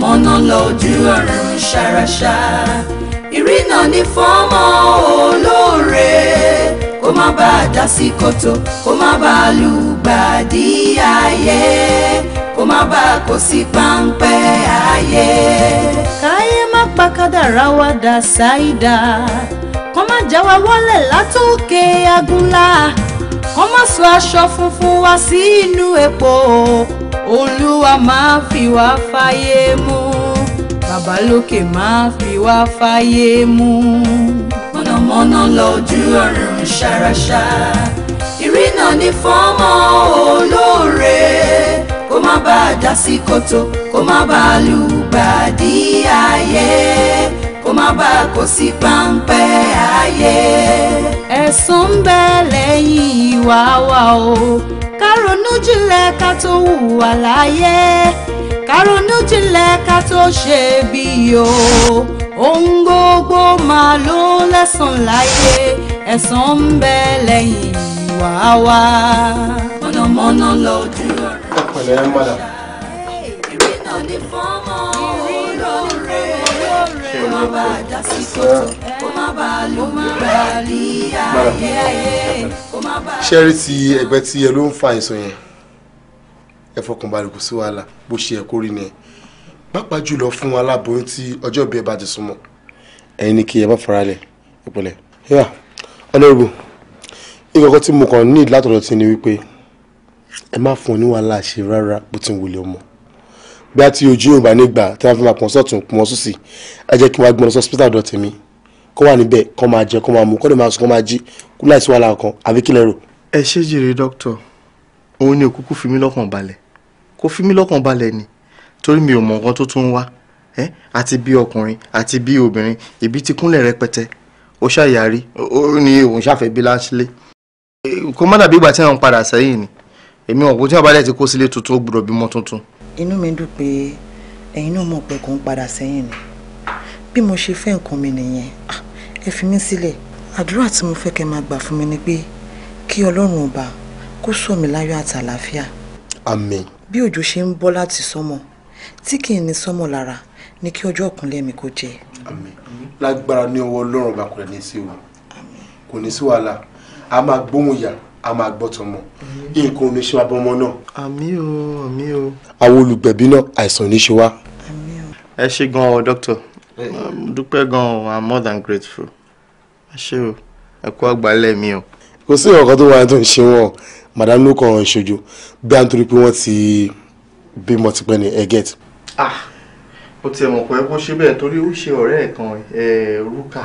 mọ̀nà lójú ọ̀run ṣàràṣà ìrìnà ní fọ́mọ olóore kó má bàa dá sí kòtò kó má bàa lùgbàdì ayé kó má bàa kó sí páńpẹ́ ayé. káyé má pa kádàrá wa dà ṣáìdá kó má já wa wọlẹ̀ látòkè agunlá kó má sọ aṣọ funfun wa sínú epo olúwa máa fi wá fáyé mú bàbá máa fi wá fáyé mú. mọ̀nàmọ́ná lójú ọ̀run ṣàràṣà ìrìnà ní fọ́mọ́ olóore kó má bàa dá sí kòtò kó má bàa lùgbàdì ayé kó má bàa kó sí páńpẹ́ ayé. ẹ̀san ń bẹ lẹ́yìn ìwà wa o ká ronú jinlẹ̀ ká tó hùwà láyé ká ronú jinlẹ̀ ká tó ṣe bí o ohun gbogbo máa ló lẹ́san láyé ẹ̀san ń bẹ lẹ́yìn ìwà wa. mọ̀nàmọ́ná lójú ọ̀rọ̀. ọ̀pẹ̀lẹ̀ mọ́dà. ìrìnà ní fọ́mọ́ olóore olóore ọba àdásíkò ṣẹ́rí ti ẹgbẹ́ tí ẹ ló ń fa àìsàn yẹn ẹ fọkànbalẹ̀ kò sí wàhálà bó ṣe ẹ̀ kórìí ni ẹ̀ pápá jùlọ fún aláboyún tí ọjọ́ ìbí ẹ bá ti súnmọ́ ẹ̀yin ni kí ẹ bá faralẹ̀ ìpínlẹ̀ yíyá ọlọ́rùbù ìkọ̀kọ́ tí mo kàn ní látọ̀dọ̀ ti ni wípé ẹ má fún un ní wàhálà ṣe rárá bó ti ń wọlé ọmọ bí a ti ojú ìgbà nígbà tí wọ́n fi máa pọ̀ sọ́tún pọ̀ sósì ẹ jẹ́ kí wọ́n gbọ́n lọ sọ́sítà mi kó wà níbẹ̀ kó máa jẹ kó máa mu kó lè máa sùn kó máa jí kó láì sí wàhálà kan àbí kílẹ̀ rò. ẹ ṣé jèrè dókítà òun ni òkúkú fi mí lọ́kàn balẹ̀ kò fi mí lọ́kàn balẹ̀ ni torí mi ò mọ nǹkan tó tún wá ẹ àti bí ọkùnrin àti bí obìnrin ìbí ti kúnlẹ̀ rẹpẹtẹ ó ṣàyàrí ó ní òun ṣàfẹ́ bí láńṣílẹ̀ kó má dàbí ìgbà tí àwọn padà sẹ́yìn ni èmi ọ̀pọ̀ tí abalẹ̀ ti kó sílé tuntun ó gbọ́dọ̀ bímọ tuntun. inú mi dùn pé ẹ̀yin náà mọ̀ pé kò ń padà sẹ́yìn ni bí mo ṣe fẹ́ nǹkan mi nìyẹn ẹ fi mí sílẹ̀ àdúrà tí mo fẹ́ kẹ́ máa gbà fún mi ni pé kí ọlọ́run ọba kó sọ mí láyọ̀ àtàlàáfíà. àmín. bí òjò ṣe ń bọ́ láti sọ́mọ tí kì í ní sọ́mọ lára ni kí ọjọ́ ọ̀kúnlẹ̀ mi kó jẹ. àmín lágbára ní ọwọ́ ọlọ́run ọba kò ní sí o kò ní sí wàhálà a máa gbóhùn yà a máa gbọ́ tọmọ nǹkan ò ṣe wá bọ́mọ náà. àmín o àmín o. àwọn olùgbẹ̀bí náà àìsàn ò ní ṣe wá. àmín o. ẹ ṣe gan-an dókítà dúpẹ́ gan-an i'm more than grateful ẹ ṣé o ẹ kú àgbálẹ̀ mi o. kò sí ọ̀kan tó wáyé tó ń ṣe wọn madam ló kàn ń ṣojú bí a ń torí pé wọ́n ti bímọ tipẹ́ ni ẹ gẹ́t. ah ó tiẹ̀ mọ̀ pé kó ṣe bẹ́ẹ̀ torí ó ṣe ọ̀rẹ́ ẹ̀ kan rúkà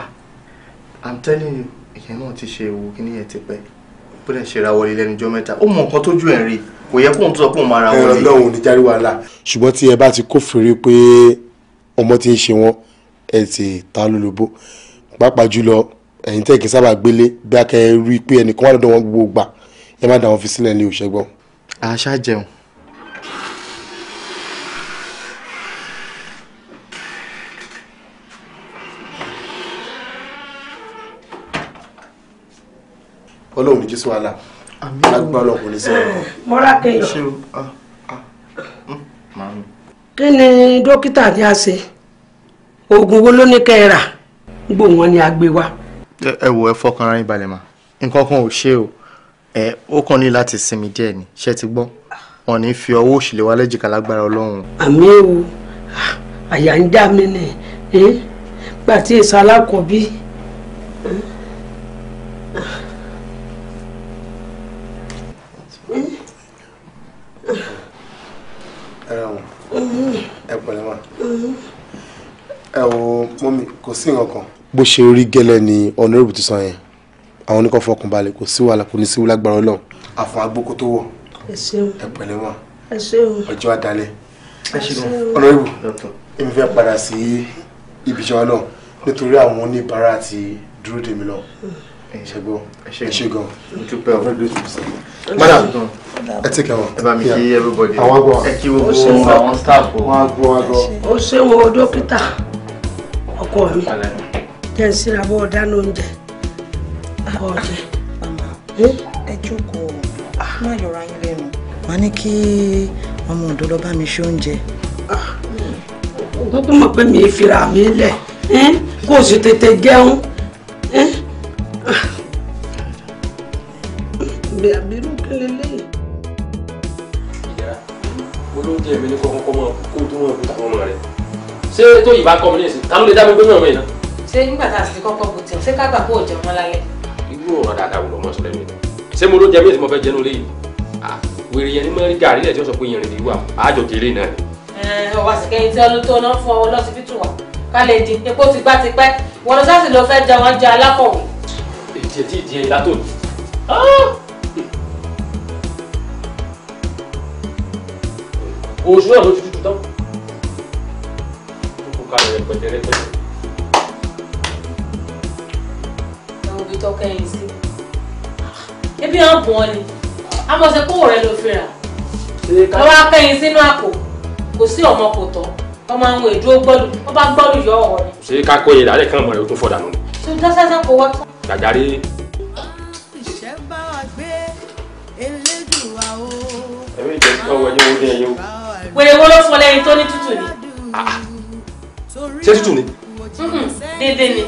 i'm telling you ìyẹn náà ti ṣe ewu kí ni ẹ ti pẹ́ bó dẹ̀ ṣe ra wọlé lẹ́nujọ́ mẹ́ta ó mọ nǹkan tójú ẹ̀ rí kò yẹ kóun tó sọ pé òun máa ra wọlé. ẹ̀rọ lọ́hùn-ún ní járí wàhálà. ṣùgbọ́n tí ẹ bá ti kófìrí pé ọmọ ti ń ṣe wọn ẹ ṣe ta lólobó pàápàá jùlọ ẹ̀yin tẹ́ kì í sábà gbélé bí akẹ́ rí i pé ẹnìkan wà lọ́dọ̀ wọn gbogbo gbà ẹ má dá wọn fi sílẹ̀ ní òṣègbọ́n. àṣà jẹun ọlọ́run ní jésù wàhálà lágbá ọlọ́run ní sẹ́yìn. mọ́ra kẹ́yìn. kí ni dókítà ní a ṣe oògùn wo ló ní kẹ́ ẹ rà gbò wọ́n ní agbé wa. ẹ wo ẹ fọkàn ara yín balẹ̀ mà nǹkan kan ò ṣe o ẹ ó kàn ní láti sinmi díẹ̀ ni ṣe ti gbọ́ wọn ní fi ọwọ́ òṣèlè wa lẹ́jìká lágbára ọlọ́run. àmì o àyà ń já mi nì gbà tí èso alákọ̀ọ́bí. sí nǹkan. bó ṣe rí gẹ́lẹ́ ni honorable ti sọ yẹn àwọn oníkan fọkàn kò sí wàhálà kò ní sí lágbára ọlọ́run. àfọ̀n agbóko tó wọ̀ ẹ pẹ̀lẹ́ wọn ọjọ́ àdálẹ̀ honorable èmi fẹ́ padà sí ibi ìjọba náà nítorí àwọn oníbàárà ti dúró dèmi lọ mm. ṣẹgbọn ṣẹgun dúpẹ́ madam ẹ ti kẹwọn. àwọn agbọ. àwọn staff wọn agbọ ṣe wo dókítà ọkọ mi jẹ́ síra bọ́ dáná oúnjẹ ọkọ jẹ. màmá ẹ jókòó má yọra yín lẹ́nu. màá ní kí ọmọ ọ̀dọ́ lọ bá mi ṣe oúnjẹ. gbogbo mọ̀ pé mi fira mi lẹ̀ kó o sì tètè jẹun. bẹ̀rù kí lélẹ́yìn olóúnjẹ mi ní kọ́kọ́ kọ́ máa kó tó máa kú tó máa rẹ̀ ṣé tó yìí bá kọ́ mi ní ìsìn ta ló lè dá mi gbóná ọmọ yìí náà. ṣé nígbà tá a sì kọ́kọ́ bu tiẹ̀ ṣé ká gbà kó o jẹun mọ́ lálẹ́. irú ọ̀rọ̀ dáadáa wò lọ́mọ sọ̀rọ̀ mi náà ṣé mo ló jẹ mí èsì mo fẹ́ jẹnu léyìí wèrè yẹn ní mọ́ rí gàrí lẹ̀ tí wọ́n sọ pé yẹn rè mí wà àjọ kéré náà ni. ọwọ́ àsìkẹ́ yìí tí ọdún tó náà fún ọ lọ́sibítù wa ká lè di epo ti gbá ti pẹ́ wọn sáàsì ló fẹ́ jẹ tó ní. Ah! oṣù náà kalẹ̀ rẹpẹtẹ rẹpẹtẹ. ẹ̀wọ̀n ibi tó kẹ́yìn sí ebi hàn bọ̀ ọ́ ni amọ̀sẹ̀ kówó rẹ ló fi rà lọ́wọ́ akẹ́yìn sínú àpò kò sí ọmọ kò tọ́ ọmọ àwọn èdè ó gbọ́dù wọ́n bá gbọ́dù yọ ọ̀rọ̀ ni. ṣé ká kó yẹlẹ alẹ́ kan mọ̀ rẹ̀ ó tún fọ̀dà nù. ṣé o dáṣá sá kó wá. gàgàrí. ṣe bá wa gbé elédùnwá o. ẹ̀mí ìjẹ́ kí wọ́n wọ ẹyẹ wo dé ẹyẹ o. wèrè wo ló fọ ṣé tútù ni. dédé ni.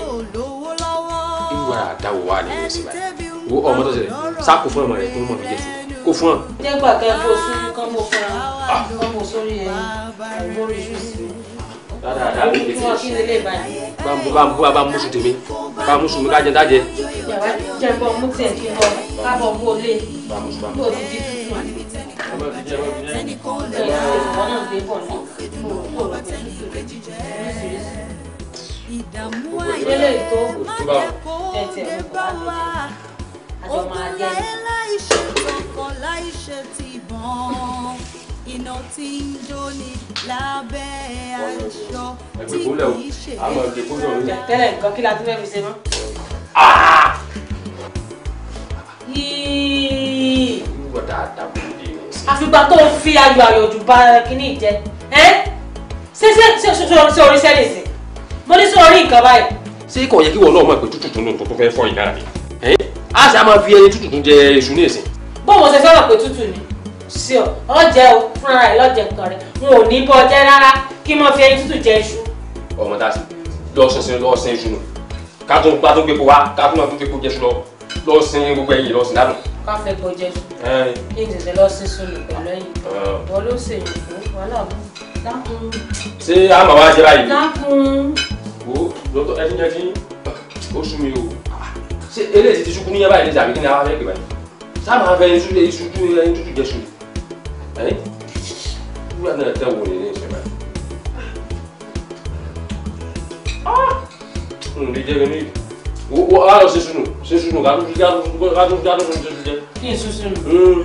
ìwà àdáwò wa ni mo sì bá wo ọmọ tó ṣẹlẹ̀ sá kò fún ọmọ rẹ kó mọ mi jẹ kó fún ọ. jẹ́gbà kẹ́ fún oṣù ah. kan mo fún ọ kan mo sórí ẹ̀ mórí iṣu sí i. dáadáa ló lè fi ṣe bámu bámu bá bá mú su tèmi bá mú su mi ká jẹ dá jẹ. yàrá jẹ bọ mú tiẹ̀ kí n bọ kábọ̀ bó lé bó ti di tútù. ọmọ ti jẹ ọmọ ti jẹ. ẹ̀yà ìwọ náà gbé bọ̀ náà ìdààmú ayé má jẹ́ kó bá wa ogun láyé láìṣe tọkàn láìṣe tìbọn iná tí ń jó ni lábẹ́ aṣọ tí kì í ṣe é. tẹ́lẹ̀ nǹkan kí la tún fẹ́ fi ṣe mọ́. àfìgbà tó fi ayọ̀ àyọ̀jù bá kínní jẹ ṣé ṣé ṣé orí sẹ́lẹ̀ sí mo ní sọ orí nǹkan báyìí. ṣé kò yẹ kí wọ́n lọ́ọ́ mọ̀ pé tútù tún lóòótọ́ tó fẹ́ fọ́ ìdára mi a ṣe a máa fi ẹyin tútù tún jẹ iṣu ní ìsìn. bóun ṣe sọ̀rọ̀ pé tútù ni sí ọ ọjẹ o fúnra rẹ lọ́jẹ nǹkan rẹ n ò ní bọ́ jẹ́ rárá kí n máa fi ẹyin tútù jẹ iṣu. ọmọ tá a sì lọ́ọ̀sìn lọ́ọ̀sìn iṣu nù ká tó ń pa tó gbépo wá ká tó máa tún gbépo jẹ iṣu lọ lọ sin gbogbo ẹyin lọ sin dànù. ká fẹ́ kó jẹ sùn kí n tètè lọ sí sunu pẹ̀lú ẹyin wọn ló ṣèyí fún wàhálà mú dákun. ṣé a wá ṣe báyìí. dákun. Oh, Oh, wo dókítà ẹ ti jẹ kí ó sú mi o ṣé eléyìí ti ṣubú níyẹn báyìí ní tàbí kí ni a wá fẹ́ pè báyìí sáà máa fẹ́ iṣu iṣu ju ẹni tútù jẹ ṣu ẹ wúlò àti ẹ̀tẹ̀ wò ní ilé ìṣẹ̀ báyìí. ǹdí jẹ́ mi wo a lọ ṣe sunu ṣe sunu ká tún ṣe sunu jẹ kí n ṣe sunu.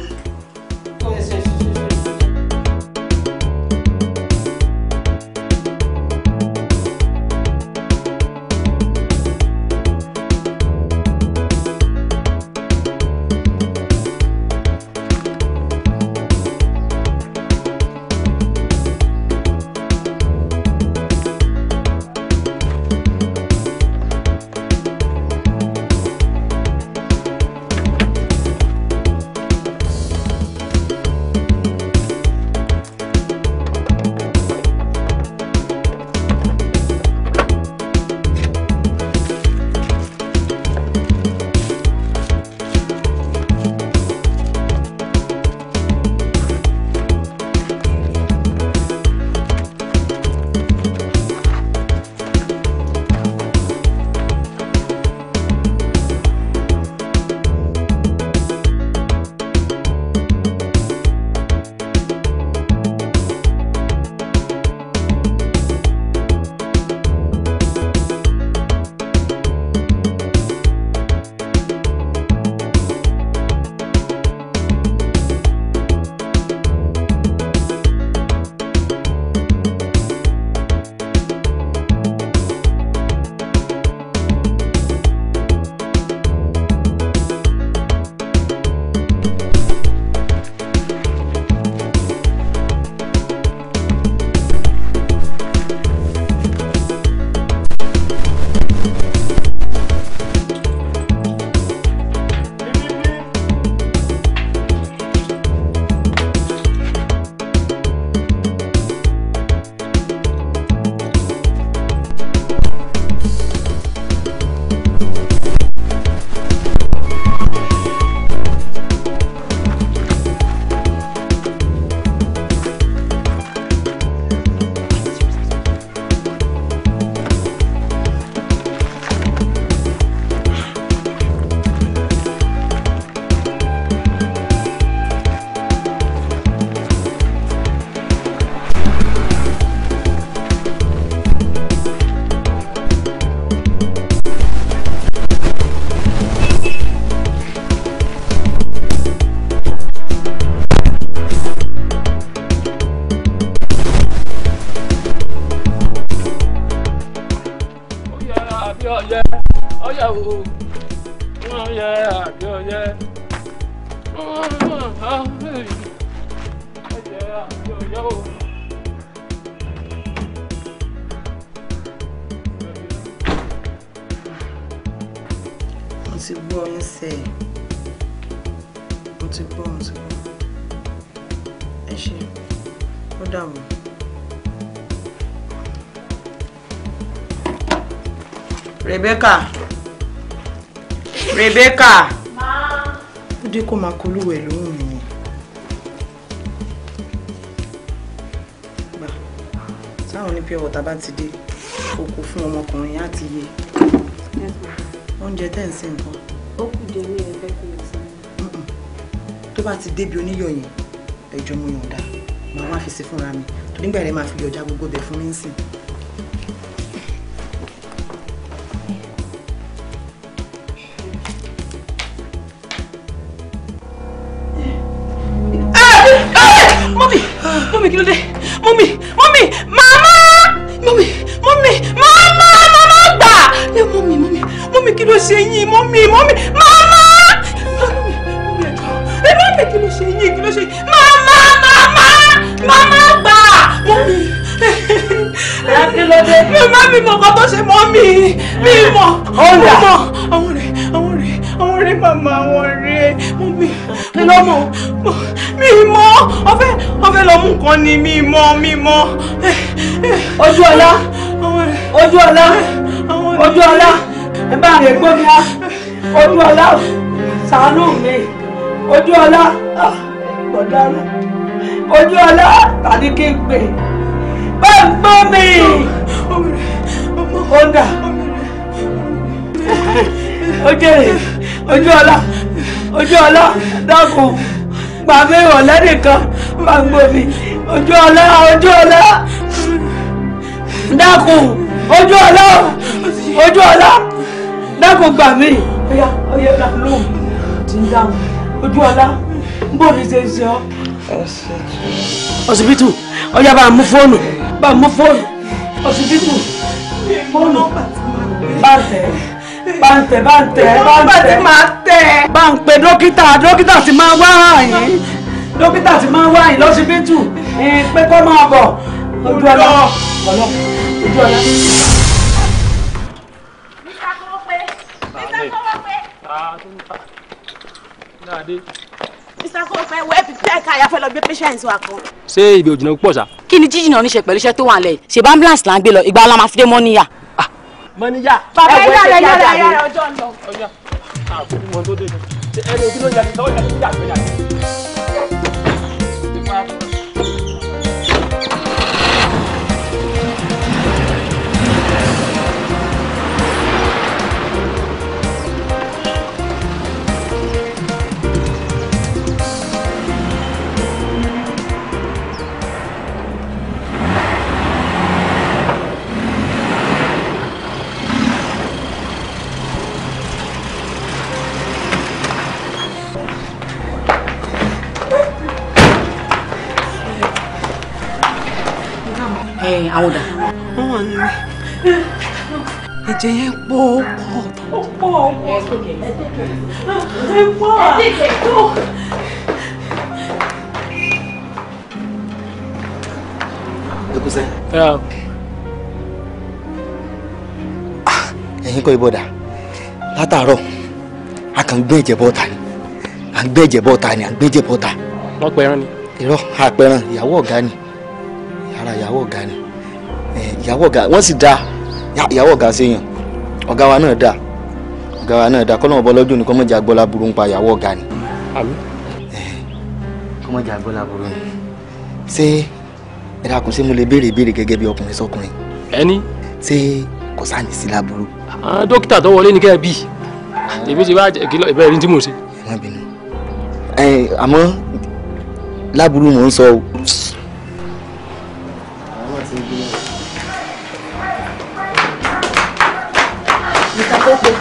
Rebecca Rebecca ó dé kó máa kolúwẹ̀ lóhùn mi. gbà táwọn ní o water bá ti dé kókó fún ọmọkùnrin á ti yé oúnjẹ tẹ̀ ń sè nǹkan. ó kù jẹ ní ẹgbẹ́ kí n sọ. tó bá ti débi oníyọ̀ yẹn ẹjọ́ mo yọ̀ǹda màá wá fi sí fúnra mi tó nígbà yẹn máa fi yọjà gbogbo bẹ̀ mi ń mọ́mí kí ló dé mọ́mí mọ́mí mama, mọ́mí mọ́mí màmá màmá gbà ẹ mọ́mí mọ́mí mọ́mí kí ló ṣe yín mọ́mí mọ́mí màmá ẹ mọ́mí kí ló ṣe yín kí ló ṣe màmá màmá màmá gbà mọ́mí. kí ló dé. mi má mi mọ̀ tó ṣe mọ́ mi mi mọ̀ mo mọ̀ àwọn rẹ̀ àwọn rẹ̀ àwọn rẹ̀ màmá àwọn rẹ̀ mọ́mí kí ló mọ̀ fẹ́ lọ mú nǹkan ni mímọ́ mímọ́. ojú ọlá ojú ọlá ojú ọlá ẹ bá rè gbọ́ mi á ojú ọlá ṣàánú mi ojú ọlá ọ̀daràn ojú ọlá tàbí kí n pè bá ń gbọ́ mi ọ̀dà ojèrè ojú ọlá ojú ọlá dákun gbàgbé ìrọ̀lẹ́ nìkan. Pàǹgbòmí ojú ọlá ojú ọlá dákun ojú ọlá ojú ọlá dákun gbà mí. Ọya ọya ọ̀la lóhùn ti ń dáhùn ojú ọlá ń bò ní ṣe ń ṣe ọ́. Ọsibítù ọya bá mú fóònù bá mú fóònù ọsibítù fóònù bá tẹ̀ báńtẹ̀ báńtẹ̀ báńtẹ̀ máa tẹ̀. bá ń pe dókítà dókítà sì máa wá àyìn dókítà ti máa ń wá ìlọsibítù pé kó máa bọ̀ ojú ọlá ojú ọlá. Mr. Kowope, wo ẹ fi pẹ́ ká ya fẹ́ lọ gbé patient wa kan. Ṣé ibi òjìnà púpọ̀ ṣá? Kí ni jíjìnà oníṣe pẹ̀lú iṣẹ́ tó wà lẹ̀? Ṣèbá ambulance là ń gbé lọ, ìgbà la máa fi dé mọ́níyà. Ah, mọ́níyà. Bàbá ìyá rẹ̀ yára yára ọjọ́ ń lọ. Ọjà àbúrò wọn tó dé. Ẹni ojú ló yàtọ̀ ọjà ló yàtọ̀ yàtọ̀. àwọn ọ̀dà. wọ́n wà nílé ẹ̀jẹ̀ yẹn pọ̀ pọ̀. ó pọ̀ ọ̀pọ̀ ẹ pọ̀ ẹ pọ̀. ẹkúsẹ́. ẹ̀yin kọ́ ibodà látàárọ̀ a kàn gbé ẹ̀jẹ̀ bọ́ta ni à ń gbé ẹ̀jẹ̀ bọ́ta ni à ń gbé ẹ̀jẹ̀ bọ́ta. wọ́n ni ara ìyàwó ọ̀gá ni ìyàwó ọ̀gá wọ́n sì dáa ìyàwó ọ̀gá séèyàn ọ̀gá wa náà dáa ọ̀gá wa náà dáa kọ́ lọ́wọ́ bọ́lọ́dún ni kọ́mọ́jà gbọ́lá burú ń pa ìyàwó ọ̀gá ni. kọ́mọ́jà gbọ́lá burú ni ṣé ẹ dákun ṣé mo lè béèrè ìbéèrè gẹ́gẹ́ bí ọkùnrin sọkùnrin. ẹni. ṣé kò sáà ní sí láburú. dókítà tó wọlé ní kẹ́ ẹ bí èmi ti bá kìlọ̀ ìbẹ̀rẹ̀ tí mò ń ṣe. ẹ má bínú àmọ́ láburú mò ń sọ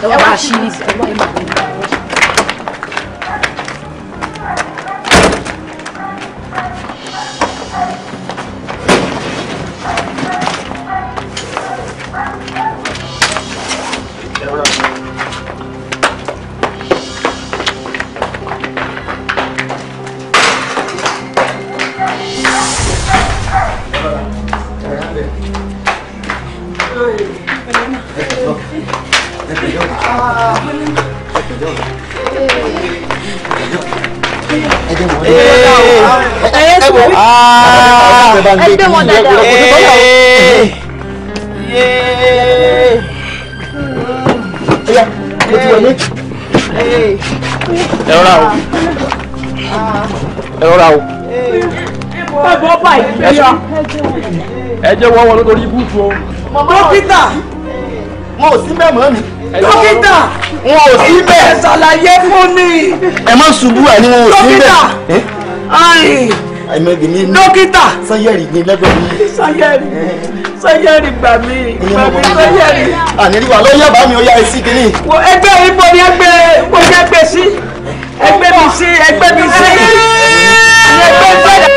É eu acho isso. É jẹ́ wọ́n wọn lórí búùtù o. dókítà wọn ò sí bẹ́ẹ̀ mọ́ mi. dókítà wọn ò sí bẹ́ẹ̀. ẹ ṣàlàyé fún mi. ẹ má ṣubú ẹ ní wọn ò sí bẹ́ẹ̀. dókítà àìmọ̀gì ní inú. dókítà. sanyẹ́rì ní lẹ́gbẹ̀ẹ́ mi. sanyẹ́rì sanyẹ́rì gbà mí gbà mí sanyẹ́rì. àníríwá ló yá bá mi ó yá ẹ sí ẹgbẹ́ ibo ni ẹgbẹ́ ibo ni ẹgbẹ́ sí ẹgbẹ́ mi sí ẹgbẹ́ mi sí ẹgbẹ́ mi sí.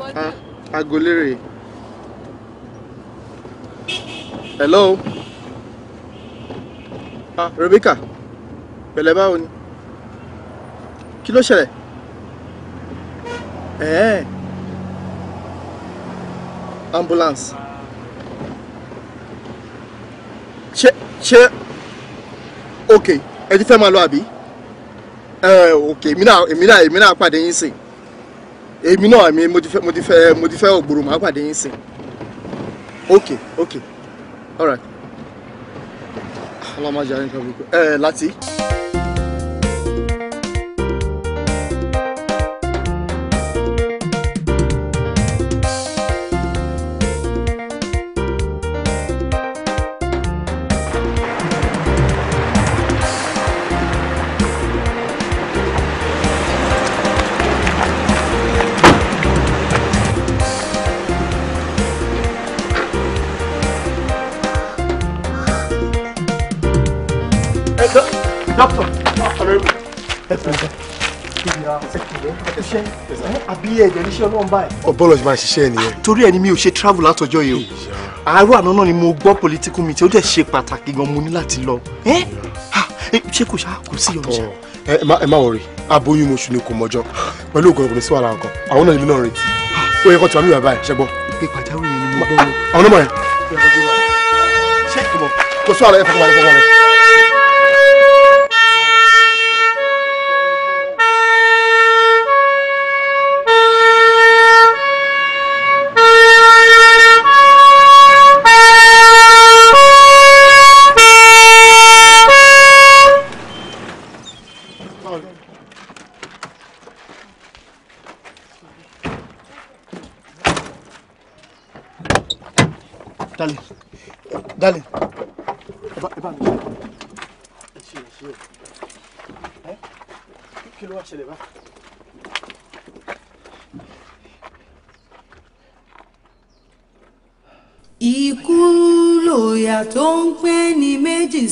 Ah, Agolere. Hello. Ah, Rebecca. Pẹ̀lẹ́ báwo ni? Kí ló ṣẹlẹ̀? Ẹ̀ẹ́. Ambulance. Ṣé ṣé ok ẹ ti fẹ́ máa lọ àbí? Ẹ eh, ok èmi náà èmi náà èmi náà pàdé yín sìn èmi náà mi mo ti fẹ́ mo ti fẹ́ ògbòrò màá pàdé yín sìn ok ok alright ọlọmọ ajá yín kan bí ẹ láti. ṣiṣẹ́ àbí ẹ̀jẹ̀ níṣẹ́ ọlọ́run báyìí. ọ̀bọ́lọ̀ ṣe máa ṣiṣẹ́ nìyẹn. torí ẹ ni mi ò ṣe travel látọjọ́ yìí o àárọ̀ àná náà ni mo gbọ́ political meeting ó dẹ̀ ṣe pàtàkì gan mo ní láti lọ ṣé kò ṣáà kò sí ọ̀nà ṣá. ẹ má wọrí aboyún oṣù ni kò mọjọ pẹ̀lú ògùn ọkùnrin sí wàhálà nǹkan àwọn náà ìlú náà retí ó yẹ kó tí wàá mi bàbá ẹ ṣẹgbọ. ìpè pàjáwìrì ni mo gbọ́.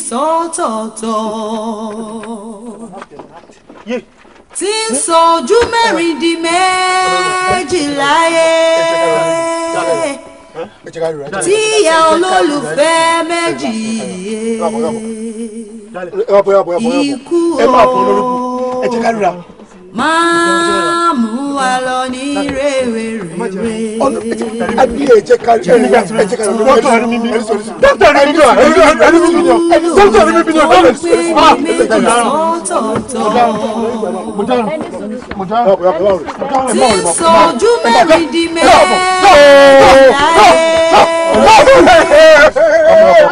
sọ́tọ̀ọ̀tọ̀ tí ń sọ ojú mẹ́rin di méjì láyé tí ìyá olólùfẹ́ méjì yé ikú o máa àbí ẹ jẹ́ ká ẹ jẹ́ ká lọ dókítà rí mi bí dókítà rí mi bí dókítà rí mi bí dókítà rí mi bí dókítà rí mi bí dókítà rí mi bí mo dáhùn mo dáhùn tí sojú mẹ́rin di mẹ́rin tí olólùfẹ́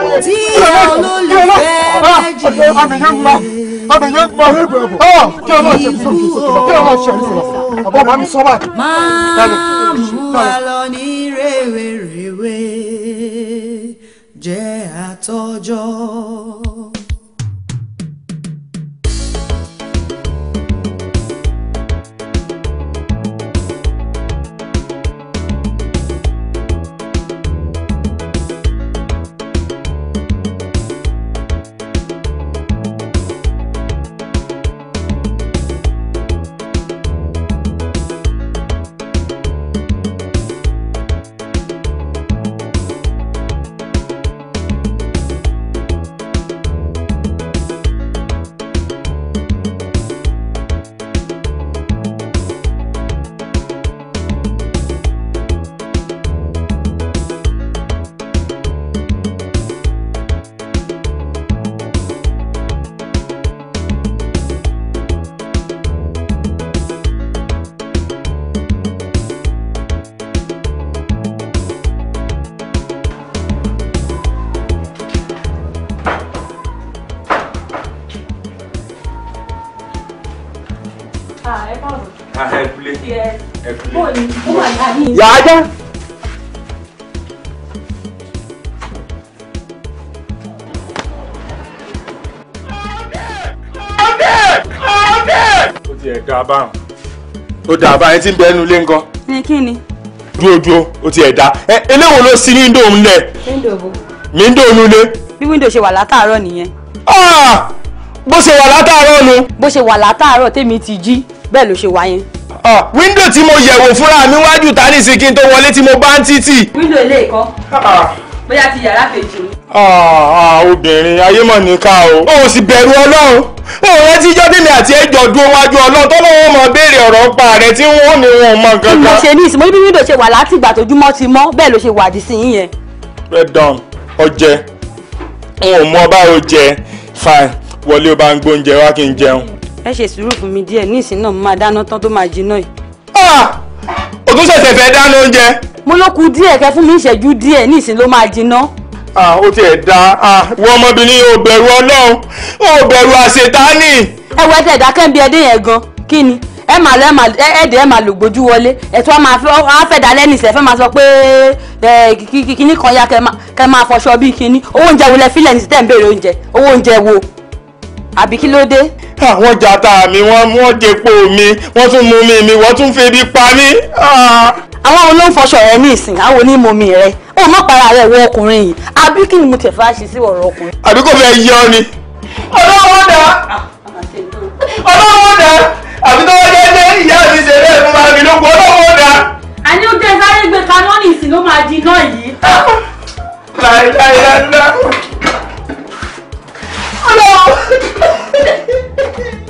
méjì ọmọ yẹn ń gbọ́ ọ kí ọmọ ṣe fún mi kí ọmọ ṣe fún mi ọmọ mi sọ wà wa lọ ní rèwerèwe jẹ́ àtọ́jọ́. ìyá ajá. ó ti ẹ̀ dáa báwọn ó dáa báwọn ẹ ti ń bẹ ẹnu ilé ńkọ́. ẹ kí ni. dúró dúró o ti ẹ̀ dáa ẹ eléwo ló sí ní ndóhùn lẹ. ndóhùn. mi ndóhùn lé. bí wíńdò ṣe wà látàárọ̀ nìyẹn. Ah! bó ṣe wà látàárọ̀ nu. bó ṣe wà látàárọ̀ tèmi ti jí bẹ́ẹ̀ ló ṣe wà Ah, window tí mo yẹ̀wò fúnra mi wájú ta ní sí kí n tó wọlé tí mo bá ń títì. wíńdò ilé ìkọ́ bóyá ti yàrá kejì. Ah, ah, obìnrin ayé mọ̀ ní ká o. o sì bẹ̀rù ọlọ́run o rántí jọ́ mi ati ẹjọ́ dúró wájú ọlọ́run tó lọ́wọ́ mọ béèrè ọ̀rọ̀ pa rẹ̀ tí wọ́n ní wọn mọ gangan. mo ṣe ní ìsìnkú bí wíńdò ṣe wà láti ìgbà tójúmọ́ ti mọ́ bẹ́ẹ̀ ló ṣe wàdí sí yín yẹn. red dawn ọjẹ n ò mọ fine wọlé o bá ń gbóúnjẹ wá kí n jẹun ẹ ṣe sùúrù fún mi díẹ̀ nísìn náà mo máa dáná tán tó máa jiná yìí. o ah! tún ṣẹ̀ṣẹ̀ fẹ́ dáná oúnjẹ. mo ló ku díẹ̀ kẹ fún mi ìṣẹ́jú díẹ̀ nísìn ló máa jiná. Ah, ó tiẹ̀ da ah, wọ́n ọmọbìnrin ò bẹ̀rù ọlọ́run ò bẹ̀rù àṣetánì. ẹ wọ ẹtẹ ìdákẹ́ńbí ẹdẹ yẹn gan kí ni ẹ máa lọ ẹ dẹ ẹ máa lò gbójú wọlé ẹtọ máa fẹ ọ fẹ dalẹ nìṣẹ fẹ máa sọ pé kíní kan ya kẹ máa fọṣọ bíi kíní owó oúnjẹ wo lẹ fílẹ̀ nìṣẹ tẹ̀ ń béèrè oúnjẹ owó oúnjẹ wo àbí kí ló dé. àwọn ah, jàtà mi wọ́n wọ́n depo mi wọ́n tún mú mi mi wọ́n tún febi pa mí. Ah. àwọn olóńfọṣọ rẹ ní ìsìn àwọn onímọ̀mí rẹ ó má para rẹ wọ ọkùnrin yìí àbí kí ni mo tẹ̀ fà ṣe sí ọ̀rọ̀ ọkùnrin. àbí kò fẹ́ yọ ni. ọlọ́wọ́ dà ọlọ́wọ́ dà àbí tó wọ́n jẹ́ jẹ́ ìyá mi ṣe lé fún mi lóko ọlọ́wọ́ dà. àní ó jẹ́ sáré gbé kanọ́ọ̀nì ìsìn ló máa jiná yìí. Ah. láìláìláìlá. Hello.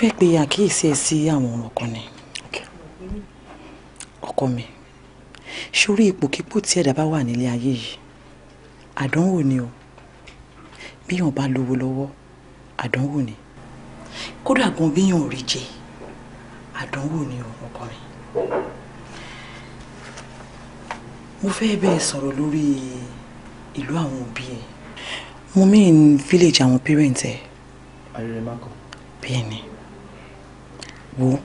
fẹ́ pe àkíyèsí ẹ sí àwọn ọ̀rọ̀ kan ni ọkọ mi sórí ipòkípò tí ẹ̀dá bá wà nílé ayé yìí àdánwò ni o bíyàn bá lówó lọ́wọ́ àdánwò ni kódà gan bíyàn ò rí jẹ àdánwò ni o ọkọ mi mo fẹ́ bẹ́ẹ̀ sọ̀rọ̀ lórí ìlú àwọn òbí ẹ̀ mo mí village àwọn parents ẹ̀. àrẹ̀rẹ̀ máa bẹ́ẹ̀ ni wo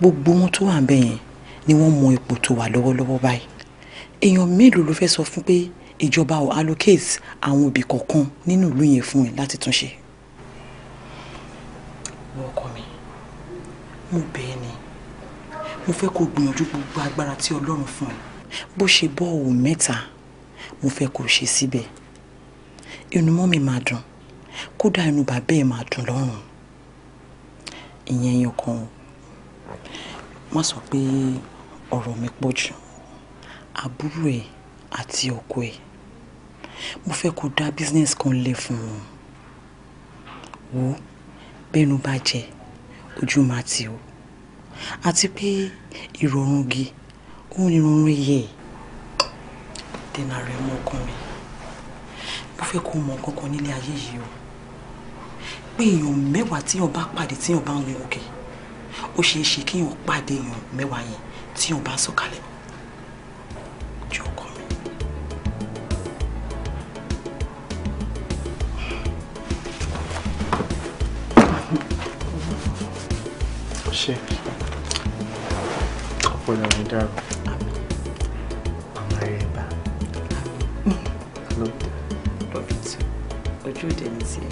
gbogbo wọn tó wà ń bẹ̀ yẹn ni wọ́n mọ ipò tó wà lọ́wọ́lọ́wọ́ báyìí èèyàn mélòó ló fẹ́ sọ fún pé ìjọba ò allocate àwọn òbí kọ̀ọ̀kan nínú ìlú yẹn fún ẹ láti tún ṣe. ọkọ mi mo bẹ́ẹ̀ ni mo fẹ́ kó gbìyànjú gbogbo agbára tí ọlọ́run fún ẹ bó ṣe bọ́ òun mẹ́ta mo fẹ́ kó ṣe síbẹ̀ inú mọ́ mi máa dùn kódà inú bàbá ẹ̀ máa dùn lọ́rùn ìyẹn yẹn kan o má sọ pé ọ̀rọ̀ mi pọ̀ jù àbúrò ẹ̀ àti ọkọ ẹ̀ mo fẹ́ kó dá business kan lé fún wọn wò ó bẹ́nu bá jẹ ojú máa tì ó àti pé ìrọ̀rùn gi òun ni ìrọ̀rùn ẹyẹ dènà rẹ̀ mọ́ ọkàn mi mo fẹ́ kó mọ kankan nílé ayé yìí o pé èèyàn mẹ́wàá tíyàn bá pàdé tíyàn bá ń rin òkè. Okay ó ṣeé ṣe kéèyàn pàdé èèyàn mẹ́wàá yẹn tí òun bá ń sọ̀kalẹ̀ ju ọkọ mi. ṣe ọpọlọ mi dárò ọmọ rẹ bá lọ́dọ̀ lọ́dọ̀ tí ojú òde ní tiẹ̀.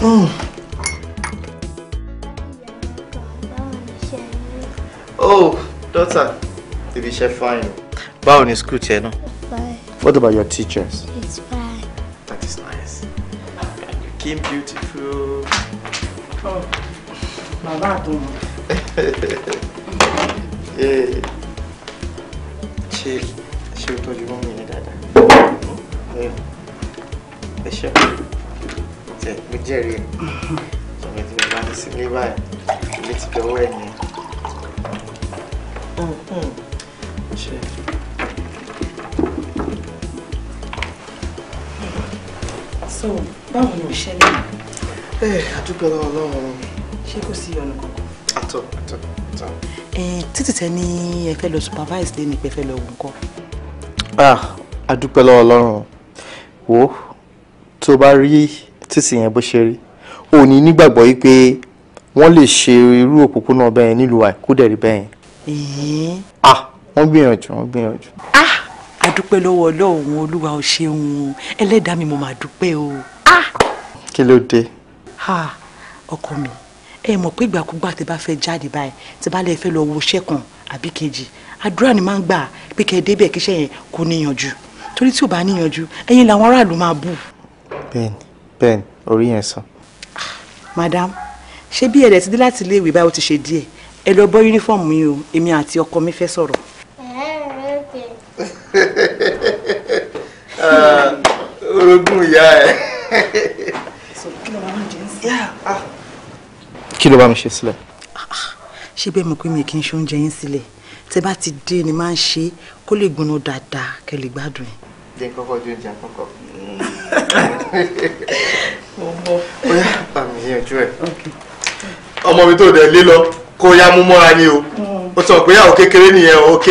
Hmm. oh daughter ibi iṣẹ́ fine o báwo ni school tiẹ̀ náà. fine. what about your teachers. it's fine. that is nice you came beautiful. Oh, bàbá àtọmọ. ṣe eh, ṣe o tọ́jú mọ́mí yẹn dáadáa hmm? Hmm. ẹ ṣe mo jẹ́rìí ẹ̀ sọ̀rọ̀ ìdílé bá ní sílé báyìí ilé Let's kẹwọ́ ẹ̀ nìyẹn. Mm, mm. so báwo ni òṣè lè. ẹ àdúgbò ọlọ́run. ṣé kò sí ọ̀nà kankan. àtọ àtọ àtọ. Eh, títí tẹ ní ẹ fẹ́ lọ supervise lé ní pé fẹ́ lọ wò nǹkan. ah àdúpẹ́ lọ́wọ́ ọlọ́run wo tó bá rí títì yẹn bó ṣe rí ò ní nígbàgbọ́ yìí pé wọ́n lè ṣe irú òpópónà bẹ́ẹ̀ nílùú àìkúdẹ̀rí bẹ́ẹ̀ ah wọ́n gbìyànjú wọ́n gbìyànjú. ah àdúpẹ́ lọ́wọ́ ọlọ́run olúwa ò ṣeun o ẹlẹ́dàá mi mo máa dúpẹ́ o. Ah! kí ló dé. ọkọ mi ẹ mọ̀ pé ìgbàkúgbà tẹ bá fẹ́ jáde báyìí tẹ bá lè fẹ́ lọ wo iṣẹ́ kan àbí kejì àdúrà ni máa ń gbà pé kẹ́ ẹ débẹ̀ kí iṣẹ́ yẹn kò níyànjú torí tí ò bá níyànjú ẹ̀yin làwọn aráàlú máa bù. bẹ́ẹ̀ni bẹ́ẹ̀ni orí yẹn sàn. Ah, madam ṣé bí ẹ̀rẹ̀ ti dé láti iléèwé báyìí ó ti ṣe díẹ̀ ẹ lọ bọ́ yúnífọ̀mù yìí o èmi àti ọkọ mi fẹ́ sọ̀rọ̀. orogún ìyá ẹ. Ah. kí ló bá mi ṣe sílẹ̀. ṣé bẹ́ẹ̀ mo pé mi kì í ṣe oúnjẹ yín sílẹ̀ tẹ bá ti dé ni máa ń ṣe kó lè gbóná dáadáa kẹ lè gbádùn ẹ. jẹ́ kọ́kọ́ jó oúnjẹ àkọ́kọ́. mo mọ. ó yá bàmí yanjú ẹ ọmọ mi tó dẹ̀ lé lọ kó ya mú mọ́ra ni o ó sọ pé àwọn kékeré nìyẹn o ok.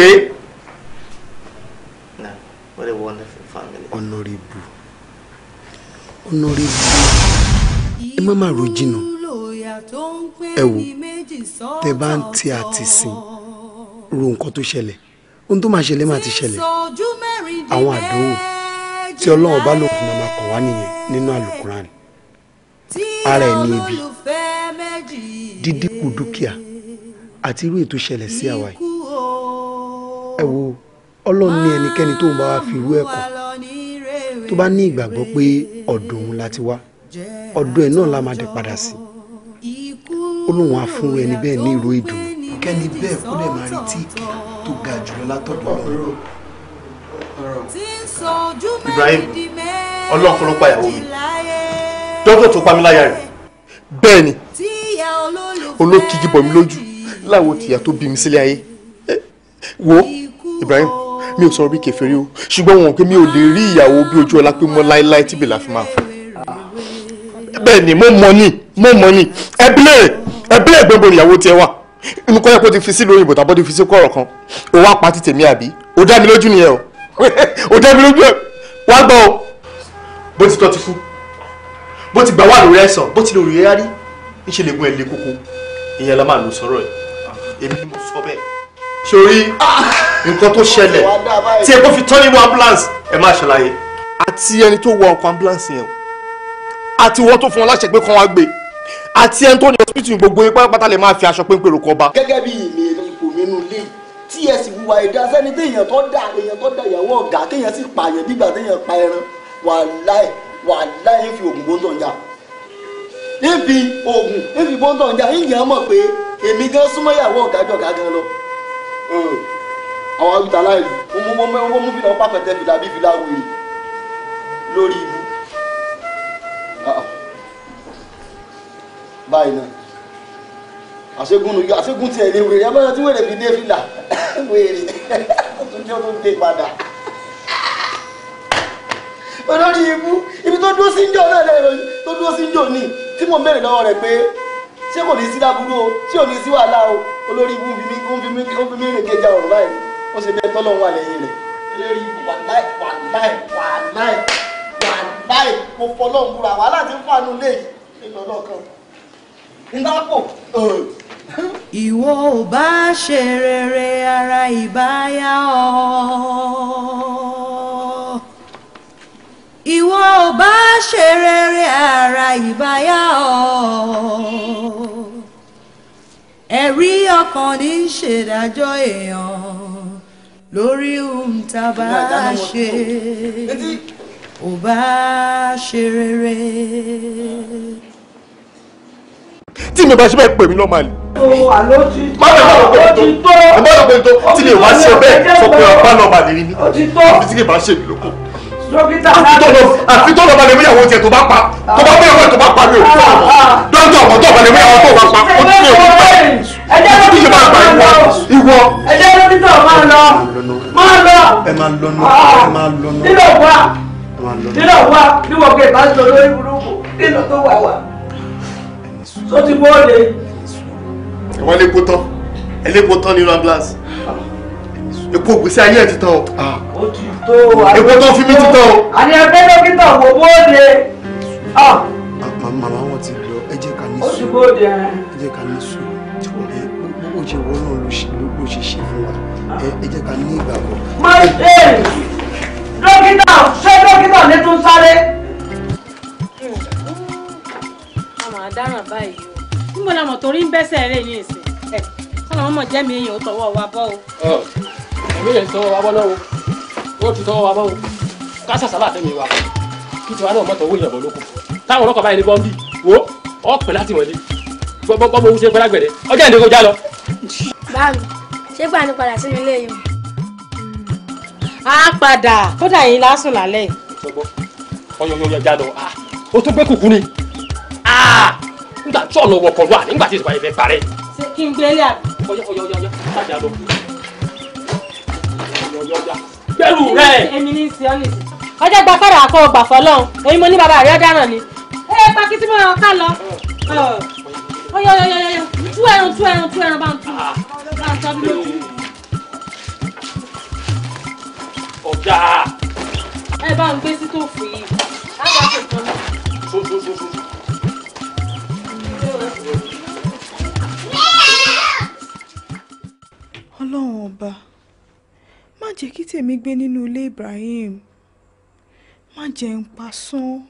no what a wonderful family. ẹ má má ro ẹ wò tẹ bá ń tí a ti sìn ro nǹkan tó ṣẹlẹ̀ ohun tó máa ṣẹlẹ̀ máa ti ṣẹlẹ̀ àwọn àdánwò tí ọlọ́run bá lò fún ọmọ akọ̀ wá nìyẹn nínú àlùkùránì ara ẹ̀ ní ibi dídínkù dúkìá àti irú ètò ṣẹlẹ̀ sí àwa yìí ẹ wo ọlọ́run ní ẹnikẹ́ni tó ń bá wa fi irú ẹ̀ kọ́ tó bá ní ìgbàgbọ́ pé ọ̀dọ̀ òun la ti wá ọ̀dọ̀ ẹ̀ náà la máa dé padà sí ó lóun á fún ẹni bẹ́ẹ̀ ní ìró ìdùnnú. kẹ́ni bẹ́ẹ̀ kó lè máa rí tó ga jùlọ látọ̀dọ̀ ọ̀rọ̀ Ibrahim ọlọ́kùnrin pàyàwó mi dọ́dọ̀ tó pa mí láyà rẹ̀ bẹ́ẹ̀ ni olókìkí bọ̀ mí lójú láwọn tìyà tó bí mi sílé ayé wo Ibrahim mi ò sọ̀rọ̀ bí kèfèrí o ṣùgbọ́n wọn pé mi ò lè rí ìyàwó bí ojú ọlá pé mo láéláé tí bèlà fi máa fún bẹ́ẹ̀ ni mo mọ̀ ni mo mọ̀ ni ẹ̀bílẹ̀ ẹ̀bílẹ̀ gbogbo ìyàwó tiẹ̀ wà inú kọ́yẹ́ kó ti fi sílùú òyìnbó tàbí ó fi sí kọ̀ọ̀rọ̀ kan ó wá pa títèmi àbí ó dá mi lójú nìyẹn o ó dá mi lójú ẹ̀ wá gbọ́ o bó ti tọ́ ti kú bó ti gbà wà lórí ẹ̀sán bó ti lórí ẹ̀ rárí ń ṣe lè gun ẹ̀ lé koko ìyẹn la máa lò sọ̀rọ̀ yìí èmi ni mo sọ bẹ́ẹ̀ sórí ah! nǹkan tó ṣẹlẹ̀ tí epo fi tán nínú ambulance ẹ má ṣàlàyé. àti ẹni tó wọ ọkọ̀ ambulance yẹn o àti wọ́n tó fún wọn láṣẹ pé kán wá gbé àti ẹni tó ní hospital gbogbo yín pátápátá lè máa fi aṣọ péńpé rò kọ́ ba. gẹ́gẹ́ bí èmi ipò mi nù lé tí ẹ sì wùwà ẹ̀dá sẹ́ni téèyàn tó dà èèyàn tó dà ìyàwó ọ̀gá téèyàn sì pààyàn bí ìgbà téèyàn pa ẹran wàláì wàláì fi oògùn gbóńtọ̀ ń ìfi oògùn ìfi bọ́ńtọ̀ ń jà ìyẹn mọ̀ pé èmi gan súnmọ́ ìyàwó ọ̀gájọ́ ọ̀gá gan lọ. Hmm. àwọn àgùntàn aláìlú wọ́n mú fìlà ọ̀pá pẹ̀tẹ́ fìlà bí fìlà wèrè lórí ibu. báyìí náà àṣegún nu àṣegún tiẹ̀ lè wèrè yàtọ̀ tí wèrè fi dé fìlà wèrè tó jẹ́ tó dé padà olórí ibú ibi tó dúró sí ń jò náà lẹ́yìn tó dúró sí ń jò ní tí mo mẹ́rin lọ́wọ́ rẹ̀ pé ṣé kò ní sí lábúrú o ṣé ò ní sí wàhálà o olórí ibú ń fi mí rìn kẹjà ọ̀rọ̀ báyìí ó ṣe bẹ́ẹ̀ tọ́lọ́ wà lẹ́yìn rẹ̀ olórí ibú wà láì wà láì wà láì wà láì mo fọlọ́ ń búra wàhálà ti ń fàánú lẹ́yìn lọ́lọ́ kan ńlá pò ìwọ ò bá ṣe rere ara ìbáyá ọ ìwọ ò bá ṣe rere ara ìbáyà ọ ẹ̀rí ọkàn ní í ṣèdájọ́ èèyàn lórí ohun tá a bá ṣe ò bá ṣe rere. tí mi bá ṣe bẹ́ẹ̀ pè mí lọ́mọ àlè. àlọ́ ti tó àlọ́ ti tó àlọ́ ti tó tí mi ò bá ṣe bẹ́ẹ̀ sọ pé ọba lọ́mọ àlè ni mi àbí tí kì í bá ṣe mí lóko dókítà àfi tó lọ balẹ̀ mú ìyàwó tiẹ̀ tó bá pa tó bá bẹ̀rẹ̀ wẹ̀ tó bá pa mi ò fún ọ dókítà ọ̀pọ̀ tó balẹ̀ mú ìyàwó tó bá pa ó ti ṣe òun pa ẹjẹ dókítà máa lọ ìwọ ẹjẹ dókítà máa lọ máa lọ ẹ máa lọ nù ah. ẹ máa lọ nù nílò wá nílò wá níwọ̀n kẹ́ ẹ bá sọ lórí burúkú nílò tó wà wá tó ti bọ́ ọ̀lẹ́. ìwọ́n lè kó tán ẹ lè kó tán nínú ambulance epo ògbésí ayé ẹ̀ ti tán o. Ah èpo tó fi mí títọ́ o. àní ẹgbẹ́ dókítà wò ó lè. màmá wọn ti lọ ẹ jẹ́ ká ní sùn ẹ jẹ́ ká ní sùn tí wọ́n lè gbogbo ṣe wọ́n náà ló ṣe ṣe fún wa ẹ jẹ́ ká ní ìgbàgbọ́. máa ń ṣe dókítà ṣé dókítà ní tún sáré. àmọ́ àdáràn báyìí o níbo la mọ̀ torí ń bẹ́sẹ̀ rẹ̀ ní ìsìn ẹ̀ sọ́nà mọ́mọ́ jẹ́mi èèyàn ó tọwọ́ wa bọ́ o. ẹ̀mí yẹn sọ wa bọ́ lọ́wọ́ yóò ti tọwọ́ wa mọ́ o ká sàṣàlà tẹ̀mí wa kí tiwa náà mọ̀tọ̀ owó ìyàbọ̀ lóko táwọn ọlọ́kọ̀ báyìí ní bọ́ńdì wo ọ pẹ̀ láti wọlé bọ́bọ́ owó ṣe gbẹ́lágbẹ̀rẹ̀ ọjọ́ ìdè kò já lọ. báàmì ṣé gbà ní padà sínú ilé yìí. a padà kódà yín lásùn lálẹ́. ọyọyọyọ já lọ o tún gbé kùkú ni nígbà tí ọ̀nà wọ̀kọ̀ wà nígbà tí ìsìnkú ayé fẹ́ parẹ́. ṣé kí n gbélé àbí. ọyọyọyọ já lọ. ọyọyọyọ já lọ gbẹrù rẹ. èmi ní sí ọ́nì sí. ọjọ́ gba fẹ́rẹ̀ àkọ́ ọgbà fọlọ́hún èyí mo ní bàbá rẹ̀ ọ̀daràn ni. ẹ pàkí tí mo ràn ká lọ. ọyọyọyọyọ tú ẹran tú ẹran tú ẹran bá ń tú bá ń tọ́jú lójú. ọ̀gá. ẹ bá ń gbé sí tó fù yìí. á bá kò tán náà. ọlọ́run ọba má jẹ́ kí tèmi gbé nínú ilé Ibrahim má jẹ́ ń pasán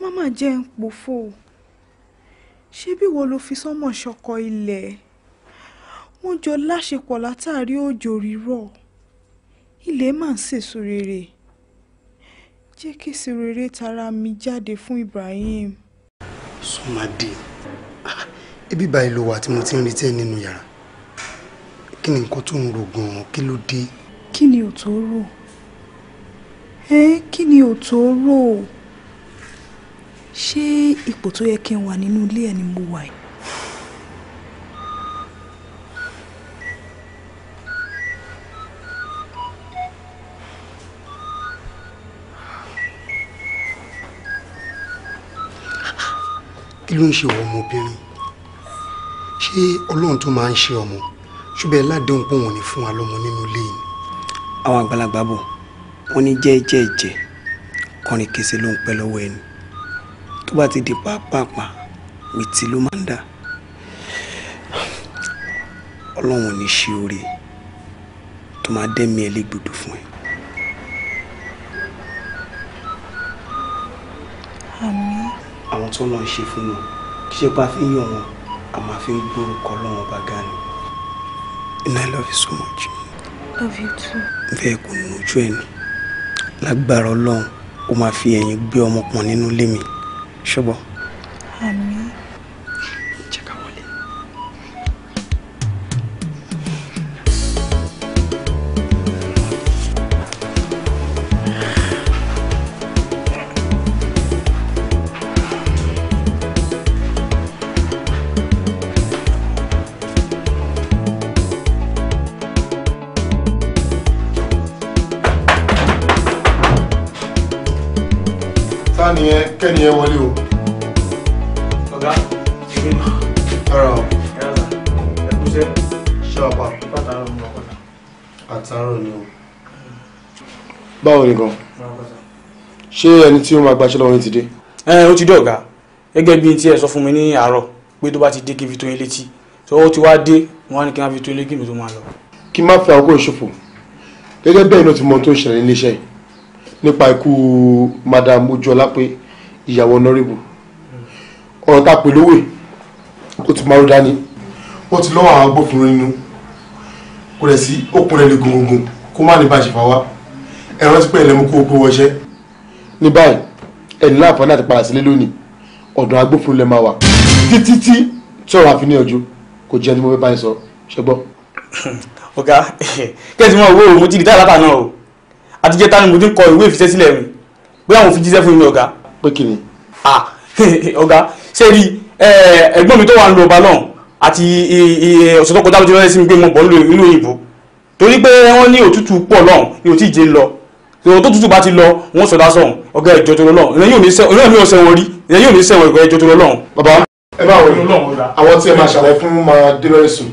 má má jẹ́ ń pòfo ṣebí wo ló fi sánmọ̀ ṣọkọ ilẹ̀ wọ́n jọ láṣepọ̀ látàrí òjò rírọ̀ ilẹ̀ máa ń sèso rere jẹ́ kí sèrèrè tara mi jáde fún Ibrahim. sọmadé ah, ebi báyìí ló wà tí mo ti ń retí ẹ nínú yàrá kí ni nǹkan tó ń ro gan-an kí ló dé. kí ni ò tó rò ẹ kí ni ò tó rò ṣé ipò tó yẹ kí n wà nínú ilé ẹ ni mo wà yìí. kí ló ń ṣe ọmọbìnrin ṣé ọlọ́run tó máa ń ṣe ọmọ ṣùgbọ́n ẹ ládéhùn pé wọn ò ní fún wa lọ́mọ nínú ilé yìí. àwọn àgbàlagbà bọ̀ wọ́n ní jẹ́ẹ́jẹ́ ẹ̀jẹ̀ kọrin kése ló ń pẹ́ lọ́wọ́ ẹni tó bá ti di pàápàá wìtí ló máa ń dà ọlọ́run ò ní ṣe oore tó máa dẹ́mi ẹ légbodò fún ẹ. àwọn tó lọ ń ṣe fún mi kí ṣe pa fi ń yọ wọn àmọ́ àfi ń gbórúkọ lọ́wọ́ bá gani and I love you so much. Love you too. Bẹ́ẹ̀ kò nínú ojú ẹ̀ ni. Lágbára Ọlọ́run, ó máa fi ẹ̀yìn gbé ọmọ pọ̀n nínú ilé mi. Ṣọ́bọ̀. Àmín. kẹ́ni ẹ wọlé o. ọ̀gá ṣègbè ara o. ẹ̀kúṣẹ́. ṣé wàá pa. pàtàkì ọ̀nà ọ̀kọ̀dà. àtàrò ni o. Mm. báwo ni gan. ṣé ẹni tí ó máa gbaṣẹ́ lọ́wọ́ yín ti dé. ẹ ó ti dé ọ̀gá gẹ́gẹ́ bí tí ẹ sọ fún mi ní àárọ̀ pé tó bá ti dé kí n fi tó yín létí tó ó ti wá dé wọn á ní kí n á fi tó yín létí mi tó máa lọ. kí n má fi àkókò ìṣòfò gẹ́gẹ́ bẹ́ẹ̀ ni ó ti mọ ohun tó ń ṣẹlẹ̀ níléeṣẹ́ yìí nípa ikú madam ojú ọlápẹ́ ìyàwó ọ̀nọ́rìbù ọ̀rọ̀ tá a pè lówè ó ti márú dání wọ́n ti lọ́wọ́ àwọn agbófinró nínú kó rẹ̀ sí òkun rẹ̀ lè gungun kó má ní bá ṣe fà wá ẹ̀rọ ti pẹ́ ẹlẹ́mú kó o pé wọṣẹ́. ní báyìí ẹni láǹfààní láti padà sílé lónìí ọ̀dọ̀ agbófinró lẹ máa wà títí tí sọ̀rọ̀ àfi ní ọjọ́ kò jẹ́ òun mo dáadáa náà o àtijọ́ tani mo ti ń kọ ìwé ìfisẹ́sílẹ̀ mi bóyá mo fi jíṣẹ́ fún mi ọ̀gá pé kí ni ọ̀gá ṣé rí ẹ̀gbọ́n mi tó wà ń lo ọba náà àti ọ̀sẹ̀ tó kọjá ló ti rẹ́ sí mi pé mo bọ̀ nílùú òyìnbó torí pé wọ́n ní òtútù pọ̀ lọ́hùn ní òtí ìje ń lọ tó tútù bá ti lọ wọ́n sọ̀dá sọ̀hún ọ̀gá ẹ̀jọ̀ tó lọ́hùn ìrẹ́yìn ò ní sẹ́wọ̀n rí ìrẹ́yìn ò ní sẹ́wọ̀n ìgbà ẹ̀jọ̀ tó lọ́hùn. bàbá ẹ bá wọlé àwọn tí ẹ máa ṣàlàyé fún máa dé lórí sùn.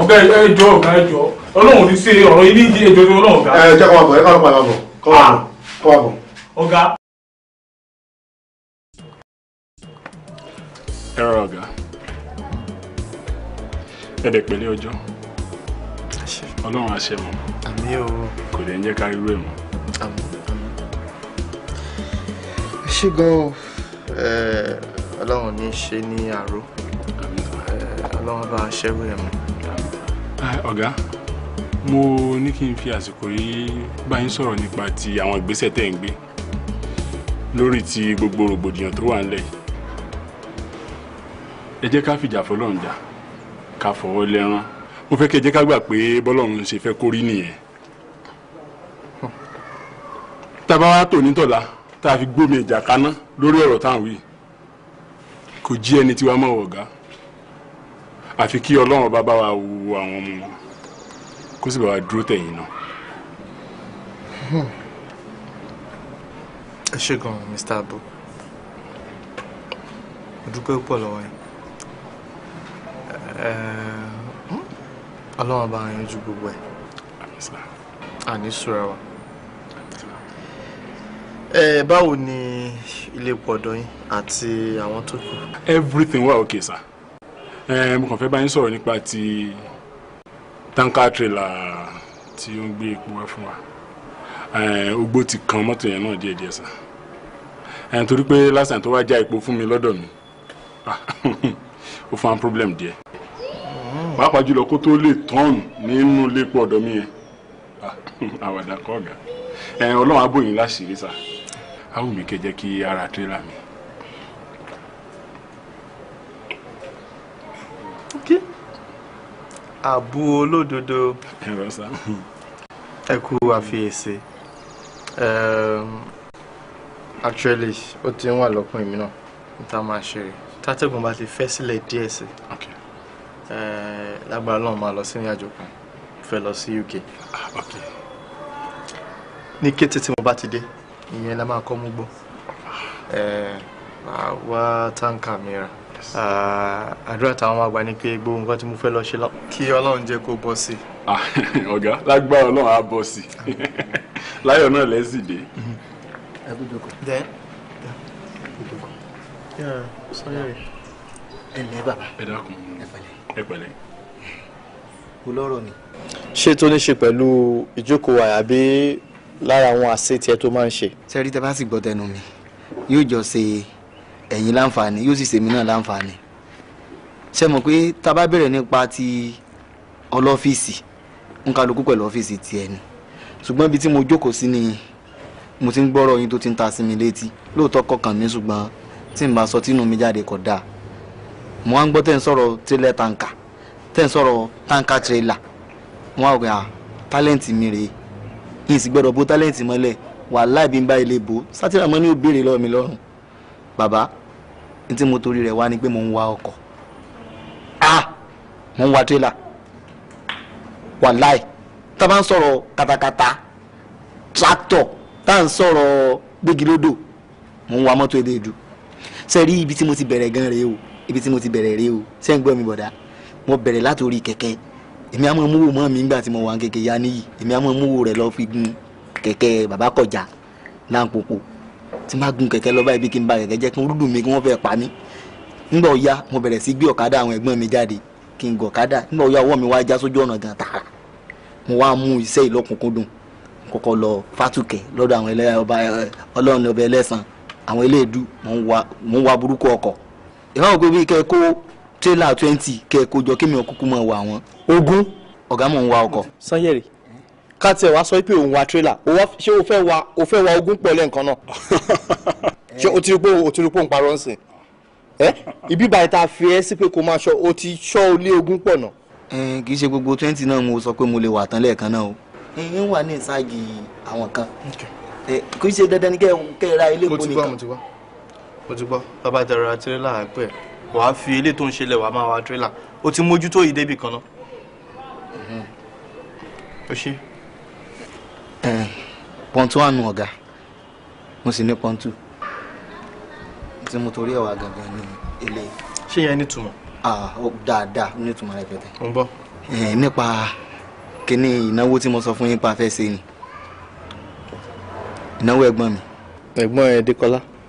ọ̀gá ẹjọ́ ọ̀gá ẹjọ́ ọlọ́run ní sí ọ̀rọ̀ ilé ìdí ẹjọ́ ọlọ́run ọ̀gá. ẹ jẹ́ kọ́ wà bọ̀ ẹ kọ́ wà kọ́ wà bọ̀. ẹ rọ ọ̀gá ẹ dẹ̀ pẹ̀lẹ́ ọjọ́ ọlọ́run àṣẹ mọ́ àmì o kò dẹ̀ ń jẹ́ ká irú ẹ̀ mọ́. ṣé gan ọlọ́run ní í ṣe ní àrò ọlọ́run bá ṣẹ́rù ẹ̀ mọ́. ọ̀gá mo ní kí n fi àsìkò yìí bá yín sọ̀rọ̀ nípa ti àwọn ìgbésẹ̀ tẹ̀ ń gbé lórí ti gbogbo rògbòdìyàn tó wà nílẹ̀ yìí ẹ jẹ́ ká fìjà fọlọ́run jà ká fọwọ́ lẹ́rán mo fẹ́ kẹ́ ẹ jẹ́ ká gbà pé bọ́lọ́run ṣe fẹ́ kórí nìyẹn tábà wá tò nítọ̀la tá a fi gbómi ìjà kaná lórí ọ̀rọ̀ táwọn wí kò jí ẹni tí wàá mọ̀ ọ̀gá àfi kí ọlọ́run bá bá wa wo àwọn ọmọ wọn kó sì bá wa dúró tẹ̀yìn náà. ẹ ṣé gan-an Mr. Abu, mo dúpẹ́ púpọ̀ lọ́wọ́ yín. Eh, hmm? ọlọ́run bá yanjú gbogbo ẹ̀ àní sùúrà wa eh, báwo ni ilé pọ̀dọ̀ yín àti àwọn tó kù. everything well, okay sir eh, mo kàn fẹ́ bá yín sọ̀rọ̀ nípa ti tanker trailer tí ó ń gbé epo wá fún wa ogbó ti kan mọ́tò yẹn náà díẹ̀díẹ̀ sir nítorí pé lásán tó wá já epo fún mi lọ́dọ̀ mi ó fún wa problem díẹ̀ pàápàá jùlọ kó tó lè tọ́ọ̀n nínú lépo ọ̀dọ̀ mi yẹn ah, àwàdà kọ́ ọ̀gá ọlọ́run abóyin láṣìírí sá áwù mi kẹjẹ kí ara tírélà mi. àbú olódodo ẹ kú àfiyèsí actually ó ti ń wà lọ́kùnrin mi náà níta máa ṣe rè tátẹ́gùn bá ti fẹ́ sílẹ̀ díẹ̀ sí i. Eh, lágbára lọ́run máa lọ sí ìrìn àjò kan fẹ́ lọ sí UK. Ah, ní kété tí mo bá ti dé ìyẹn la máa kọ́ mú gbọ́ eh, máa wá táǹkà mi ah, àdúrà táwọn àgbà ní pé gbogbo nǹkan tí mo fẹ́ lọ ṣe kí ọlọ́run jẹ́ kó bọ́ sí i. Ah, ọ̀gá lágbára ọlọ́run á bọ́ sí ẹnlẹ bàbá ẹ dákun ẹ pẹ̀lẹ́ ẹ pẹ̀lẹ́. o lọ́rọ̀ ni. ṣé tó ní ṣe pẹ̀lú ìjókòó àbí lára àwọn àṣẹ tiẹ̀ tó máa ń ṣe. sẹ́rí tẹ́ bá sì gbọ́ tẹnu mi yóò jọ ṣe ẹ̀yin láǹfààní yóò sì ṣèmi náà láǹfààní ṣe mọ̀ pé tá a bá bẹ̀rẹ̀ nípa ti ọlọ́fíìsì ń kálukú pẹ̀lú ọ́fíìsì tiẹ̀ ni ṣùgbọ́n ibi tí mo jókòó sí ni mo ti ń gbọ́rọ̀ yín tó ti ń ta sí mi létí lóòótọ́ kọkàn mi ṣùgbọ́n tí n bá sọ tínú mi jáde kò dáa mo wá ń gbọ́ tẹ́ ń sọ̀rọ̀ tírélẹ̀ tanka tẹ́ ń sọ̀rọ̀ tanka tírélà mo wá gbà ah, tálẹ́ǹtì mi rèé yìí sì gbọ́dọ̀ bó tálẹ́ǹtì mọ́lẹ̀ wà láìbí ń bá ilé bò sátìrà mọ́ ní ó béèrè lọ́wọ́ mi lọ́rùn bàbá ní tí mo torí rẹ̀ wá ni pé mo ń wa ọkọ̀ ah mo ń wa tírélà wàláì tá a bá ń sọ̀rọ̀ katakata tractor tá a ń sọ̀rọ̀ gbégilódò mo ń wa mọ́tò eléèdú sẹ́ẹ̀rí ibi tí mo ti bẹ̀rẹ̀ gan rèé o ibi tí mo ti bẹ̀rẹ̀ rèé o ṣé ń gbọ́ mi bọ̀dá mo bẹ̀rẹ̀ látòrí kẹ̀kẹ́ èmi àmọ́ múwò mọ́ mi nígbà tí mo wà ń kékeré ya níyì èmi àmọ́ múwò rẹ̀ lọ fi gun kẹ̀kẹ́ bàbá kọjá láǹpọ̀pọ̀ tí n bá gun kẹ̀kẹ́ lọ báyìí kí n ba kẹ̀kẹ́ jẹ́ kí n rúdùn mi kí wọ́n fẹ́ pa mí nígbà ọ̀ya mo bẹ̀rẹ̀ sí gbé ọ̀kadà àwọn ẹ̀gbọ́n mi jáde kí n gọ̀ ọ̀kadà nígbà ọ̀ya ọwọ́ mi wá já sójú ọ̀nà gan tààrà mo wá mú iṣẹ́ ìlọ́kùnkúndùn kọ́kọ́ lọ fátùkẹ́ lọ́dọ̀ àwọn ọlọ́run ọbẹ̀ ẹlẹ́sàn àwọn eléèdú mo ń wa burúkú ọkọ̀ ìfọwọ́ pé bí kẹ́ kó tírélà twenty kẹ́ kó jọ kémi ọkùnkù mọ̀ wà wọ́n. ogún. ọ̀gá mò ń wa ọkọ̀. sanyẹ̀rì ká tiẹ̀ wá sọ pé òun wa tírélà ṣé o fẹ́ wa o fẹ́ wa ogún pọ̀ lẹ́ǹkan náà ṣé o ti rí pé o ti rí pé òun parọ́ ń sìn ẹ́ ibi báyìí tá a fi ẹ́ sí pé kó máa ṣọ o ti ṣọ́ o lé ogún pọ̀ náà. kì í ṣe gbogbo twenty náà mo sọ pé mo lè wà tán lẹ́ẹ̀kan náà o ń wà ní ìsáàgì àwọn kan kì í ṣe dandan ní kẹ́ ra ilé ìpò nìkan o ti gbọ́ bàbá tẹ̀rọra tírélà àpẹ́ wà á fi ilé tó ń ṣẹlẹ̀ wà á máa wa tírélà o ti mójútó yìí débì kan náà. o mhm. ṣe. pọ́ńtù wà nù ọ̀gá mo sì ní pọ́ńtù tí mo torí ẹ̀wà gangan ní ilé. ṣé yẹn nítumọ̀. dáadáa nítumọ̀ rẹpẹtẹ. ń bọ̀. nípa kíní ìnáwó tí mo sọ fún yín pa fẹ́ ṣe ni ìnáwó ẹ̀gbọ́n mi. ẹ̀gbọ́n ẹ̀ dẹ́kọ́lá.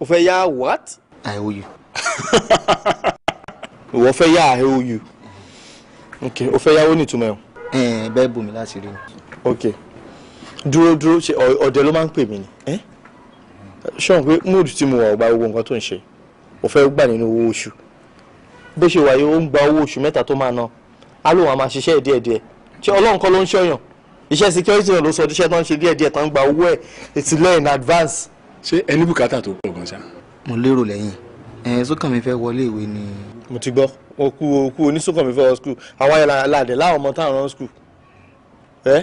o fẹ́ yá what. I owe you. ìwọ fẹ́ yá I owe you. ok o fẹ́ yáwó nìtumọ̀ ẹ̀. bẹ́ẹ̀ bò mí láti rí mi. ok dúró dúró ṣe ọ̀dẹ ló máa ń pè mí ni ṣọ́n pé mood tí mo wà ọgbà gbogbo nǹkan tó ń ṣe ò fẹ́ gbà nínú owó oṣù bó ṣe wáyé ó ń gba owó oṣù mẹ́ta tó máa ná á lóun á máa ṣiṣẹ́ díẹ̀díẹ̀ ṣé ọlọ́run kọ́ ló ń ṣọ̀yàn iṣẹ́ security náà ló sọ iṣẹ́ tó ń ṣe díẹ̀díẹ̀ tó ń gba owó ẹ̀ ètìlẹ́yìn advance ṣé ẹni bùkátà tó pọ̀ gan ṣá. mo lérò lẹ́yìn ẹ̀ sókàn mi fẹ́ wọlé ìwé ni. mo ti gbọ́ òkú òkú onísókàn mi fẹ́ wọ skul àwọn ayẹyẹ aládẹ láwọn ọmọ táwọn rán skul ẹ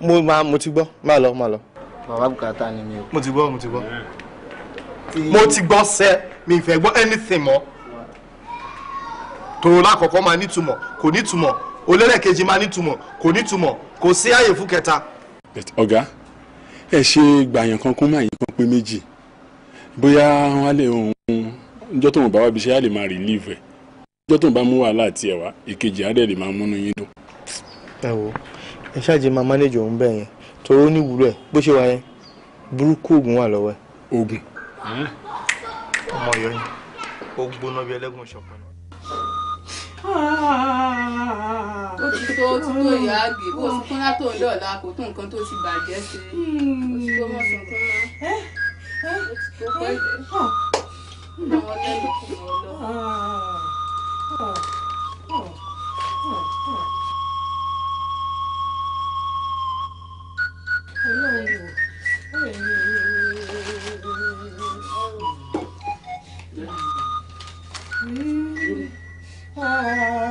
mo máa mo ti gbọ́ máa lọ máa lọ. bàbá bùkátà ni mi o. mo ti gbọ́ mo ti gbọ́ mo ti gbọ́ sẹ́ mi fẹ́ gbọ́ anything mọ́ tòrò lákọ̀ọ́kọ́ máa nítumọ̀ kò nítumọ̀ olórẹ́kejì máa nítumọ̀ kò nítumọ̀ kò sí àyè fún kẹta. ọ̀gá ẹ ṣe gbàyàn kan kún máa yín pé méjì bóyá wọn á lè ohun níjọ́ tóun bá wá bí iṣẹ́ á lè máa relieve ẹ̀ níjọ́ tóun bá mú wàhálà tiẹ̀ wá èkejì á dẹ̀ lè máa múnú yín dùn. ẹ wo ẹ ṣáàjì máa manage òun bẹ́ẹ̀ yẹn torí ó ní ìwúlò ẹ̀ bó ṣe wà yẹn burúkú oògùn wà lọ́wọ́ ẹ̀. oògùn. ọmọ Ọ̀yọ́ ni ó gbóná bí ẹlẹ́gùn ṣọ̀kan náà. Ah! tó ti tó ìyá àgbè bó sunkún látò ń dọ̀la kò tó nǹkan tó ti bàjẹ́ ṣe hmm. eh, eh, eh, kò tó mọ̀ sunkún mọ́ ó tó pẹ́ àwọn lẹ́nu kù wọ́n lọ. Ah. ah, ah, ah hmm. Hmm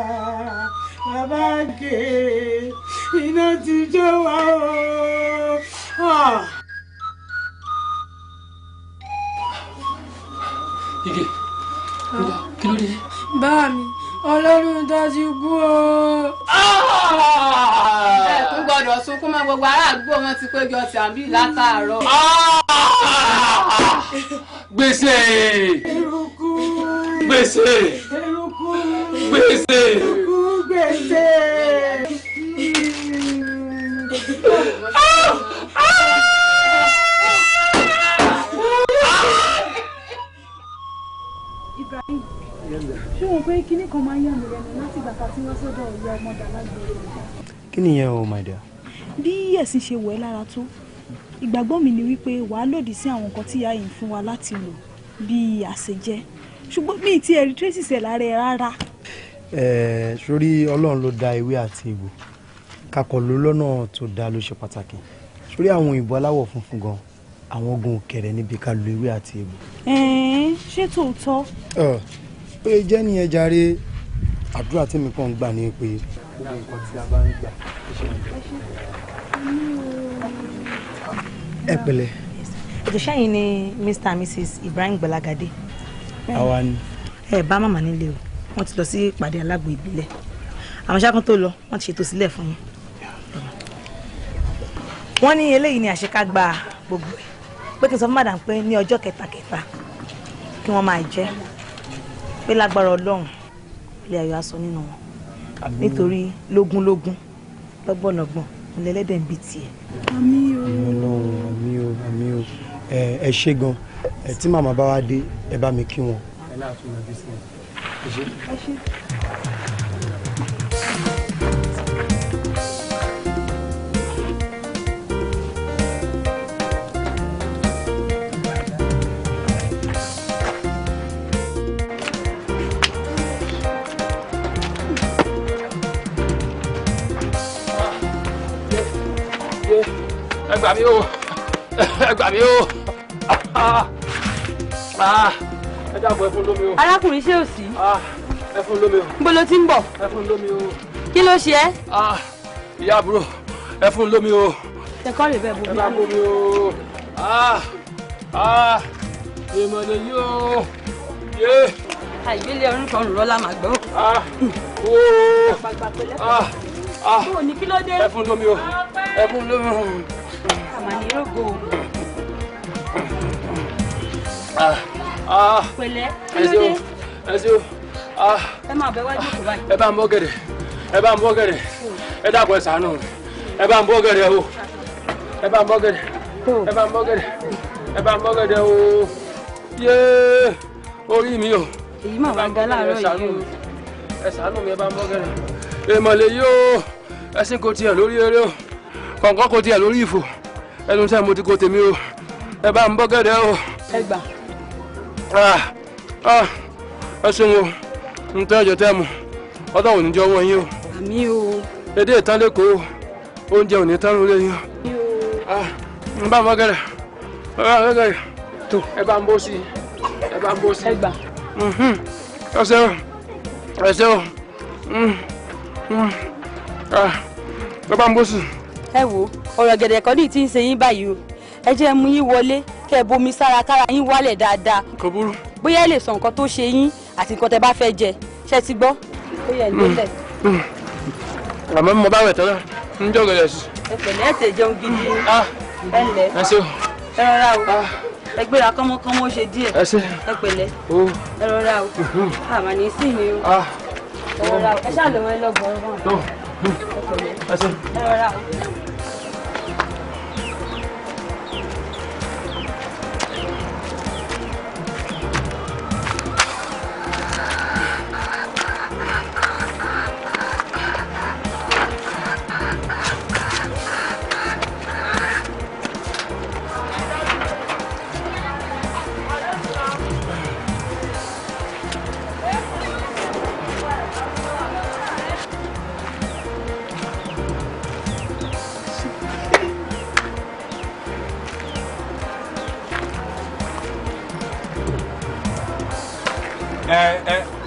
gé iná ti jó wa o. Ah. Ige, kí ló dé? Bá mi, ọlọ́run tó ti kú o. Ah! Ẹ tún gbọ́dọ̀ sunkún mọ́ gbogbo ará àdúgbò wọn ti péjọ tàbí látàárọ̀. Ah! Gbèsè! Eruku! Gbèsè! Eruku! Gbèsè! Eruku! gbèsè. Ibrahim ṣé wọn pé kinní kan máa ń yà mí lẹ́nu láti ìgbà tá a ti wá sọ́dọ̀ ìyá ọmọ dàlágbé rẹ̀. kí ni ìyẹn o my dear. bí ẹ̀sìn ṣe wọ̀ ẹ́ lára tó ìgbàgbọ́ mi ni wípé wàá lòdì sí àwọn nǹkan tí ìyá yìí ń fún wa láti lò bíi àṣejẹ ṣùgbọ́n mi ti ẹ̀rí tracy ṣẹ̀ lára ẹ̀ rárá sórí ọlọ́run ló dá ewé àti ìwò kakọ̀ ló lọ́nà tó dá ló ṣe pàtàkì sórí àwọn òyìnbó aláwọ̀ funfun gan àwọn ogun òkèrè níbi ká lo ewé àti ìwò. ṣé tòótọ́. pé jẹ́ nìyẹn jàre àdúrà tèmi kàn ń gbà ní pé gbogbo nǹkan tí a bá ń gbà ṣe ń bọ̀. ẹ pẹ̀lẹ́. ètò sẹ́yìn ni mr and mrs ibrahim gbalagade. àwa ni. ẹ bá màmá nílé o wọ́n ti lọ sí ìpàdé alágbo ìbílẹ̀ àwọn ṣáàkùn tó lọ wọ́n ti ṣètò sílẹ̀ fún yín wọ́n ní eléyìí ni àṣekágbá gbogbo ẹ̀ pé kí n sọ fún madam pé ní ọjọ́ kẹtàkẹta kí wọ́n máa jẹ́ pé lágbára ọlọ́run ilé ayọ̀ aṣọ nínú wọn nítorí lógúnlógún lọ́gbọ̀nlọ́gbọ̀n ńlẹ́lẹ́dẹ̀ ń bí tiẹ̀. àmì o àmì o àmì o ẹ ṣé gan ẹ tí màmá bá wá dé ẹ bá mi kí wọn. ẹ náà tún lọ sí i ẹ gbà mí o ẹ dàpọ̀ ẹfun lómi o. arákùnrin ṣé ò sí. Ah, ẹfun lómi o. níbo ló ti ń bọ̀. ẹfun lómi o. kí ló ṣe ẹ́. Ah, ìyá àbúrò ẹfun lómi o. ṣẹkọ rè bẹ́ẹ̀ bomi. ẹ bá bomi o. ìmọ̀lẹ̀ ah, yìí o. àìgbélé ọrùn kan rọ̀ la màá gbọ́. kò ní kí ló dé. ẹfun lómi o. ẹfun lómi o. àmàlí rògbò. Ah. Ah, pẹ̀lẹ́ kí ló dé ah, ẹ máa bẹ wájú kò báyìí. ẹ bá ń bọ́ gẹ̀rẹ̀ ẹ bá ń bọ́ gẹ̀rẹ̀ ẹ dàpọ̀ o ẹ bá ń bọ́ o yéé orí mi o. o. ẹ ṣàánú mi ẹ bá ń bọ́ gẹ̀rẹ̀ èèmọ̀lẹ̀ yìí o ẹṣin kò tiẹ̀ lórí eré o kọ̀ǹkọ́ kò tiẹ̀ ẹnu tẹ́ mo ti kò tèmi o ẹ bá ń bọ́ gẹ̀rẹ̀ o. ẹ gbà Ah, ah, ẹ ṣeun o n tẹ́ ọjọ́ tẹ́ mu ọlọ́run ò ní jẹ́ yín o. àmì o. èdè ìtàn lẹ́kọ̀ọ́ oúnjẹ ò tán lórí yín o. Ah, n bá wọn gẹ̀rẹ̀ tó ẹ bá ń bó sí i ẹ bá ń bó sí i. ẹ gbà. Mm-hmm. ẹ o ẹ o mm-hmm. Mm-hmm. ẹ bá ń bó sí i. ẹ wo ọ̀rọ̀ gẹ̀dẹ̀ kọ́ ní ti ń ṣe yín báyìí o ẹ jẹ́ mú yín wọlé kẹ́ ẹ bomi sára kára yín wálẹ̀ dáadáa. kò burú. bóyá ẹ lè sọ nǹkan tó ṣe yín àti nǹkan tẹ bá fẹ́ jẹ ṣe ti gbọ́. ó yẹ ìgbésẹ̀. Mm. àmọ́ mo bá wẹ̀ tọ́lá ń jọ̀gẹ̀dẹ̀ sí. ẹ pẹ̀lẹ́ ẹ̀sẹ̀ jẹun gidi ah. ẹ ǹlẹ́ ẹ rọra o ẹ gbéra kọ́mọkọ́mọ ṣe díẹ̀ ẹ pẹ̀lẹ́ ẹ rọra o àmà ní sí mi o ẹ rọra o ẹ ṣàlùwẹ̀ lọ́gbọ̀n ọgbọ̀n ẹ pẹ̀lẹ́ ẹ rọra o.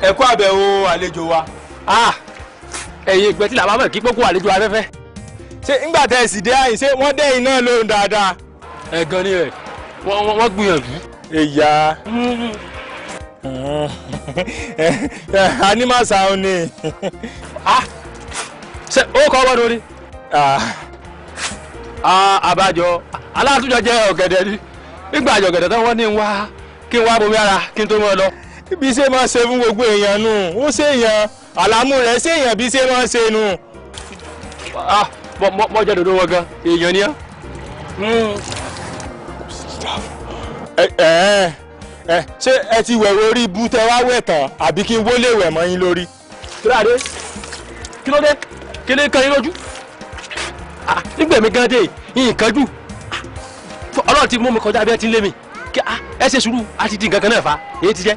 ẹ àbẹ̀wò àlejò wa. Ah, ẹ̀yin ìgbẹ́ tí làwọn máa kí pókó àlejò afẹ́fẹ́. ṣé ńgbà tẹ ẹ̀sì dé àyìn ṣé wọ́n dẹ́ iná lóhùn dáadáa. ẹ gan ni ẹ wọ́n gbìyànjú. ẹ̀yà animal sound ni. Ah, ṣe ó kọ́ ọgbọ́n lórí. Ah, àbájọ aláàtúnjọ jẹ ọ̀gẹ̀dẹ̀ nígbà àjọ̀gẹ̀dẹ̀ tó wọ́n ní wá kí n wá bomi ara kí n tó mọ́ ọ lọ. bí ṣe máa ṣe fún gbogbo èèyàn nù ó ṣèyàn àlámú rẹ̀ ṣèyàn bí ṣe máa ṣe nù. Ah, mo jẹ́ dòdò wọn gan èèyàn ni á. Hmm. ṣé ẹ ti wẹ̀ orí ibú tẹ wá wẹ̀ tán àbí kí n wọlé wẹ̀ mọ́ yín lórí. kíláàdé kí ló dé kí ló kan yín lójú ah, nígbà mi gan dé yín kánjú ah, ọlọ́run ti mú mi kọjá bí ẹ ti ń lé mi ẹ ṣe sùúrù a ti di nǹkan kan náà fa èyí ti jẹ́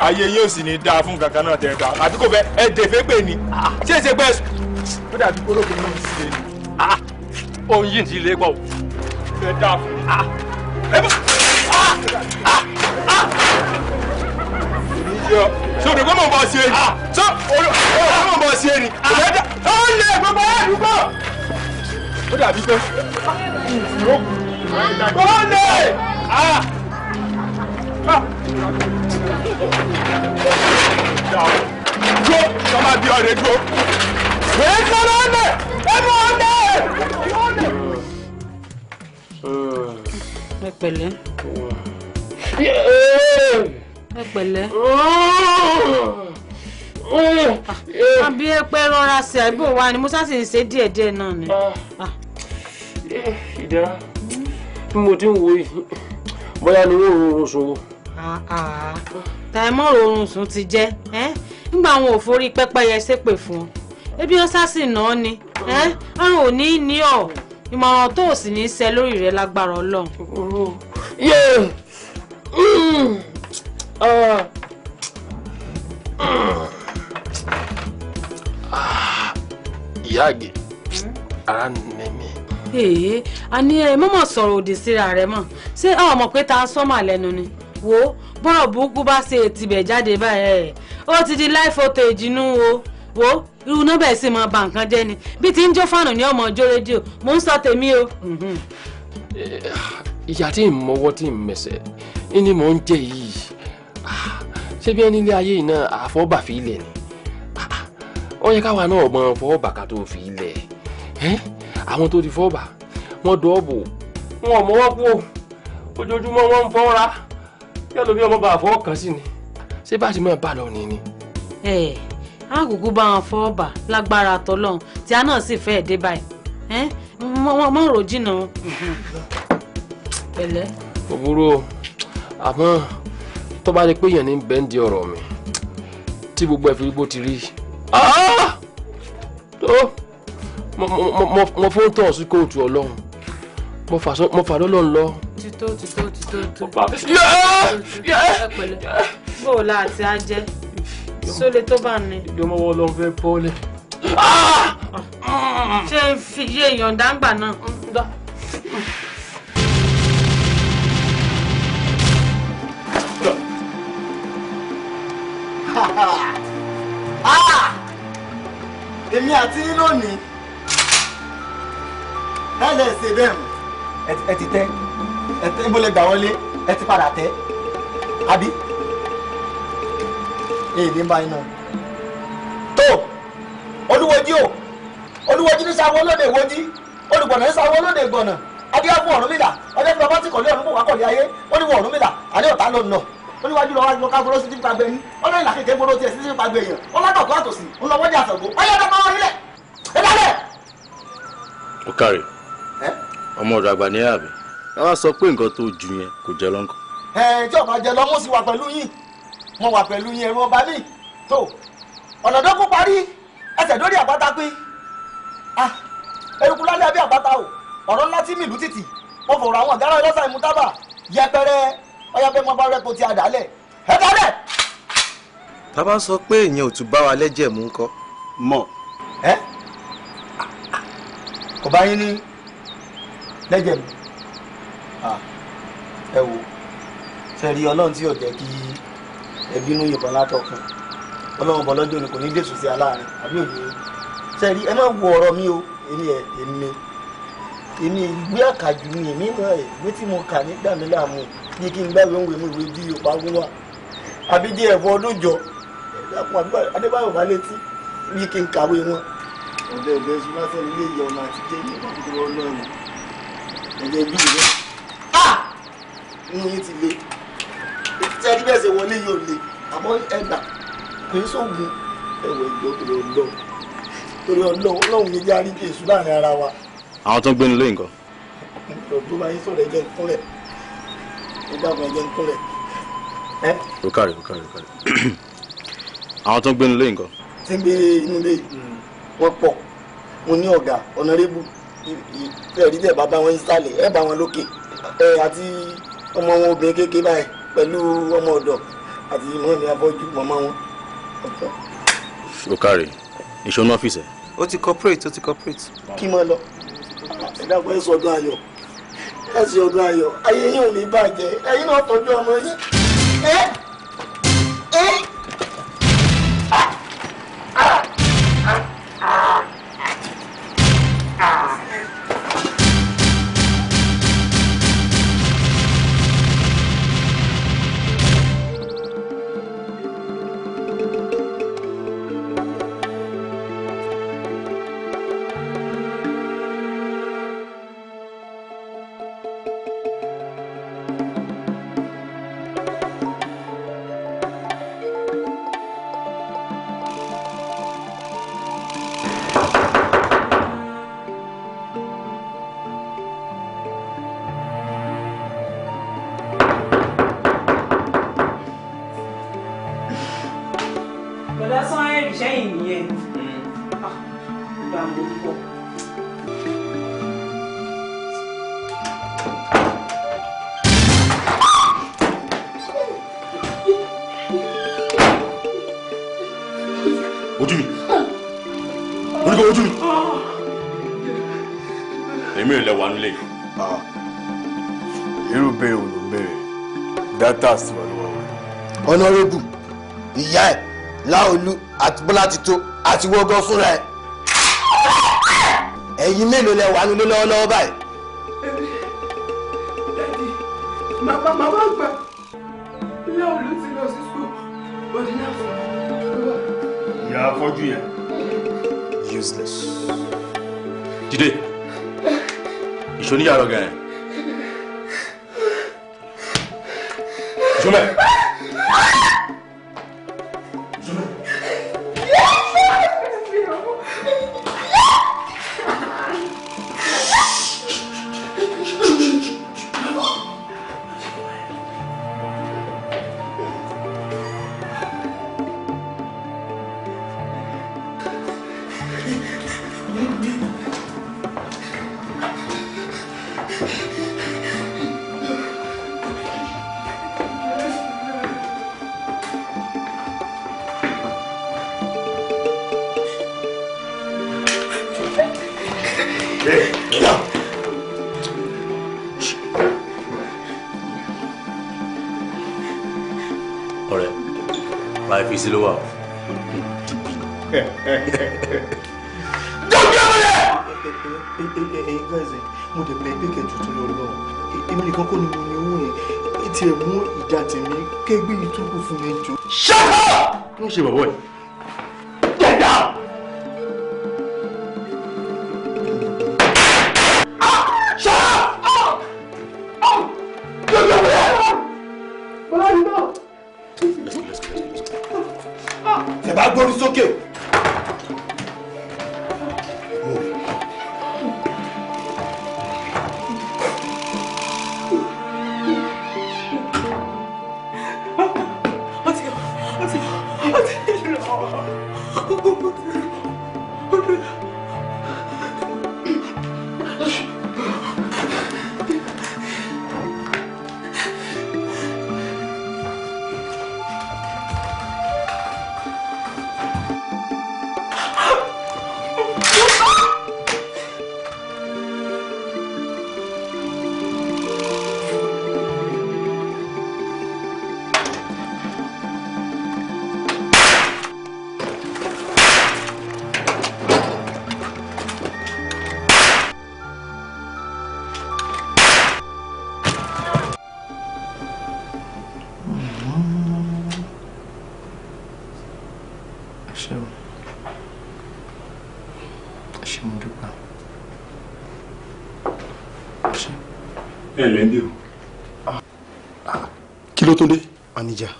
ayé yóò sì ní dáa fún kankan náà tẹ̀ ẹ́ ta àbí kò fẹ́ ẹ dèfé pè ní ṣé ṣe pẹ́ sùn. ó dàbí kólókè náà ti ṣe ni. ohun yìí ti lé gbọ́ o. ṣe dáa fún mi. de kó mọ̀ bọ̀ ṣe ni sọ̀rọ̀ kó mọ̀ bọ̀ ṣe ni ó lè gbogbo àdúgbò. ó dàbí pé ó lè. Jó, sọ́mà bí ọ̀rẹ́ jó. Wèé sọ̀rọ̀ ọ̀nà! Ẹ mọ ọ̀nà! Ẹ pẹ̀lẹ́. Ẹ pẹ̀lẹ́. Àbí ẹpẹ rọra sí àbí ni mo sáà sì ń ṣe díẹ̀díẹ̀ náà ni. Ìdára, bí mo ti wo yìí, ni wọ́n rọrùn sọ̀rọ̀. Ah, ah. tàìmọ́ oorun sùn ti jẹ́ nígbà àwọn òfòrí pẹ́pẹ́yẹ ṣépè fún ọ ebi ó sásì náà ni àrùn ò ní ní ọ ìmọ̀ràn tó ò sì ní í ṣe lórí rẹ lágbára ọlọ́run. ìyá àgbè ara nìyẹn ee a ní ẹ mọ́mọ́ sọ̀rọ̀ òdì síra rẹ mọ̀ ṣé ọmọ pé ta sọ́mà lẹ́nu ni. wo bọ́rọ̀ burúkú bá ṣe tibẹ̀ jáde báyẹn ó ti di live footage inú o wo irú nọ́bà ẹ̀ sì mọ ba nǹkan jẹ́ ni bí ti ń jó fàánù ní ọmọ ọjọ́ rédíò mò ń sọ tèmi o. Mhm. Eh, ìyá tí ń mọwọ́ tí ń mẹsẹ̀ ni mò ń jẹ yìí ah, ṣé bí ẹni ilé ayé yìí náà àfọ́bà fi ilẹ̀ ni ah, ah, ó yẹ káwa náà mọ fọ́ọ̀bà ká tó fi ilẹ̀ àwọn tó ti fọ́ọ̀bà wọ́n dọ́ọ̀bù wọn ò mọ́wọ́ kú ojoojúmọ́ wọn ń fọ́ra kí ẹlòmíì ọmọ bá àfọwọ́ kan sí ni ṣé bá ti máa bá lọ nìyí ni. ẹ ẹ àgùgù bá wọn fọwọ́ bà lágbára tọlọ́run tí a náà sì fẹ́ dé báyìí ẹ mọ rò jìnnà pẹ̀lẹ́. òwúrò àmọ́ tó bá lè pé èèyàn ní bẹ́ńdì ọ̀rọ̀ mi tí gbogbo ẹ̀ fi gbó ti rí ah! tó mo fóun tọ̀ sí kóòtù ọlọ́run mo fà lọ́lọ́run lọ́ọ́ tó ti tó ti tó tó. ọ̀pá bó o la àti ajẹ́ sólè tó bá ní. ìgbọ́mọwọ́ lọ fẹ́ bọ́ọ̀lẹ̀. Ah! ṣé n fi yé èèyàn dáńgbà náà. èmi àti yín lónìí ẹ lè ṣe bẹ́ẹ̀ mọ́. ẹ ti tẹ́ ẹtẹ ibo lẹ gbà wọlé ẹ ti padà tẹ àbí èdè ń bá iná tó olúwojí o olúwojí ní sáwọ lóde ìwojí olùgbọ̀nà ní sáwọ lóde ìgbọ̀nà adíyá fún Ọ̀rúnmìlà ọjọ́ tí bàbá ti kọ̀lé ọ̀run kò wá kọ̀lé ayé ó ní wọ Ọ̀rúnmìlà àlẹ́ ọ̀tá ló ń nà oníwájú lọ́wọ́ àjùmọ̀ káfóró sí títí pàgbẹ́ yín ọlọ́run ìlà kékeré gbọ́dọ̀ tiẹ̀ sí títí pàgbẹ́ yẹn ọlọ́dọ̀kọ́ àtòsí ńlọwọ́dì àtọ̀gbọ́ ọyọ́ ọ̀dọ́ máa wọlé ẹ̀ lálẹ́. ó kàrí ọmọ ọ̀dọ̀ àgbà ní àbí. ká wá sọ pé nǹkan tó jù yẹn kò jẹ lọ́nkọ. ẹ tí ọba jẹ lọ́mú sí wà pẹ̀lú yín mo wà yín ọba mi tó ọ̀nà tó kú parí ẹsẹ̀ lórí àpáta ah eruku lálẹ́ àbí àpáta o ọ̀rọ̀ ńlá tí mi ìlú títì mo fòrò àwọn ọ̀gá rẹ̀ lọ́sàn ìmútábà yẹpẹrẹ ọyàbẹ mọba rẹ ti ẹ bàbá sọ pé ìyẹn ò tún bá wa lẹ́jẹ̀ mú kọ́ mọ̀. ẹ kò bá yín ní lẹ́jẹ̀ mú. Ah, ẹ wo sẹ́rí ọlọ́run tí yóò jẹ́ kí ẹbí inú yìnbọn látọkùn ọlọ́run bọ̀ lọ́jọ́ ni kò ní dẹ̀sùn sí aláàárín àbí òye sẹ́rí ẹ má wo ọ̀rọ̀ mi o èmi ẹ̀ èmi èmi ìwé àkàjù mi èmi mọ̀ ẹ̀ ìwé tí mo kà nígbà mi láàmú bí kí n gbàgbé òun ìwé ìwé bí yorùbá gún wà àbí díẹ̀ ẹ̀fọ́ ọdún jọ adébáyọ̀ wà létí bí kí n kàwé wọn ọ̀dẹ̀ ọ̀dẹ̀ ṣùgbọ́n sẹ́ni ilé ìyá ọmọ àti kéèké ọ̀dọ̀ ọlọ́run ẹ̀jẹ̀ bí ìwé. Ah! inú yín ti le tẹ́lí bẹ́ẹ̀ ṣe wọlé yóò le àmọ́ ẹgbà kò ní sóògùn ẹ̀wọ̀ ìjọ torí ọlọ́run torí ọlọ́run ọlọ́run ní járí bí èṣù láàrin ara wa. àwọn tó ń gbénu lóyìn kan. ọdún máa ń sọ̀rọ̀ ẹ̀jẹ̀ ńkúnlẹ̀ ìdáhùn ẹ̀jẹ̀ ńkúnlẹ̀. òkàrè òkàrè òkàrè àwọn tó ń gbénu lóyìn kan. tí ń gbé inú ilé hmm. wọn pọ̀ mo ní ọ̀gá ọ̀nàrẹ́bù ẹ̀rí tẹ̀ àti ọmọ wọn obìnrin kékeré báyìí pẹ̀lú ọmọ ọ̀dọ̀ àti mọ́ mi abọ́jú mọ́mọ́ wọn. òkàrè ìṣúná ọ́fíìsì. ó ti corporate ó ti corporate. kí máa lọ ẹ̀dá kan ẹ̀ sọ ọdún ayọ̀ ẹ̀ sọ ọdún ayọ̀ ayé yín ò ní bàjẹ́ ẹ̀yin náà tọ́jú ọmọ yín. àti wọ́gán fúnra ẹ̀ ẹ̀yin mélòó lẹ wà nílé lọ́wọ́lọ́wọ́ báyìí. dadi màmá màmá gbà ilé olú ti lọ sí sùkúl bọ́dí náà fún wa. ìyá afọ́jú yẹn. useless. jíde ìṣòníyàrá gan-an. jùmẹ̀. ẹ lẹ́ńdí o. kí ló tún dé. manager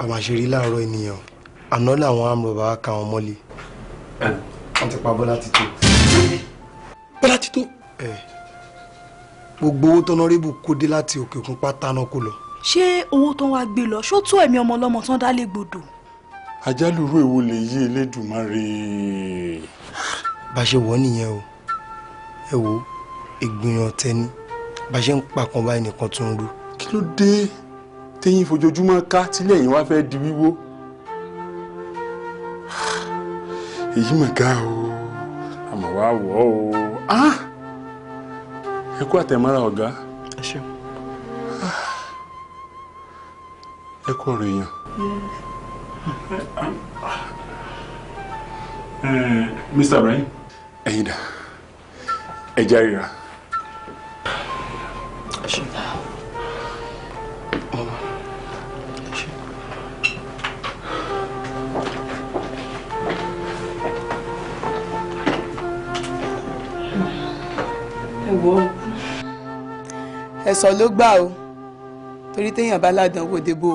àmàṣeré láàárọ̀ ènìyàn àná làwọn amúrọ̀bà ka wọn mọ́lẹ̀ wọ́n ti pa bọ́lá títò. bọ́lá títò. gbogbo owó tọ́nọ́rẹ́bù kó dé láti òkè òkun pátá náà kó lọ. ṣé owó tán wàá gbé lọ ṣó tó ẹ̀mí ọmọ ọlọ́mọ tán dá lè gbòdò. àjálùrú èwo lè yí Elédùmarè. bá a ṣe wọ̀ nìyẹn o ẹ wo ìgbìyànjú tẹni bá ṣe ń pàkan báyìí nìkan tó ń rú. kí ló dé téyín fojoojúmọ́ ká tílẹ̀ yín wá fẹ́ di wíwó èyí mà ga o àmọ́ wá wọ̀ o ẹ kú àtẹ̀mọ́ra ọ̀gá ẹ kú ọ̀rọ̀ èèyàn. Eh, Mr. Ibrahim. ẹ̀yin dà ẹ járíra. ẹ̀sọ́ ló gbà o torí téèyàn bá ládàánwò débò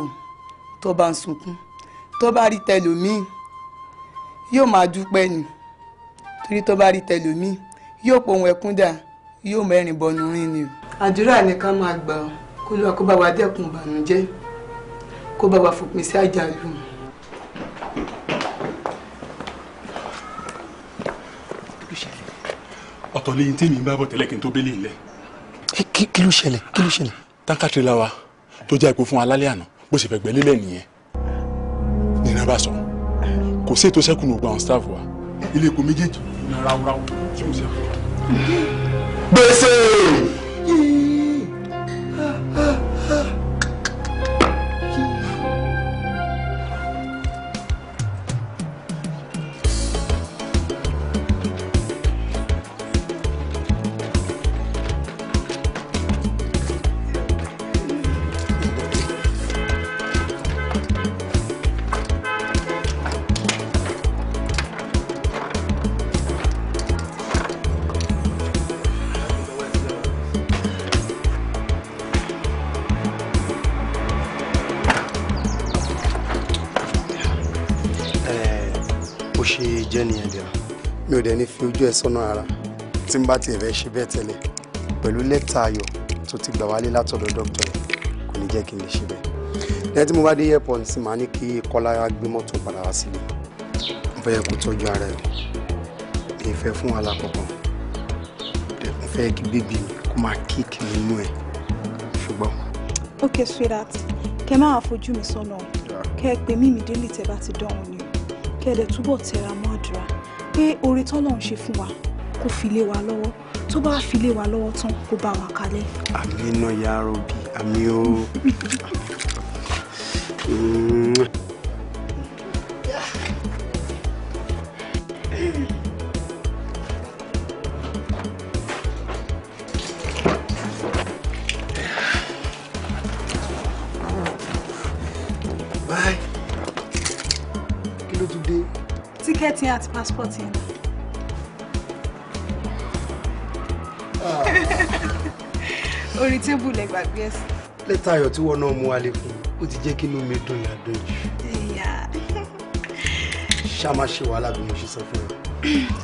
tó bá ń sunkún tó bá rí tẹlòmíì yóò máa dúpẹ́ ni torí tó bá rí tẹlòmíì yóò pohùn ẹkún dà yóò mẹ́rin bọnu rìn ni o. àdúrà ni máa gbà ọ kó lóra kó bá wa dẹ́kun ìbànújẹ́ kó bá wa fòpin sí àjálù. ọ̀tọ̀ lẹ́yìn tí mi ń bá bọ̀ tẹ́lẹ̀ kí n tó bẹ́lẹ̀ ilẹ̀ kí ló ṣẹlẹ̀ kí ló ṣẹlẹ̀. tanka tirela wa tó já epo fún wa lálẹ́ àná bó ṣe fẹ́ gbẹ́lẹ́ lẹ̀ nìyẹn nínú bá sọ kò sí ètò sẹ́kùn ògbà ọ̀hún staff wa ilé epo méjèèjì ní tí mo ṣe. gbèsè. ojú ẹ sọ́nà ara tí n bá tiẹ̀ fẹ́ ṣe bẹ́ẹ̀ tẹ́lẹ̀ pẹ̀lú lẹ́tà ayọ̀ tó ti gbà wálé látọ̀dọ̀ dókítà yẹn kò ní jẹ́ kí n lè ṣe bẹ́ẹ̀ lẹ́yìn tí mo bá dé airport sì máa ní kí kọ́lá gbé mọ́tò padà wá sílé mo fẹ́ kó tọ́jú ara ẹ̀ mi fẹ́ fún wàhálà kankan mo fẹ́ kí bébì kó máa kíkì nínú ẹ̀ ṣùgbọ́n. ok sweetheart kẹ máa fojú mi sọ́nà kẹ pé mímí délé tẹ bá ti dán òun ni kẹ ẹ dẹ túbọ̀ tẹra pé oore tọ́lọ̀ ń ṣe fún wa kó fi lé wa lọ́wọ́ tó bá fi lé wa lọ́wọ́ tán kó bá wa kalẹ̀. àmì náà yára òbí àmì ó. àti passport yẹn. orí tébù lẹ gbàgbé ẹ sí. lẹ́tà ayọ̀ tí wọ́n náà mú wálé fún ó ti jẹ́ kí inú mi dùn yàdùn jù. ṣá ṣe wàhálà bí mo ṣe sọ fún ẹ.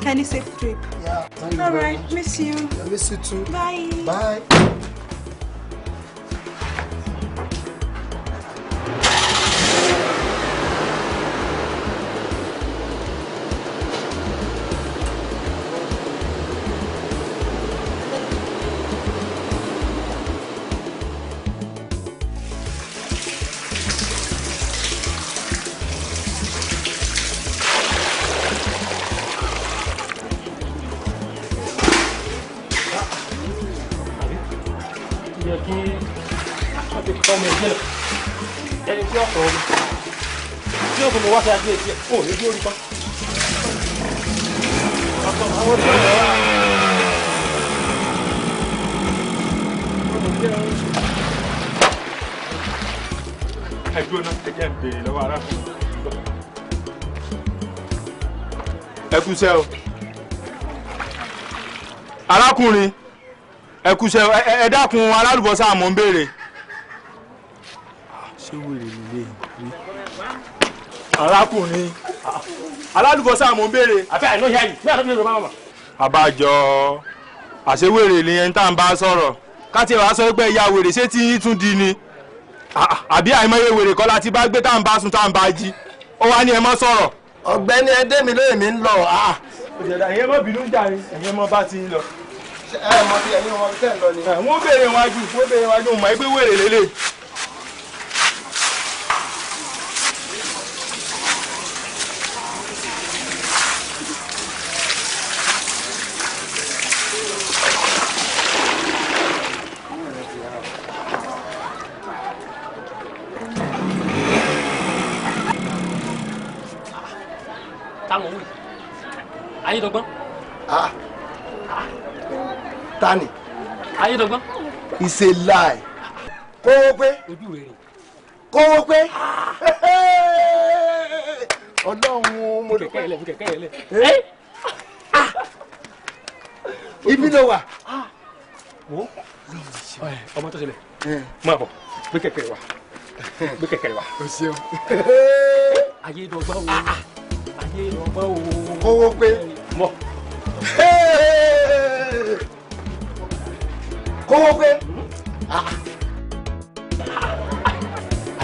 Can you safe trip? Yeah. All right. Miss you. I miss you too. Bye. Bye. wá sí adé tiẹ̀ ó ní bí ó rí pa. ẹgbẹ́ náà ẹ jẹ́ ń béèrè lọ́wọ́ arákùnrin. ẹ kúṣẹ́ o arákùnrin ẹ kúṣẹ́ dákun alálùbọ́sà mò ń béèrè. arákùnrin alálùbọ́sà mò ń béèrè. àfẹ́ àìlọ́ yá yìí bí àtọ́jú lè máa mọ̀. àbájọ àṣewèrè ni ẹni tá à ń bá sọ̀rọ̀ káti ẹ̀ wá sọ pé ìyá wèrè ṣé tí yín tún di ni àbí àìmọye wèrè kọ́ láti bá gbé tá à ń bá sùn tá à ń bá jí ó wá ní ẹ mọ́ sọ̀rọ̀. ọ̀gbẹ́ni ẹdẹ mi lóye mi ń lọ. òṣèlú ah, ah. ẹ̀yin mọ̀ bínú jà ni ẹ̀yin mọ̀ bá ti ń lọ. ẹ mọ̀ bí ẹ̀yin mọ̀ bí tẹ̀ ń lọ ni. wọ́n béèrè wájú wọ́n ayédọgbọn. ah tani. ayédọgbọn. it's a lie. kówó pé. ojú rẹ̀ rè. kówó pé. Ah. ọlọ́run mo dé. kẹ̀kẹ́ yẹlẹ kẹ̀kẹ́ yẹlẹ. Eh? Eh? Ah. ibi ló wà. Ah. wo eh, ọmọ tó ṣẹlẹ̀ máa bọ̀ gbé kẹ̀kẹ́ wa gbé kẹ̀kẹ́ wa. o ṣeun. ayédọgbọn wo ayédọgbọn wo. kówó pé mọ́. kówó pé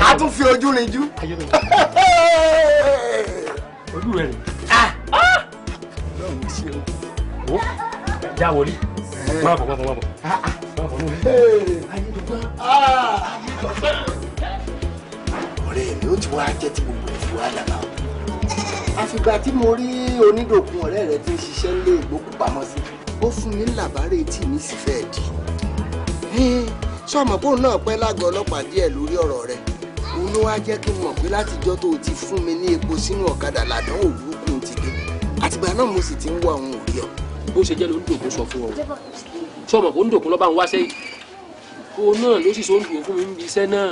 a tún fi ojú rin jú. ojú rẹ rè. lọ́run ṣe o. o já wọlé eh. máa bọ̀ máa bọ̀ máa bọ̀ máa bọ̀ lórí. Ah. ọ̀rẹ́ mi ó ti wá jẹ́ tí gbogbo ẹ̀ fi wá dàgbà o àfìgbà tí mo rí onídòkun ọ̀rẹ́ rẹ tí ń ṣiṣẹ́ lé ìgbókùpamọ́sí ó fún mi làbárè tí mi sì fẹ́ dì sọmọ bóun náà pẹ́ lágọ̀ọ́ ọlọ́pàá díẹ̀ lórí ọ̀rọ̀ rẹ òun ló wá jẹ́ kí n mọ̀ pé látijọ́ tó o ti fún mi ní epo sínú ọ̀kadà làdán òwúrúkú ti dé àtìgbà náà mo sì ti ń wá òun òrí ọ. bó ṣe jẹ́ ló ń dòkun sọ fún ọ sọmọ bó ń dòkun lọ́ba ń wá sẹ́yìn òun náà ló sì so ń dùn fún mi níbi iṣẹ́ náà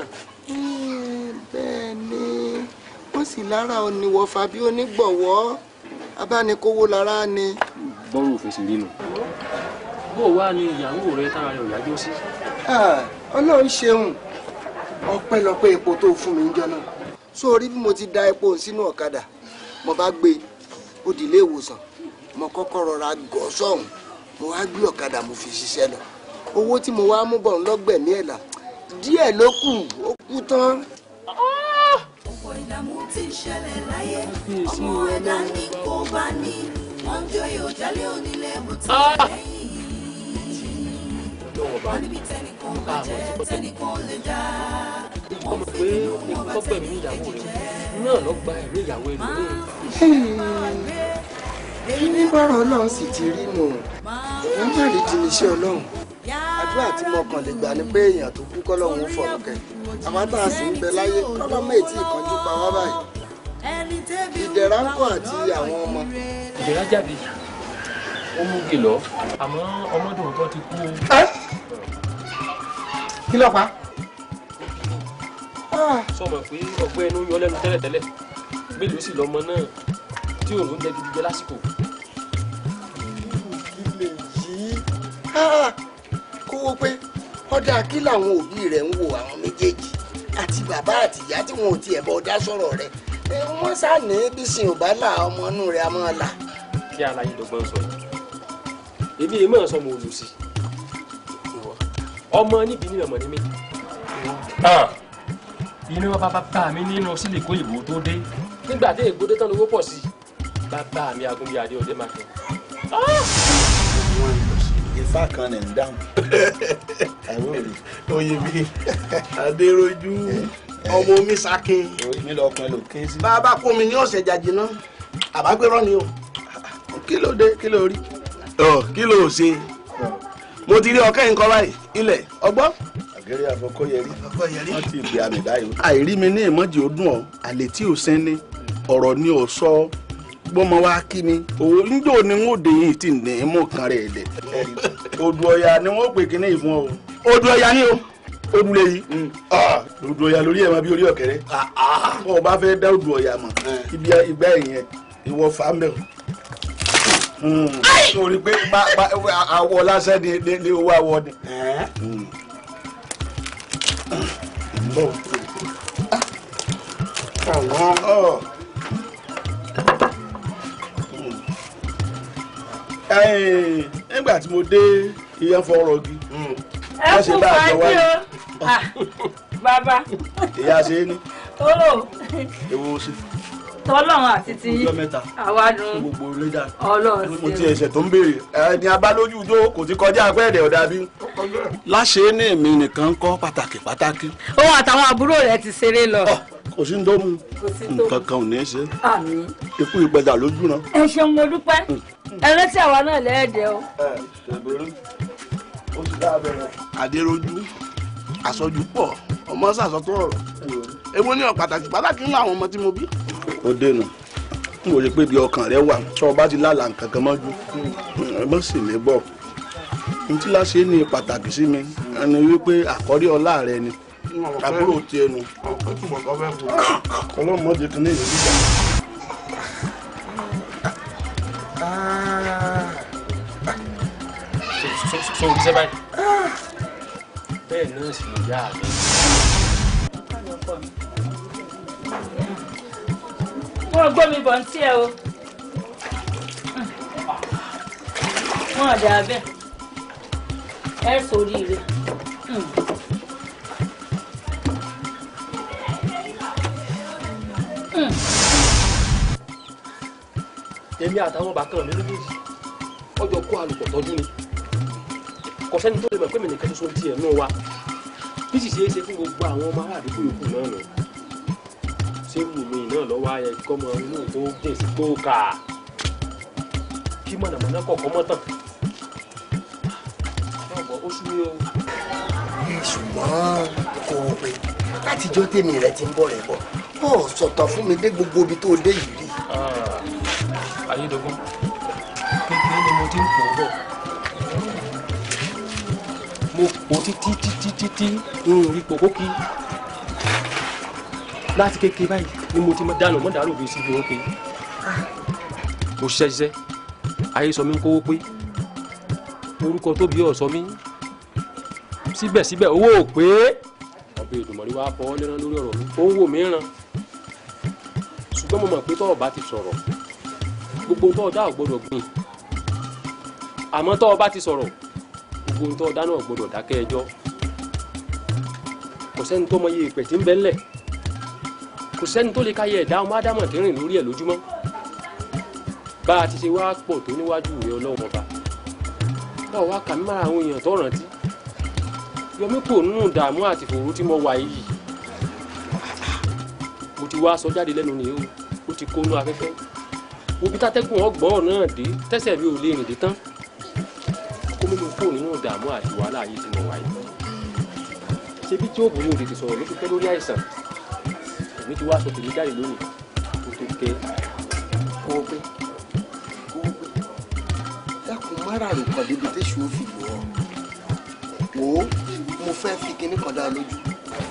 sí lára oníwọ̀fà bí onígbọ̀wọ́ abánikówó lára ni. bọ́rù òfin sì rí nu. bó o wá ní ìyàwó rẹ tára rẹ ò yájọ́ sí. ọlọ́run ṣeun ọpẹ́lọpẹ́ epo tó fún mi ń jọ náà sórí bí mo ti da epo sínú ọ̀kadà mo bá gbé ó di ilé mo kọ́kọ́ rọra gọ́ sọ́hùn mo wá gbé ọ̀kadà mo fi ṣiṣẹ́ lọ owó tí mo wá mú bọ̀ ń lọ́gbẹ̀mí ẹ̀ là díẹ̀ ló kù ó kú tán ti ń ṣẹlẹ̀ láyé ọmọ ẹ̀dá ní kò bá ní wọ́n jọyè òjálẹ̀ onílé mo ti ah! lẹ́yìn wọ́n níbi tẹnìkan bàjẹ́ ah, tẹnìkan lè dá mo mọ̀ pé ìkọ́pẹ̀ mi ìyàwó rẹ̀ náà lọ gba ẹ̀rí ìyàwó ẹ̀ lórí. bí bọ́rọ̀ ọlọ́run sì ti rí nù ẹ̀ má rí di iṣẹ́ ọlọ́run àdúrà tí mo kàn lè gbà ni pé èèyàn tó kú kọ́lọ́hún fọ̀rọ̀ kẹ́ àwọn tá a sì ń bẹ láyé kọ́lọ́mọ̀ ètí ìkanjú pa wá báyìí ìdẹ̀ra ń kọ́ àti àwọn ọmọ. ìdẹ̀ra jáde ó mú gèlọ́ àmọ́ ọmọdún tó ti kú. kí ló pa. Ah! sọ ma pé ọgbẹ́ inú yọ lẹ́nu tẹ́lẹ̀tẹ́lẹ̀ mélòó sì lọ́mọ náà tí òun jẹ́ gidigidi lásìkò kówó pé ọ̀dà kí làwọn òbí rẹ̀ ń wo àwọn méjèèjì àti bàbá àtìyá tí wọn ò tiẹ̀ bọ́ dá sọ̀rọ̀ rẹ̀ wọ́n sá ní bísí ò bá là ọmọ inú rẹ̀ a máa là. kí aláyé dọ́gbọ́n sọ yìí èmi èmi náà sọ mo lù sí ọmọ níbi ní ọmọ ní mi inú bàbá bá mi nínú sílẹ̀ kó ìbò tó dé nígbà tí ègbó dé tán lówó pọ̀ sí bàbá mi agunbíadé ọdẹ máa fẹ́. It's back on and down. I will. Oyèmí Adéròjú ọmọ mi sakin. Oyèmí lọ pẹ́ lókè sí. Bàbá kó mi ní ọ̀sẹ̀ jàjì náà. Àbágbérọ́ ni o. Kí ló dé? Kí ló rí? Kí ló ṣe? Mo ti rí ọkẹ́ nǹkan báyìí. Ilẹ̀ ọgbọ́n àgẹ́rẹ́ àfọkọ́yẹrí wọ́n ti gbé àmì báyìí. Àìrí mi ní ìmọ̀jì ó dùn ọ́ àlè tí ò sẹ́ni ọ̀rọ̀ ni ò sọ ọ́ bọ́mọ wa kí mi òwò níjó ni n ó dé yìí tí ní í mú kan rẹ̀ lẹ̀ odò ọ̀yà ni wọ́n pè kíní ìfún ọ odò ọ̀yà ni o odùlé yìí mm. ah, odò ọ̀yà lórí ẹ̀ máa bí orí ọ̀kẹ́rẹ́ kọ́ ah, ah. ọ bá fẹ́ dá odò ọ̀yà mọ̀ eh. ibi ìgbà ẹ̀yẹn ìwọ fàámẹ́ o torí mm. pé awọ lásán ni owó awọ ni eh. mm. bọ̀. nígbà tí mo dé ìyẹn fọrọgi ẹ kú pàdé o ah, bàbá ìyá ṣe é ní. tọ́lọ̀ ewo ṣe. tọ́lọ̀ àti ti yí àwa dùn ọlọ́ọ̀sẹ̀. mo ti ẹ̀ṣẹ̀ tó ń béèrè ẹni abálójú tó kò ti kọjá pẹ́ẹ́dẹ̀ ọ̀dà bí. láṣẹ ní mi nìkan kọ́ pàtàkì pàtàkì. òun àtàwọn àbúrò rẹ̀ ti ṣeré lọ ah, kò sí ń dọ́mu nǹkan kan ò ní í ṣe ikú ìgbẹ́jà lójú náà. ẹ ṣeun mo dúpẹ́. Hmm ẹrẹ tí àwa náà lẹ́ẹ̀dẹ̀ o. àdéròjú àsọjú pọ̀ ọmọ sàsọtọ̀ ọ̀rọ̀ èwo ni pàtàkì pàtàkì ńlá àwọn ọmọ tí mo bí. ó dènà n ò lè pé ibi ọkàn rẹ wà tí ọba ti lálà nǹkan kan mọ́jú ẹ bọ́ sì mí bọ̀ n tí láṣẹ ní pàtàkì sí mi ẹni wípé àkọ́rí ọlá rẹ ni àbúrò tiẹ̀ nu ọlọ́mọdé kan ní ìlú gíga so o ṣe báyìí bẹ́ẹ̀ náà sì lè yá mi. wọ́n gbọ́ mi bọ̀ ń tí ẹ o wọ́n ọ̀dà abẹ́ ẹ sórí rẹ̀. Hmm. Hmm èmi àtàwọn bàkan mi méjèèjì ọjọ́ kó àlùkò tọ́jú ni kò sẹ́ni tó lè mọ̀ pé mi nìkan ṣoṣo tiẹ̀ nù wa bí sì ṣe é ṣe fún gbogbo àwọn ọmọ aráàlú yòókù náà nù ṣé wùmí náà lọ́wọ́ ayẹ kọ́mọ inú tó dè sí tó kà á kí mọ̀nàmọ́ná kọ̀ọ̀kan mọ́ tàn ọ̀bọ̀ oṣù mi o. ṣùgbọ́n kò pé látijọ́ tèmi rẹ ti ń bọ̀ rẹ̀ bọ̀ ó sọ̀tàn fún mi dé gbogbo ibi tó dé yìí rí. Ah ayédọgbọn kékeré ni mo ti ń pò bọ mo pò títí títí títí n rí pò kókì láti kékeré báyìí ni mo ti dáná mọ́ dàrú òbí síbi wọn pé mo ṣẹṣẹ ayé sọ mi ń kówó pé orúkọ tóbi ọ̀ sọ mi síbẹ̀síbẹ̀ owó ò pé ọ̀bẹ ìdùnmọ̀rí wa fọwọ́ lẹ́rán lórí ọ̀rọ̀ mi ó ń wò mí ràn ṣùgbọ́n mo mọ̀ pé tọ́ọ̀ bá ti sọ̀rọ̀ gbogbo ń tọ́ dá ò gbọ́dọ̀ gbìn àmọ́ tọ́ ọ bá ti sọ̀rọ̀ gbogbo ń tọ́ dá náà gbọ́dọ̀ dákẹ́ ẹjọ́ kò sẹ́ni tó mọyì ìpè tí ń bẹ ńlẹ̀ kò sẹ́ni tó lè káyẹ ẹ̀dá ọmọ ádámọ̀ tí ń rìn lórí ẹ̀ lójúmọ́ bá a ti ṣe wá pọ̀ tó níwájú rẹ̀ ọlọ́wọ́n ọba báwo wá kà mí mára àwọn èèyàn tó rántí yọmí kò nínú ìdààmú àti fòrú tí mo wà yìí mo ti wá sọ jáde lẹ́nu nìyó ó ti kónú afẹ́fẹ́ òbí tátẹ́gùn ọgbọ́n náà dé tẹ́sẹ̀ mi ò lè rìn dé tán kó mímu kúrò nínú ìdààmú àti wàhálà ayé tí mo wà yìí ṣebí tí òògùn yóò tètè sọ̀rọ̀ ló fi pẹ́ lórí àìsàn èmi ti wá aṣọ tèmi jáde lónìí kó tó kẹ́ kó pé kó pé dákun márààrún kan débi tẹ́sù ó fi lò ọ́ wò ó mo fẹ́ fi kinní kan dá lójú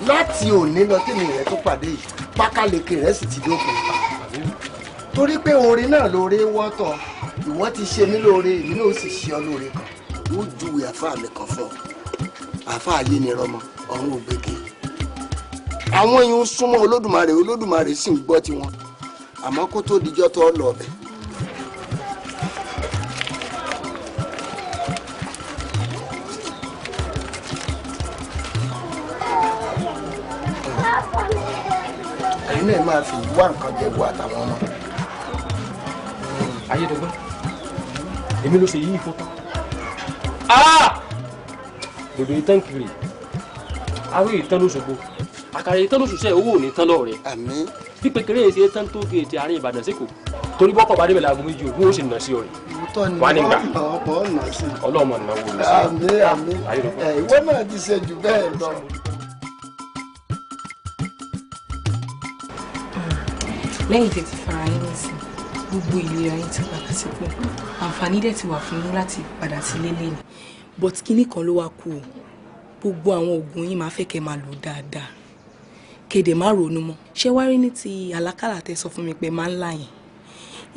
láti òní lọ tèmi rẹ tó pàdé yìí pákáleke rẹ sì ti dópin torí pé oore náà lóore wọ́tọ̀ ìwọ ti ṣe mí lóore èmi náà sì ṣe ọ lóore kan ó júwe àáfàá mi kan fún ọ àáfàá ayé ni rọmọ ọrùn ògbége àwọn èèyàn súnmọ́ olódùmarè olódùmarè sì ń gbọ́ tiwọn àmọ́ kó tó dijọ́ tó lọ ọbẹ̀. ẹ̀yin náà máa fi wá nǹkan jẹ wo àtàwọn ọmọ ayédọgbọn èmi ló ṣe yí ìfọ tán gbogbo ah! ìtàn kiri àwọn ìtàn lóṣogbo àkàrà ìtàn lóṣùṣẹ owó òní tán lọrẹ pípé kéré èsì ìtàn tó fi ètè àárín ìbàdàn sí kò torí bọ́kọ̀ bá débẹ̀ láago méjì ògún ó sì nà sí ọ̀rẹ́ wà á ní gbà ọlọ́mọ nà wò lọ sí ayédọgbọn. ìwé náà ti ṣe jù bẹ́ẹ̀ lọ. lẹ́yìn tètè fara yín nísìnyí gbogbo ìlera yín ti padà sípò àǹfààní dẹ̀ ti wà fún yín láti padà sílé lẹ́yìn but kinní kan ló wá kú o gbogbo àwọn oògùn yín máa fẹ́ kẹ́ máa lò dáadáa kéde má ronú mọ́ ṣé wá ní ti àlákàlà tẹ́ sọ fún mi pé máa ń là yẹn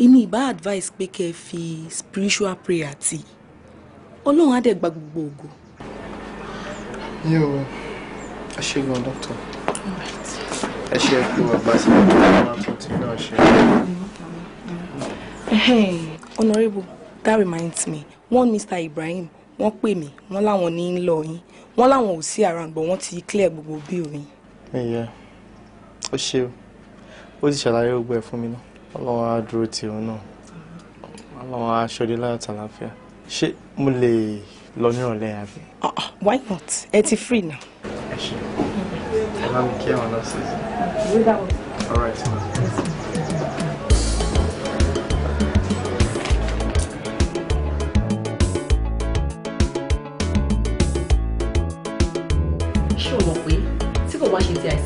èmi ìbá advice pé kẹ́ ẹ fi spiritual prayer tì ọlọ́run á dẹ̀ gba gbogbo ògo. ní o ẹ ṣe gan dókítà ẹ ṣe é pé wàá gbà sí ọmọ àtúntì náà ṣe é. Hey, honorable. that reminds me one Mr. Ibrahim wọ́n pè mí wọ́n láwọn ní í lọ yín wọ́n láwọn ò sí around but wọ́n ti clear gbogbo bill yín. ẹyẹ ó ṣe o ó ti ṣàlàyé gbogbo ẹ fún mi náà ọlọ́wọ́n á dúró tì òun náà ọlọ́wọ́n á ṣọdí láyọ̀ tàlàfíà ṣé mo lè lọ nírọ̀lẹ́ àbí. Ah, ah, why not ẹ ti free now. ẹ ṣe ẹ máa ń kí ẹ̀wọ̀n sí all right.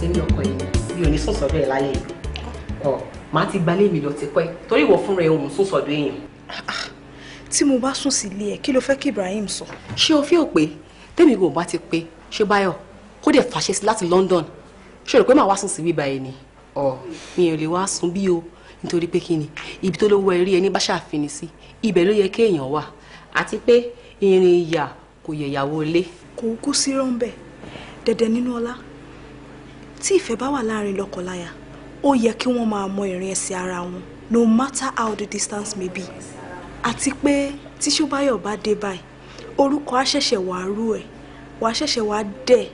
sẹ́mi ọkọ yẹn mi ò ní sùn sọ́dọ̀ ẹ̀ lálẹ́ yìí ọ màá ti gbalé mi lọ tipẹ́ torí ìwọ fúnra ẹ̀ òun sùn sọ́dọ̀ èèyàn. tí mo bá sùn sílé ẹ kí ló fẹ́ kí Ibrahim sọ. ṣé o fi hàn pé tèmi kò bá ti pé ṣé báyọ̀ kó dẹ̀ fàṣẹ sí láti London ṣé o rò pé màá wá sùn sí bíbá ẹ ni ọ mi ò lè wá sùn bí o nítorí pé kí ni ibi tó lówó ẹrí ẹni bá ṣàfihàn sí ibẹ̀ ló yẹ kéèyàn wà àti pé ìrìn ìyà kò yẹ ìyàwó ilé. kò kú sí rọ́ńbẹ́ dẹ̀dẹ̀ nínú ọlá tí ìfẹ́ bá wà láàrin lọ́kọláya ó yẹ kí wọ́n máa mọ ìrìn ẹsẹ̀ ara wọn no matter how the distance may be àti pé tí ṣúbáyọ̀ bá dé báyìí orúkọ á ṣẹ̀ṣẹ̀ wàá rú ẹ̀ wàá ṣẹ̀ṣẹ̀ wàá dẹ̀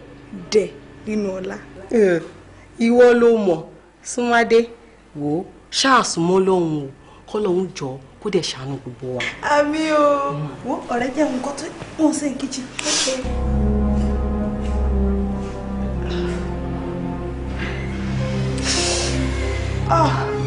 dẹ̀ nínú ọlá. ìwọ ló mọ̀ súnmádé wò ó ṣáàsùnmọ́ lọ́hùn o kọ́ lọ́hùn jọ kó dẹ̀ ṣàánú gbogbo wa. àmì o mm. wo ọ̀rẹ́ jẹ́ nǹkan tó ń sìn kíjì. 啊。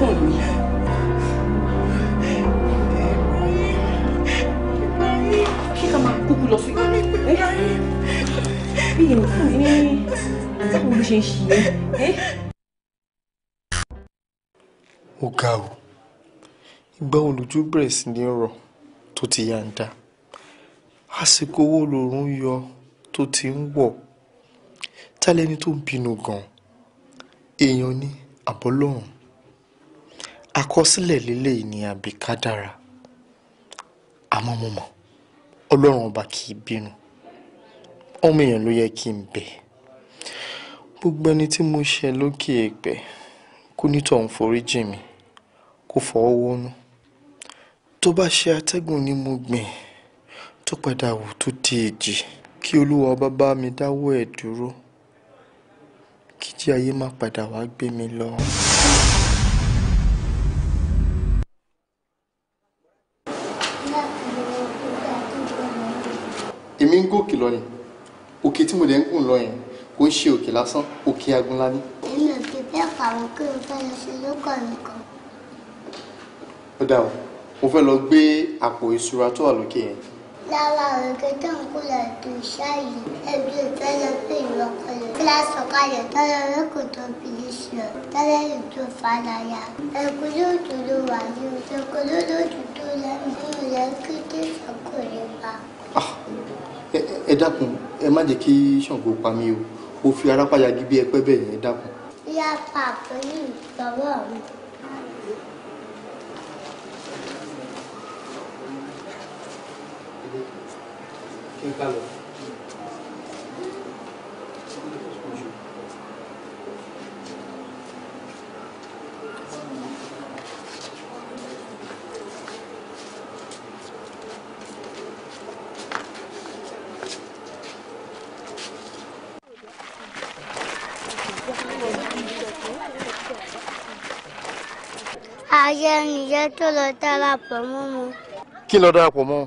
kàn mí. kí ká máa kúkú lọ sí. bí èmi fún é. ó ga o ìgbà wo lójú bẹ̀rẹ̀ sí ní rọ̀ tó ti yá ń dá àsìkò owó lòrùn yọ tó ti ń wọ̀ tálẹ́ni tó ń bínú gan èèyàn ní àbọ́lọ́run àkọsílẹ̀ lélẹ́yìí ni àbí kádàrá àmọ́ mo mọ̀ ọlọ́run ọba kì í bínú ọmọ èèyàn ló yẹ kí n bẹ̀ gbogbo ẹni tí mo ṣe lókè èèpẹ̀ kó nítọ̀hún foríjì mi kó fọwọ́ wọnú tó bá ṣe atẹ́gùn ni mo gbìn tó padà wù tó di èjì kí olúwa ọba bá mi dáwọ́ ẹ̀ dúró kí jí ayé má padà wá gbé mi lọ. èmi ń gòkè lọ ni òkè tí mo dẹ̀ ń gùn lọ yẹn kò ń ṣe òkè lásán òkè agunlá ni. èmi ò fi bẹ́ẹ̀ pàrọ̀ pé mo fẹ́ lọ sí lókọ̀ nìkan. ó dà o mo fẹ́ lọ gbé àpò ìṣúra tó wà lókè yẹn. lára òkè tó ń kú lọ tó ṣáàyè ẹbí ò fẹ́ lọ pé ìrọ̀kọ̀ lọ kí lásán kalẹ̀ tọ́lọ́ lókùn tó fi lè ṣe ọ̀ tọ́lọ́ yìí tó falaya ẹ̀kú lóòtú ló wà ní òkè lóòtú tó lẹ́nu ẹ dákun ẹ má jẹ́ kí Ṣàngó pa mí o ó fi ara pàyàgì bí ẹpẹ́ bẹ́ẹ̀ yẹn dákun. ìyá pàpọ̀ yìí sọ̀rọ̀ mi. kí n iṣẹ́ níṣẹ́ tó lọ darapọ̀ mọ́ wọn. kí ló darapọ̀ mọ́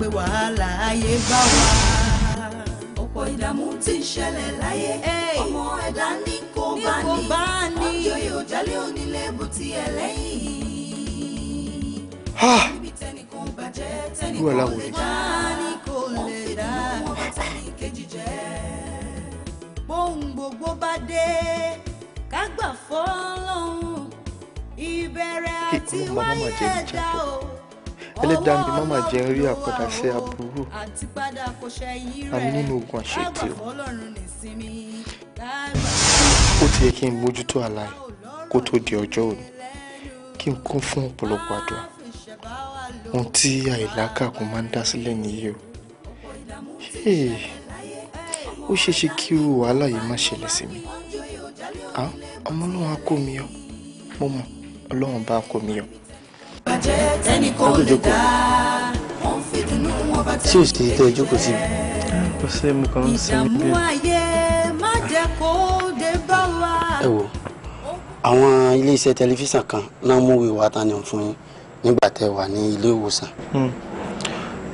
pé wàhálà ayé bá wa. ọ̀pọ̀ ìdààmú ti ń ṣẹlẹ̀ láyé ọmọ ẹ̀dá ní kò bá ní ọjọ́ yóò jálé onílé bó ti ẹ̀ ah! lẹ́yìn. níbi tẹnìkan bàjẹ́ tẹnìkan lè dá ní kò lè dá tẹnìkejì jẹ́. bóun gbogbo bá dé ká fọ́ lọ́hùn ìbẹ̀rẹ̀ àti wáyé ẹ̀dá o dá mi má máa jẹ́ rí àpàdà sí aburú àmì nínú ogun àṣetì ó ti yẹ kí n mójútó àlàyé kó tó di ọjọ́ òní kí n kún fún ọ̀pọ̀lọpọ̀ àdúrà ohun tí àìlákàkún máa ń dá sílẹ̀ nìyí o ó ṣeé ṣe kí irú wàhálà yìí má ṣẹlẹ̀ sí mi ọmọ ah, ọlọ́run á kó mi yọ mo mọ̀ ọlọ́run bá kó mi yọ bàjẹ́ tẹ́ni kò lè dá wọ́n o ṣe tẹ́ ẹ sí mi. kò sí mo kàn ń sinmi bí. ẹ wo àwọn iléeṣẹ́ tẹlifíṣàn kan náà mú ìwà àtàníyàn fún yín nígbà tẹ wà ní ilé ìwòsàn. Hmm.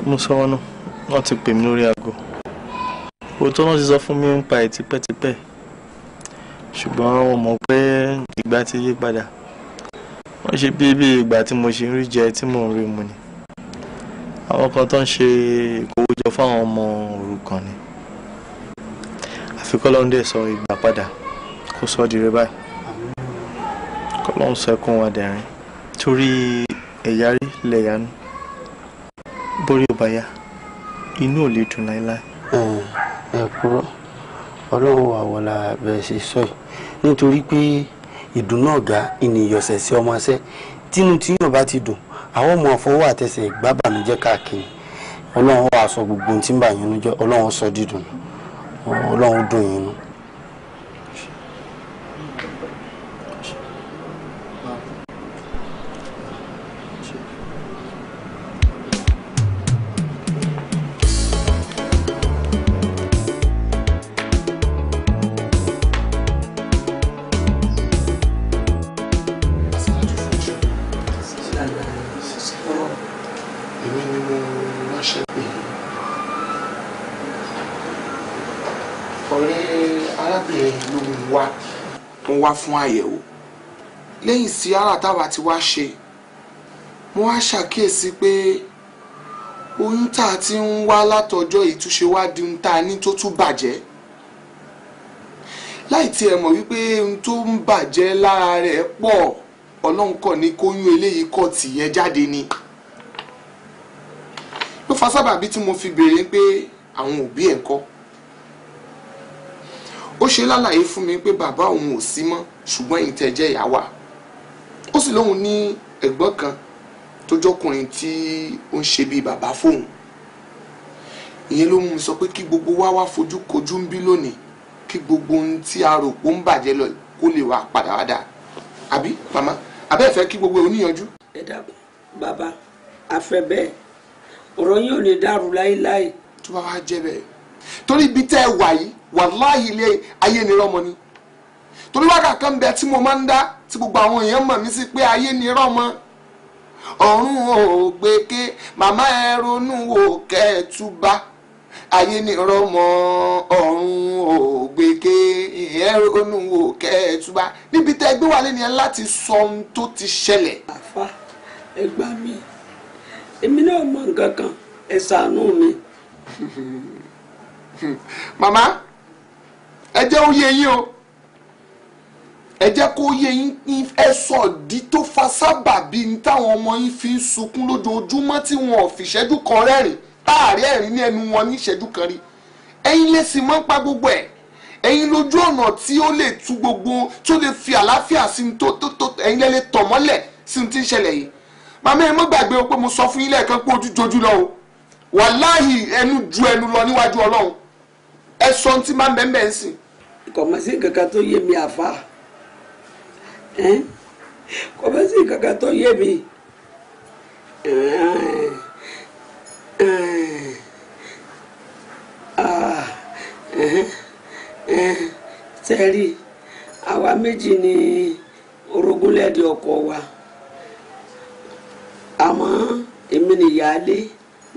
mo sọ wọn náà wọn ti pè mí lórí aago òótọ́ náà ti sọ fún mi ń pa ẹ̀ tipẹ́tipẹ́ ṣùgbọ́n wọn mọ̀ pé ìgbà ti yí padà wọ́n ṣe bí bí ìgbà tí mo ṣe ń rí jẹ tí mò ń rí mu ni àwọn kan tó ń ṣe ìkówójọ fáwọn ọmọ òrukàn ni àfi kọ́lọ́n dẹ̀ sọ ìgbà padà kó sọ di báyìí kọ́lọ́n sọ ẹkún wa dẹ̀rín torí ẹ̀yà lẹ̀yánú bórí ò bá yá inú ò lè dùn láéláé. ẹ kúrò ọlọ́run wà wọ́n la bẹ̀rẹ̀ sí sọ yìí nítorí pé ìdùnnú ọ̀gá ìnìyọ̀sẹ̀ sí ọmọọṣẹ́ tínú tí yóò bá ti dùn àwọn ọmọ àfọwọ́ àtẹsẹ̀ ìgbábànújẹ́ káàkiri ọlọ́run wàá sọ gbogbo ohun tí ń bà yín nú ọlọ́run sọ dídùn ọlọ́run dùn yín nú. fún àyẹ̀wò lẹ́yìn síyára táwa ti wá ṣe mo wá ṣàkíyèsí pé oyún tá a ti ń wá látọjọ́ ìtúnṣe wá di ohun tá a ní tó tún bàjẹ́ láì tiẹ̀ mọ̀ wípé ohun tó ń bàjẹ́ lára rẹ̀ pọ̀ ọlọ́run kọ̀ ní kóyún eléyìí kọ̀ tìyẹn jáde ni ló fa sábàbí tí mo fi béèrè pé àwọn òbí ẹ̀ kọ́ ó ṣe lálàyé fún mi pé bàbá òun ò sí mọ́ ṣùgbọ́n ìtẹ̀jẹ́ ìyá wà ó sì lóun ní ẹ̀gbọ́n kan tó jọkùnrin tí ó ń ṣe bíi bàbá fóun ìyẹn ló mú mi sọ pé kí gbogbo wa wá fojú kojú ń bí lónìí kí gbogbo ohun tí a rò pé ó ń bàjẹ́ lọ kó lè wà padà wá dáa àbí màmá àbẹ́ ìfẹ́ kí gbogbo oníyanjú. ẹ dàbọ̀ bàbá àfẹ́ bẹ́ẹ̀ ọ̀rọ̀ yín ò lè dàrú láéláé. tó bá wá jẹ́ bẹ́ẹ̀ torí ibi tẹ́ ẹ wà yìí wàláhì ilé ayé nírọ́ mọ́ ni torí wákà kan bẹ tí mo máa ń dá tí gbogbo àwọn èèyàn mọ̀ mí sí pé ayé nírọ́ mọ́ ọ̀run ò gbèké màmá ẹ ronú wò kẹ́ ẹ túbà ayé nírọ́ mọ́ ọ̀run ò gbèké ẹ ronú wò kẹ́ níbi tẹ́ ẹ gbé wà lẹ́nìyẹn láti sọ ohun tó ti ṣẹlẹ̀. àfa ẹ gbà èmi náà mọ nǹkan kan ẹ mi. màmá ẹ jẹ́ ó yé yín o ẹ jẹ́ kó yé yín ẹ sọ ìdí tó fa sábà bíi ní táwọn ọmọ yín fi ń sunkún lójoojúmọ́ tí wọn ò fi ìṣẹ́jú kan rẹ́rìn táàrí ẹ̀rín ní ẹnu wọn ní ìṣẹ́jú kan rí ẹ̀yin lè sì máa ń pa gbogbo ẹ̀ ẹ̀yin lójú ọ̀nà tí ó lè tu gbogbo tí ó lè fi àlàáfíà sí tó tó tó ẹ̀yin lè lè tọ̀ mọ́lẹ̀ sí ti ń ṣẹlẹ̀ yìí màmá ẹ mọ́ gbàgbé o pé mo sọ fún yín lẹ́ẹ̀kan pé ojú jojú lọ o wàláhì ẹnu ju ẹnu lọ níwájú ọlọ́run ẹ sọ ohun tí máa ń bẹ́ẹ̀ bẹ́ẹ̀ ń sìn kọ̀mọ́sí nkaka tó yé mi àfa kọ̀mọ́sí nkaka tó yé mi tẹ́rí àwa méjì ni orogúnlẹ̀dì ọkọ wa àmọ́ èmi nìyáálé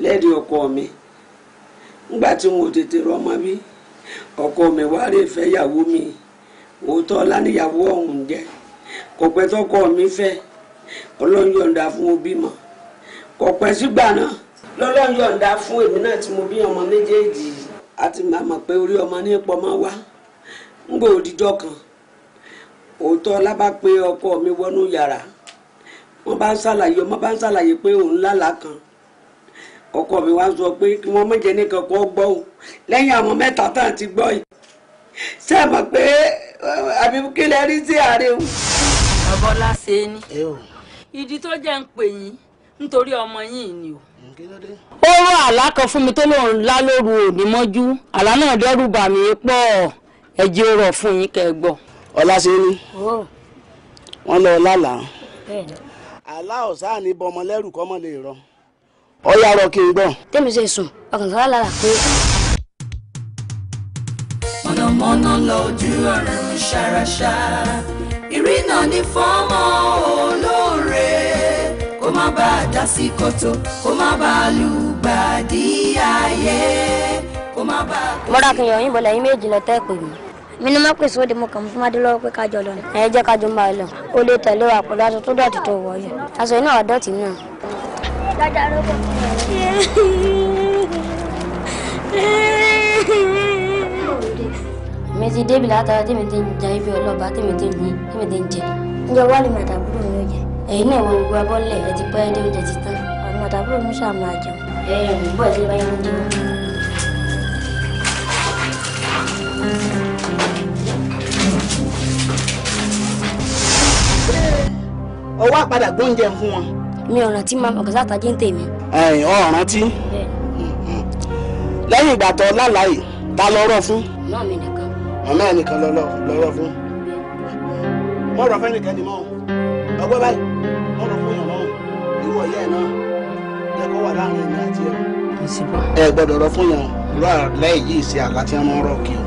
lẹ́ẹ̀dì ọkọ mi nígbà tí wọn ò tètè rọ́mọ bi. ọkọ mi wá rè fẹ́ ìyàwó mi òótọ́ láníyàwó ọ̀hún jẹ́ kọ̀pẹ́ tọkọ mi fẹ́ ọlọ́run yọ̀ǹda fún òbí mọ́ kọ̀pẹ́ sígbà náà lọ́lọ́run yọ̀ǹda fún èmi náà tí mo bí ọmọ méjèèjì àti màmá pé orí ọmọ ní pọ̀ mọ́ wá ń gbé òdìjọ́ kan òótọ́ lábá pé ọkọ mi wọnú yàrá wọ́n bá ń ṣàlàyé wọ́n bá ń ṣàlàyé pé òun lálàá kan ọkọ mi sọ pé kí wọ́n méje nìkan gbọ́ o lẹ́yìn àwọn mẹ́ta tán ti gbọ́ yìí mọ̀ pé àbí rí sí àárẹ̀ o. ọbọlá ṣe é tó jẹ́ ń pè yín nítorí ọmọ yìí ni o. ó rọ àlá kan fún mi tó lóun lóru òní mọ́jú àlá náà dẹ́rù bà mí pọ̀ ẹ̀jẹ̀ rọ̀ fún ọlá ṣe é lọ lálàá àlá ọ̀sán kọ́mọ lè rọ. ọyá rọ kí n gbọ́n. tèmi ṣe sùn ọkàn kan lára pé. mọ̀nàmọ́ná lójú ọ̀run ṣàràṣà ìrìnà ní fọ́mọ olóore kó má bàa dá sí kòtò kó má bàa ayé kó má méjì lọ́tẹ́ pè mí mo kàn fún pé ká jọ lọ ẹ ká jọ máa lọ o lè tẹ̀lé wa pẹ̀lú aṣọ tó tó yìí Dada robo. mi ti débi látara tèmi tẹ ń jẹ ife ọlọ́ba tèmi tẹ ń tèmi tẹ ń jẹ. ǹjẹ́ wà ní màdàbúrò mi ò jẹ. ẹ̀yin náà wọn gbọ́ abọ́lẹ̀ ẹ ti pẹ́ dé oúnjẹ ti tán. màdàbúrò mi ṣáà máa jẹun. ẹ ẹ bọ́ ẹ ti bá yẹn jẹun. ọwọ́ àpadà gbóúnjẹ fún wọn mi ò rántí màmá ọ̀gá sàtàjì ń tèmi. ẹ̀yìn ọ̀ rántí. lẹ́yìn ìgbà tó lálàyé ta lọ́rọ̀ fún. náà mi nìkan. màmá ẹ̀ nìkan lọ́rọ̀ fún. mo rọ̀ fẹ́ nìkan ni mọ́ ọgbẹ́ báyìí mo rọ̀ fún yàrá ìwọ ìyá ẹ̀ náà jẹ́ kó wà láàrin ìgbà àti ẹ̀. ẹ gbọ́dọ̀ rọ fún yàn rọ yìí ṣe àlá tí wọ́n rọ̀ kí o.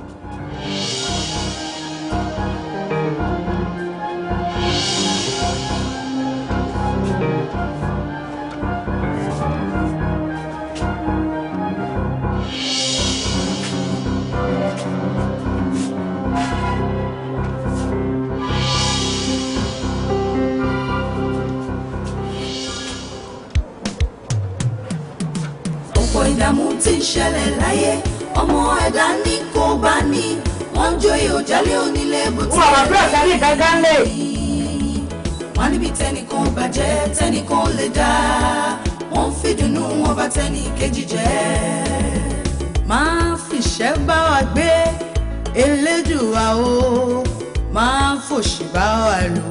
tí ń ṣẹlẹ̀ láyé ọmọ ẹ̀dá ní kò bá ní wọ́n ń joyè onílé bó ti lè rí wọ́n níbi tẹnìkan bàjẹ́ tẹnìkan lè dá wọ́n ń fìdùnnú wọn bá tẹnì kejì jẹ́ máa fìṣẹ́ bá wa gbé elédùá o máa fòṣì bá wa lò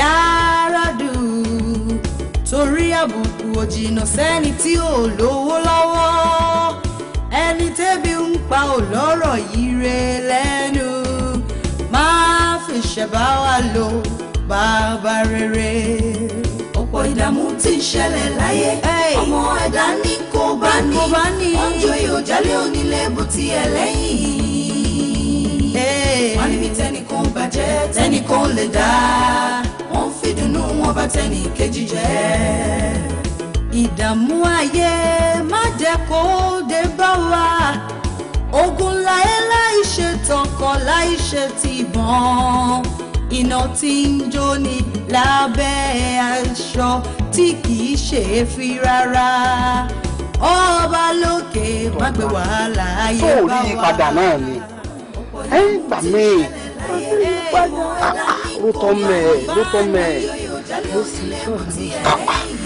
yára dùn torí àbùkù òjìnà sẹ́ni tí ò lówó lọ́wọ́ ẹni tẹ́bi ń pa ò lọ́rọ̀ yìí re lẹ́nu máa fi ṣẹ̀bá wa lò bàbá rere. ọ̀pọ̀ ìdààmú ti ṣẹlẹ̀ láyé ọmọ ẹ̀dá ní kò bá ní ọjọ́ ìhòjálẹ̀ onílé bó ti ẹ̀ lẹ́yìn. wọ́n níbi tẹnìkan bàjẹ́ tẹnìkan lè dá wọ́n fìdùnnú wọn bá tẹnì kejì jẹ́ ìdààmú ayé má jẹ́ kó dé bá wa ogun láyé láì ṣe tọkọ láì ṣe tìbọn iná tí ń jóni lábẹ́ aṣọ tí kìí ṣe é fi rárá ọba lókè má gbé wàhálà ayé bá wa. tó o rí padà náà ni ẹ ń gbà mí ló tọ́ mẹ́ẹ̀ ló tọ́ mẹ́ẹ̀ ló sì tọ́ mẹ́ẹ̀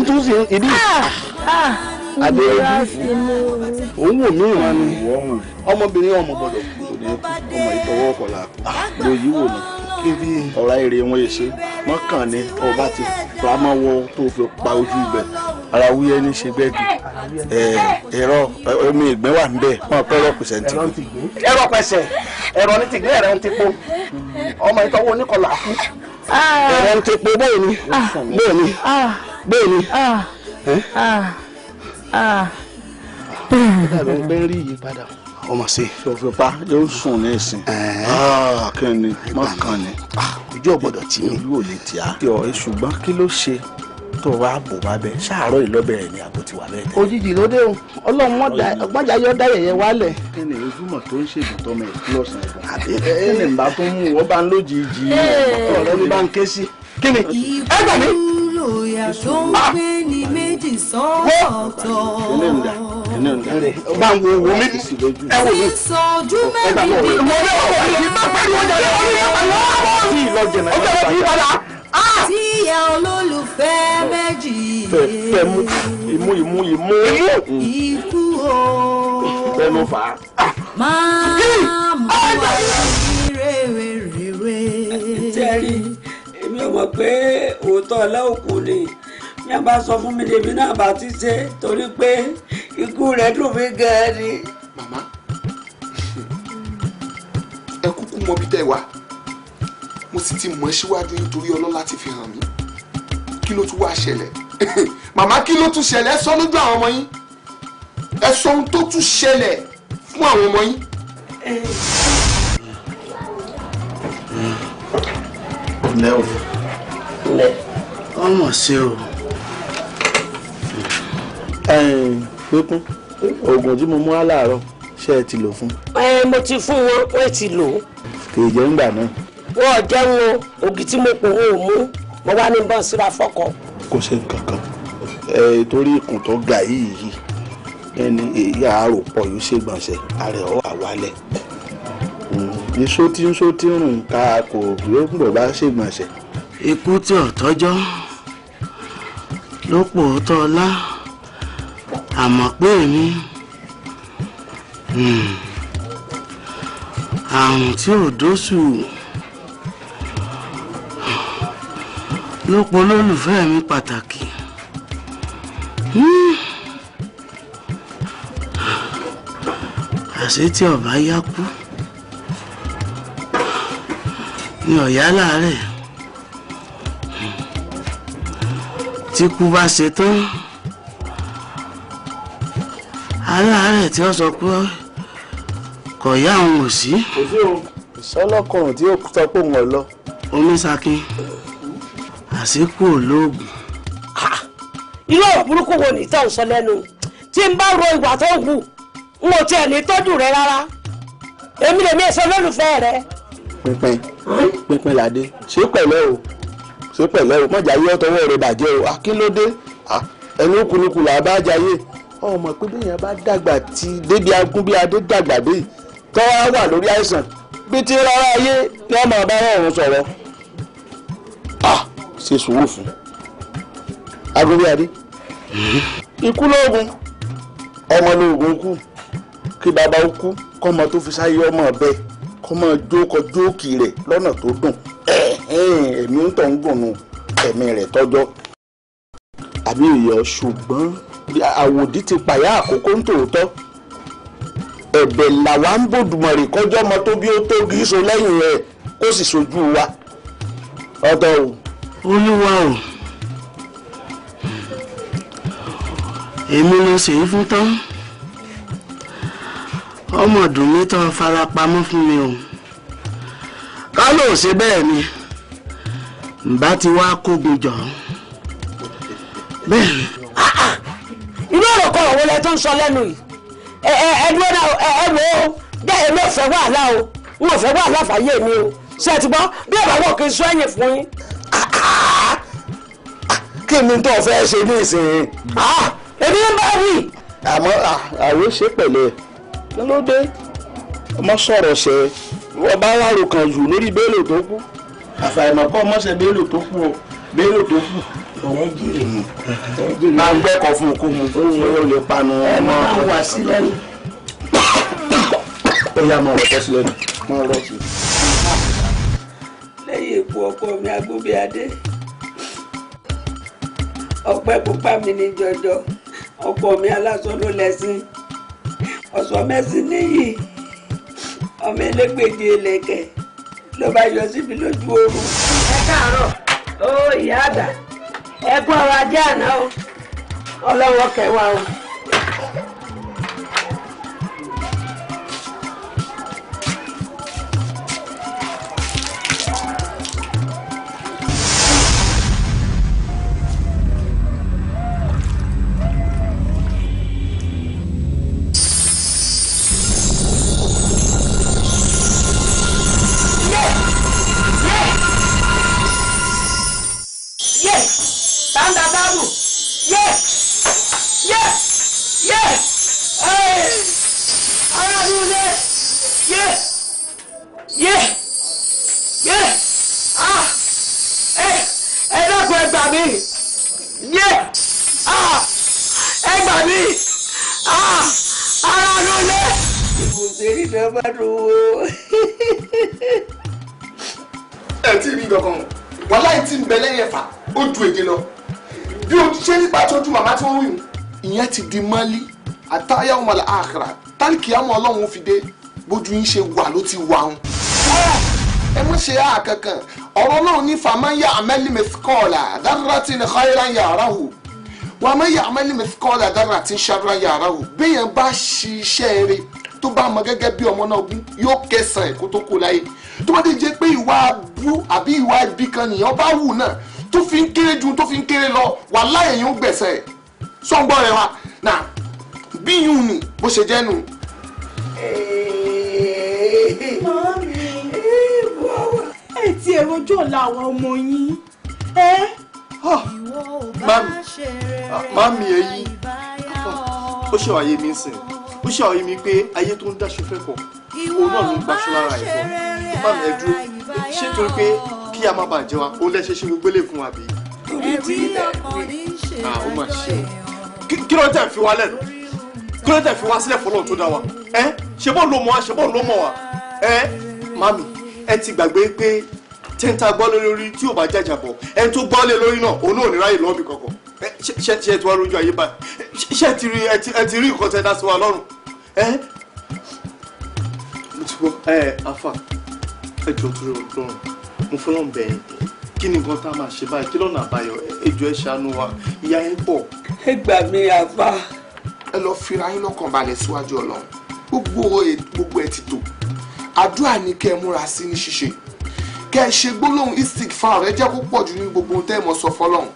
ntúnṣe ìdí àbí òun wò mí ìwà ni ọmọbìnrin ọmọ gbọ́dọ̀ ọmọ ìtọwọ́ ọkọ làkú ah, lóyún wò ni ọ̀rá èrè wọn yìí ṣe wọ́n kàn ní ọba ti fàmọ́wọ́ tó fi pa ojú ibẹ̀ ara wúyẹ́ ní ṣe gbẹ́gi ẹ̀rọ omi ìgbẹ́ wà ń bẹ̀ wọ́n pẹ́ ẹ̀rọ pẹ̀sẹ̀ ní ti gbé. ẹ̀rọ pẹ̀sẹ̀ ẹ̀rọ ní ti gbé ẹ̀rọ ń ti po ọmọ ìtọ́wọ́ oníkọlà kú ẹ̀rọ ń ti po bóòní ah. bóòní ah. ah. bóòní bẹ́ẹ̀ ló ń bẹ́ rí ìyípadà ó mà ṣe. sọfúnpa yóò sùn ní ìsìn. kẹ́ni má kàn ní. ojú ọ̀gbọ́dọ̀ tì mí. yóò lè tì á. yọ ṣùgbọ́n kí ló ṣe tó o wá bò wá bẹ ṣàárọ̀ ìlọ́bẹ̀rẹ̀ ni àbò ti wà bẹ́ẹ̀ tẹ́lẹ̀. òjijì ló dé o ọlọ́run mọ́jà yọ dá yẹ̀yẹ́ wálẹ̀. kíni ojúmọ̀ tó ń ṣègùn tọmọ ẹ̀ lọ́sàn ẹ̀gbọ́n. àbí kíni bá tó mú wọ́n bá ń lójijì ọ̀rẹ́ ló bá ń ké sí. kíni ẹ gbà mí ìgboyà tó ń gbé ní méjì sọ́ọ̀tọ̀. bá ń wo wo méjì sí lójú. ẹ wò sísọ ojú mẹ́rin ní méjì. mo tí ìyá olólùfẹ́ méjì. fẹ́ mú imú imú imú. ikú o. bẹ́ẹ̀ ló fà á. máa mú ọ̀rẹ́ rere rere mọ̀ pé òótọ́ ọlọ́ọ̀kùn ni ní a bá sọ fún mi lèmi náà bá ti ṣe torí pé ikú rẹ̀ dùn mí gan-an ni. màmá ẹ kúkú mọ bí tẹ wá mo sì ti mọ̀ síwájú nítorí ọlọ́lá ti fi hàn mí kí ló tún wá ṣẹlẹ̀ màmá kí ló tún ṣẹlẹ̀ ẹ sọ lójú àwọn ọmọ yín ẹ sọ ohun tó tún ṣẹlẹ̀ fún àwọn ọmọ yín. lẹ́wọ̀n lẹ̀. wọ́n mọ̀ sí o pépún oògùn tí mo mú wá láàárọ̀ ṣé ẹ ti lò fún. mo ti fún wọn wọn ti lò ó. kì í jẹ́ ńgbà náà. wọn ò jẹun o ògì tí mo pò wọn ò mú mo wá ní bọ́n síra fọ́kọ. kò ṣe nǹkan kan ẹ torí ikùn tó ga yìí ẹni èyí àárò pọ̀ yóò ṣe gbọ̀nsẹ̀ ààrẹ ọ̀ àwálẹ̀ iṣó tí ń ṣó tí ń rùn ta kò yóò gbọ̀ bá ṣègbọ̀nsẹ̀ ikú tí ọ̀tọ́jọ́ ló pọ̀ ọ̀tọ́ ọlá àmọ́ pé èmi hmm, àrùn tí ò dóṣù ló pọ̀ olólùfẹ́ mi pàtàkì. Hmm. àṣé tí ọba yá kú ni ọ̀yá láàárẹ̀. tí kú bá ṣe tán aláàárẹ̀ tí ó sọ pé kò yá òun ò sí. sọlọkùnrin tí ó sọ pé òun ò lọ. oníṣakin àṣekù olóògùn. irú burúkú wo ni ìtàn sọ lẹ́nu tí n bá ro ìwà tó wù n ò tiẹ̀ ní tọ́jú rẹ rárá èmi lèmi ẹ̀sọ́ lólùfẹ́ rẹ. pínpín pínpín làdé ṣé pẹ̀lẹ́ o ṣé pẹ̀lẹ́ o mọ̀jà yé ọ̀tọ̀wọ́ rẹ̀ bàjẹ́ o akínlódé ah, ah, ẹni ó kunukun là bá jayé ọmọ pé bẹ́yàn bá dàgbà ti débi agún bí adé dàgbà dé tọ́wọ́ wà lórí àìsàn bí ti rárá ayé ni wọ́n máa bá ọ̀run sọ̀rọ̀ ah, ṣe sùúrù fún agogo adé ikú lóògùn ọmọ lóògùn kú kí bàbá ó kú kọ́mọ tó fi sáyé ọmọ ọbẹ̀ kọ́mọ jókòó jókì rẹ̀ lọ́nà tó dùn èmi ń tọ̀ ń gùnnù ẹ̀mí rẹ̀ tọ́jọ́ àbí ìyọ̀ ṣùgbọ́n àwòdì ti pàyà àkókò ń tòótọ́ ẹ̀bẹ̀ làwa ń bòdùmọ̀rì kọjọ́ ọmọ tó bí ó tó kì í so lẹ́yìn rẹ̀ kó sì sojú wa ọ̀dọ̀ o. olúwa o èmi ló ṣèyí fún tán ọmọ ọdún mi tán farapamọ́ fún mi o ká ló ṣe bẹ́ẹ̀ ni ǹbá ti wá kógun jọ bẹ́ẹ̀ ni. irú ọ̀rọ̀ kan òun lẹ tó ń sọ lẹ́nu yìí ẹ dúró náà ẹ wò ó bẹ́ẹ̀ èmi ò fẹ́ wàhálà o n ò fẹ́ wàhálà fàyè mi o ṣe ti gbọ́ bí ọ̀rọ̀ wọ̀ kí n sọ ẹ̀yìn fún yín. kí ni tó fẹ́ ṣe ní ìsinyìí. èmi ń bá wí. àmọ́ àròṣe pẹ̀lẹ́ kí ló ọmọ sọ̀rọ̀ ṣe wọ́n bá wà rò kàn jù lórí bélò tó kú àfàìmọ̀ kọ́ mọ́sẹ̀ bélò tó kú o bélò tó kú òun jèrè mi. máa ń gbẹ́kọ̀ fún un kó mu ó lè panu ọmọ. ẹ máa wà sílẹ̀ ni. ó yá máa rọ̀ tẹ́sílẹ̀ ni máa rọ̀ sí. lẹ́yìn ikú ọkọ mi agbóbíadé ọpẹ́ pupa mi ní jọjọ ọkọ mi aláṣọ ló lẹ́sìn ọ̀sọ́ mẹ́sìn níyì ọmọ elégbèje lẹ̀kẹ̀ ló bá yọ síbi lójú oorun. ẹ káàárọ̀ ó ìyá àgbà ẹ kú ọrọ̀ ajé àná o ọlọ́wọ́ kẹwàá o. gbà mí yé ẹ gbà mí ara ló lé. ìbùsùn èyí náà bá dùn ó. ẹ tí ì rí kankan wàhálà yìí ti ń bẹ lẹ́yìn ẹ̀fà ó ju èdè lọ bí o ṣe nípa tó ju màmá tí wọ́n wí ìyẹn ti di mọ́lí àtàyà ọmọ àkàrà tálíkì àmọ́ ọlọ́run fi dé bójú yín ṣe wà ló ti wà ń. ẹ mọ̀ ṣe á kankan ọ̀rọ̀ náà ní fàmáyà amẹ́lí mẹ́síkọ́ọ̀là dára tí ní xayira yàrá hù wà máyà amẹ́lí mẹ́síkọ́ọ̀là dára tí ṣàdúrà yàrá hù bẹ́yẹn bá ṣiṣẹ́ rẹ̀ tó bá mọ gẹ́gẹ́ bí ọmọ náà bí yóò kẹsàn-án kó tó kó láyé tó bá dé jẹ́ pé ìwà abú àbí ìwà ibi kan nìyẹn bá wù náà tó fi ń kéré ju tó fi ń kéré lọ wà láyé yóò gbẹ̀sẹ̀ sọ́ngbọ́n rẹ̀ wa nà bí yùn ni bó ṣe jẹ́ nù. mọ́mí ìwọ ẹ ti èrò ojú ọ̀la àwọn ọmọ yín ẹ. mami ẹyin ó ṣe wáyé mi sìn ó ṣe wáyé mi pé ayé tó ń dáṣọ fẹ́ kọ̀ òun náà ló ń gbaṣọ lára ẹ̀ sọ mami ẹ dúró ṣé torí pé kí a má bàa jẹ wa òun lẹ ṣe ṣe gbogbo lè fún wa bíi. ẹ̀rí ọkàn ní ṣe ah, lọ́dọ̀ èèyàn. kí ló tẹ̀ fi wá lẹ́nu kí ló tẹ̀ fi wá sílẹ̀ fọlọ́ọ̀ tó dá wa ẹ ṣe bọ́ọ̀ ló mọ̀ wa ṣe bọ́ọ̀ ló mọ̀ wa ẹ mami ẹ ti gbàgbé pé ta gbọ́lé lórí tí ò bá jàjàbọ̀ ẹni tó gbọ́lé lórí náà òun náà ò ní ráyè lọ́ọ̀bì kankan ṣe ṣe ti wá lójú ayé báyìí ṣe ti rí ẹ ti rí nǹkan tẹ́ dá sí wa lọ́rùn ẹ mo ti gbọ́ ẹ afa ẹ jọ tó rẹ lọ́rùn mo fọlọ́ ń bẹ̀yìn kí ni nǹkan tá a máa ṣe báyìí kí lọ́nà àbáyọ ẹ ẹ ṣàánú wa ìyà yín pọ̀. ẹ gbà mí àbá. ẹ lọ fira yín lọ́kàn balẹ̀ síwájú Ọlọ́run gbogbo ẹ ti tò àdúrà ní kẹ́ ẹ múra sí ní ṣíṣe kẹ́ ẹ ṣe gbólóhùn istik fáwọn rẹ jẹ́ kó jù ní gbogbo tẹ́ ẹ mọ̀ sọ fọlọ́run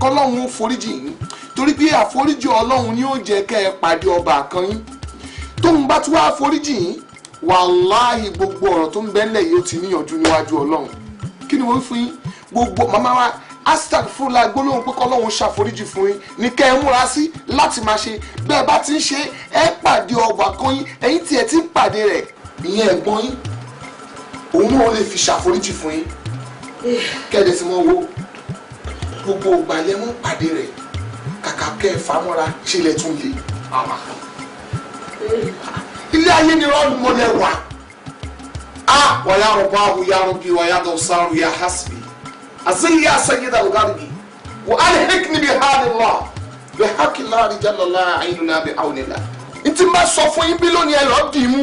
kọ́lọ́run ó foríjì yín torí pé àforíjì ọlọ́run ni ó jẹ́ kẹ́ ẹ pàdé ọba kan yín tóun bá tún wá àforíjì yín wàláhì gbogbo ọ̀rọ̀ tó ń bẹ́lẹ̀ yìí ó ti níyànjú níwájú ọlọ́run kí ni wọ́n fún yín gbogbo màmá wa hashtag fúnla gbólóhùn pé kọ́lọ́hún ṣàforíjì fún yín ní kẹ́ ẹ múra sí láti máa ṣe bẹ́ẹ̀ bá ti ń ṣe ẹ pàdé ọba kan yín ẹ̀yin tiẹ̀ ti ń pàdé rẹ̀ ìyẹn ẹ̀gbọ́n yín òun náà lè fi ṣàforíjì fún yín kẹ́ẹ̀dẹ̀ sí mọ́ wo gbogbo ògbà yẹn mọ́ pàdé rẹ̀ kàkà kẹ́ ẹ fàmọ́ra ṣílẹ̀ tún lè àmà ilé ayé ni wọ́n mọ lẹ wà á wàyà rọ̀bọ̀ àwòyà rọ̀bì wàyà dọ̀sánrù yà hásìbì àzíyí àsẹ́yìn dàlùgárùbì wà á lè hẹ́kì níbi hàlì lọ bẹ́ẹ̀ hàkì láàrin jẹ́ lọ́la àyìnlá bẹ́ẹ̀ àwọn ìlà ntí má sọ fún yín bí lónìí ẹ̀ lọ́ọ́ dì í mú.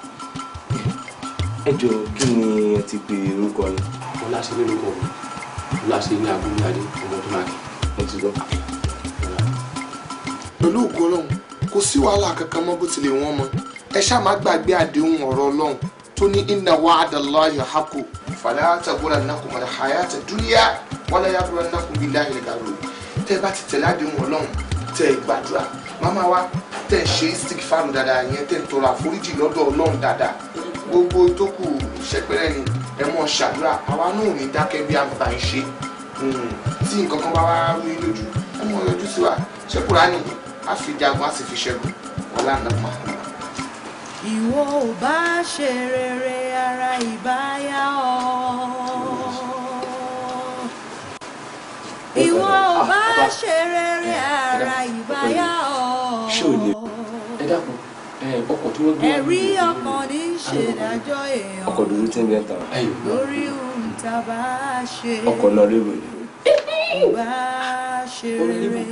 ẹ jọ kí ni ẹ ti pe orúkọ yín. ọláṣẹ lórúkọ mi ọláṣẹ ní abúlé adé ọmọ ọdún máa kí. mo ti gbọ́. pẹ̀lú ògo ọlọ́run kò sí wàhálà kankan mọ́ bó tilẹ̀ wọ́n mọ́ ẹ ṣáà má gbàgbé àdéhùn ọ̀rọ̀ ọlọ́run tó ní inna wa'dallahi haqqun fala taghurrannakum al-hayata dunya wala yaghurrannakum billahi al-ghurur tẹ́ bá ti tẹ̀lé àdéhùn ọlọ́run tẹ́ gbàdúrà màmá wa tẹ́ ṣe istik fáànù dáadáa yẹn tẹ́ tọrọ gbogbo tó kù ṣẹpẹrẹ ni ẹ mọ ṣàdúrà àwa náà ní dákẹ́ bí àgbà ń ṣe hmm, tí nǹkan kan bá wá rí lójú ẹ mọ yọjú sí wa ṣẹkùrá ni a fi jagun a sì fi ṣẹ́gun ọlá nàmọ. ìwọ ò bá ṣe rere ara ìbáyá ọ. ìwọ ò bá ah, ah, ah. ṣe rere eh, eh, ara eh, ìbáyá ọ. ṣé o lè ẹ dákun ọkọ̀ tí wọ́n gbé wá. ẹ̀rí ọkàn ní ṣèdájọ́ èèyàn. ọkọ̀ dúdú tí ń bẹ ta. lórí ohun tá a bá ṣe. ọkọ̀ lọ rébè. bá a ṣe rere.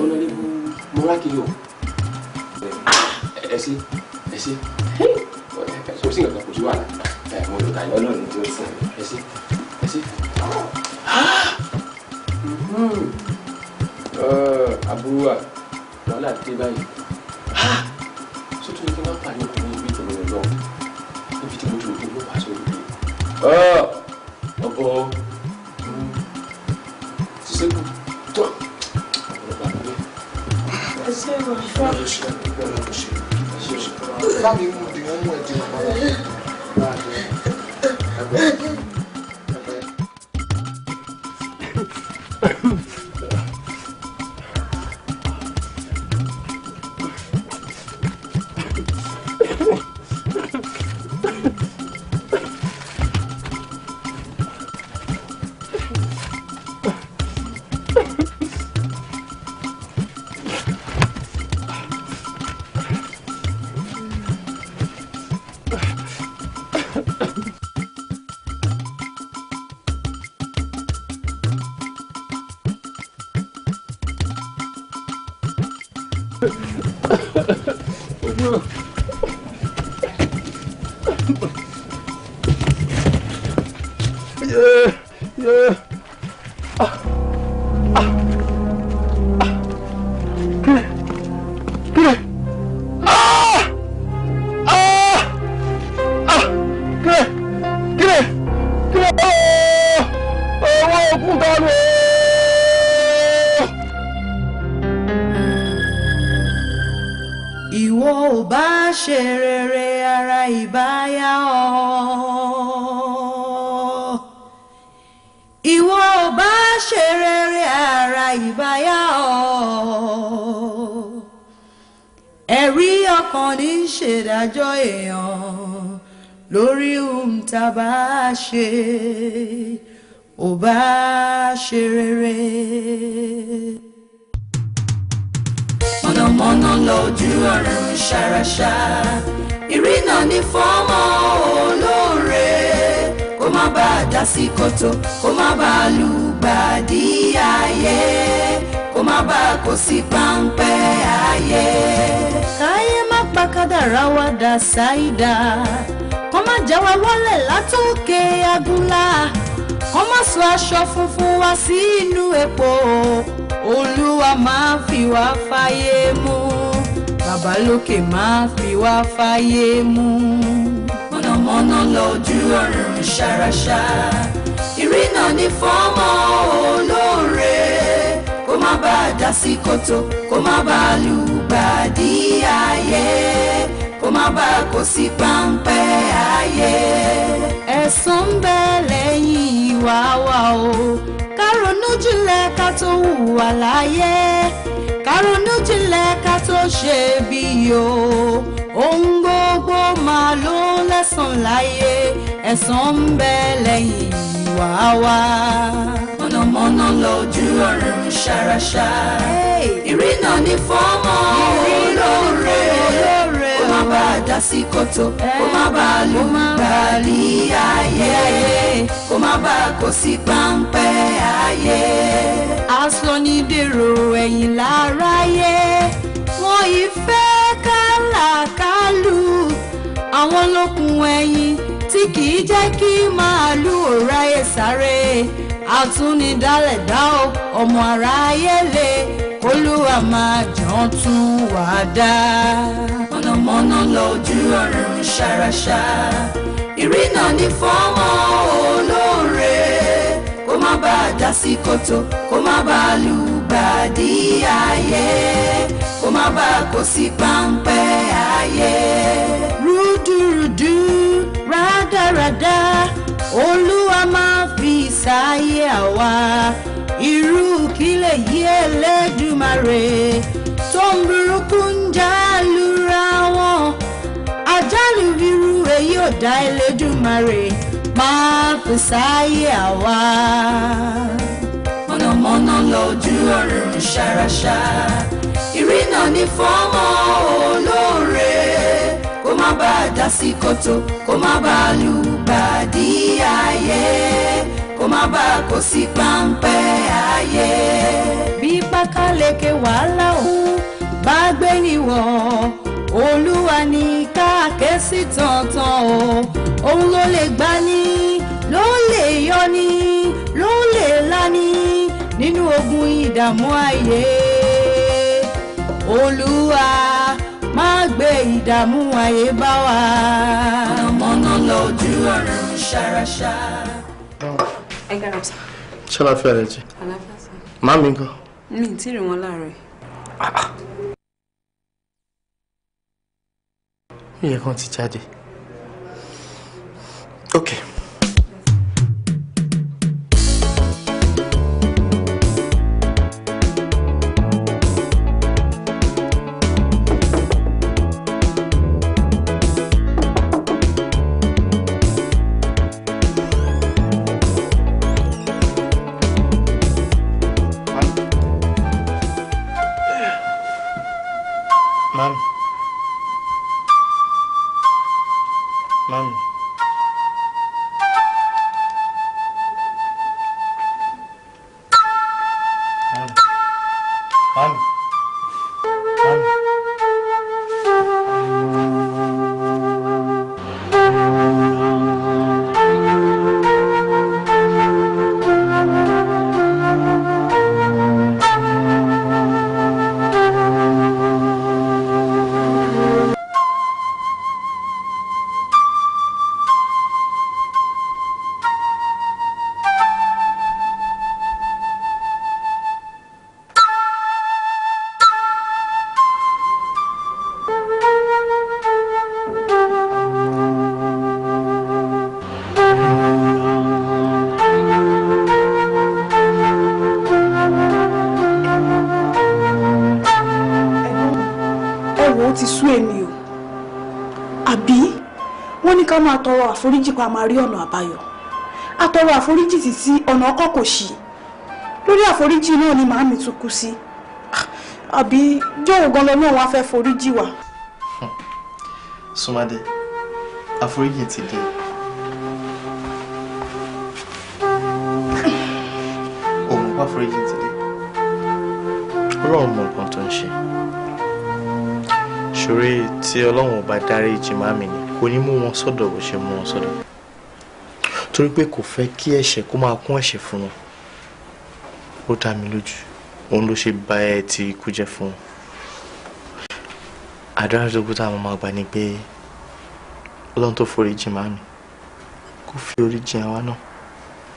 ọ̀nàdébù mọ́lákìyọ̀. ẹ ṣe ẹ ṣe kò sí nǹkan kò sí wàhálà ẹ mo lò tayọ náà ní tí ó sẹ ẹ ṣe ẹ ṣe. aburú hmm. wa wàhálà dé báyìí láǹfààní òkú ní ibi ìtòwò lọ níbi tí mo ti rò pé mo wà sórí mi. ọ̀bọ̀ ṣẹ́gun tó ọ̀pọ̀lọpọ̀ àgbẹ̀. ẹ ṣe é wọ́n ṣe. ọ̀pọ̀lọpọ̀ ṣe ọ̀pọ̀lọpọ̀ ṣe ọ̀pọ̀lọpọ̀ ṣe. láàmì mú di wọ́n mú ẹ̀jẹ̀ ọ̀pọ̀lọpọ̀ ètò kó má bàa lùgbàdì ayé kó má bàa kó sí páńpẹ́ ayé. káyé má pa kádàrá wa dà sáìdà kó má já wa wálẹ̀ látòkè agúnlá kó má sọ aṣọ funfun wa sínú epo olúwa máa fi wá fáyé mú bàbá lókè máa fi wá fáyé mú mọ̀nàmọ́ná lójú ọ̀run ṣàràṣà òbí náà ní fọ́mọ olóore kó má bàa dá sí kòtò kó má bàa lùgbàdì ayé kó má bàa kó sí páńpẹ́ ayé. ẹ̀san ń bẹ lẹ́yìn ìwà wa o ká ronú jinlẹ̀ ká tó hùwà láyé ká ronú jinlẹ̀ ká tó ṣe bí o ohun gbogbo máa ló lẹ́san láyé ẹ̀san ń bẹ lẹ́yìn wá wá. mọ̀nàmọ́ná lójú ọ̀run ṣàràṣà ìrìnà ní fọ́mọ́ olóore ó má bá a dá sí kòtò ó má bá a lù gbàlí ayé ó má bá a kó sí páńpẹ́ ayé. aṣọ ní dèrò ẹ̀yìn láráyé wọ́n ìfẹ́ kálàkálù àwọn lókun ẹ̀yìn kì í jẹ́ kí màálù òrà ẹ̀ sáré àtúnidálẹ̀ o ọmọ aráyé lè olúwa máa jàn tún wá dá. mọ̀nàmọ́ná lójú ọ̀run ṣàràṣà ìrìnà ní fọ́mọ́ olóore kó má bàa dá sí kòtò kó má bàa lùgbàdì ayé kó má bàa kó sí páńpẹ́ ayé dáradá olúwa máa fi sáyé àwa irú kílẹ̀ yí ẹlẹ́dùmarè tó ń burúkú ń já lura wọn àjálù bírú èyí ò dá ẹlẹ́dùmarè máa fi sáyé àwa. mọ̀nàmọ́ná lójú ọ̀run ṣàràṣà ìrìnà ní fọ́mọ́ olóore má bàa dá sí kòtò kó má bàa lù bàdí ayé kó má bàa kó sí páńpẹ́ ayé. bí pákáleke wàhálà ò bá gbé níwọ̀ olúwa ní káàké sí tọ̀ọ̀tàn o òun ló lè gbani ló lè yọni ló lè lani nínú ogun ìdààmú ayé olúwa má gbé ìdààmú ayé bá wa. mọ̀nàmọ́ná lójú ọ̀run ṣàràṣà. ẹ gára sá. ṣé aláfíà rẹ jẹ. aláfíà sá. màmí mi ì tí ì rí wọn láàárọ̀ yìí. ìyẹn ah, ah. kan ti jáde. okay. ti sú èmi o àbí wọ́n ní ká máa tọrọ àforíjì pa máa rí ọ̀nà àbáyọ àtọrọ àforíjì títí ọ̀nà ọkọ̀ kò ṣì lórí àforíjì náà ni màámi tún kú sí àbí jọ̀wọ́ gan lọ́nà wọn á fẹ́ foríjì wá. Súnmádé àforíjì ti dé. òun wá foríjì ti dé. ọlọ́run mọ nǹkan tó ń ṣe ṣoré tí ọlọ́run ọba dárí jìmá mi ni kò ní mú wọn sọ́dọ̀ bó ṣe mú wọn sọ́dọ̀ torí pé kò fẹ́ kí ẹ̀ṣẹ̀ kó máa kún ẹ̀ṣẹ̀ fún wọn ó dá mi lójú òun ló ṣe ba ẹ ti ikú jẹ́ fún wọn àdúrà tó kú táwọn máa gbà ni pé ọlọ́run tó forí jìmá mi kó fi orí jìn àwa náà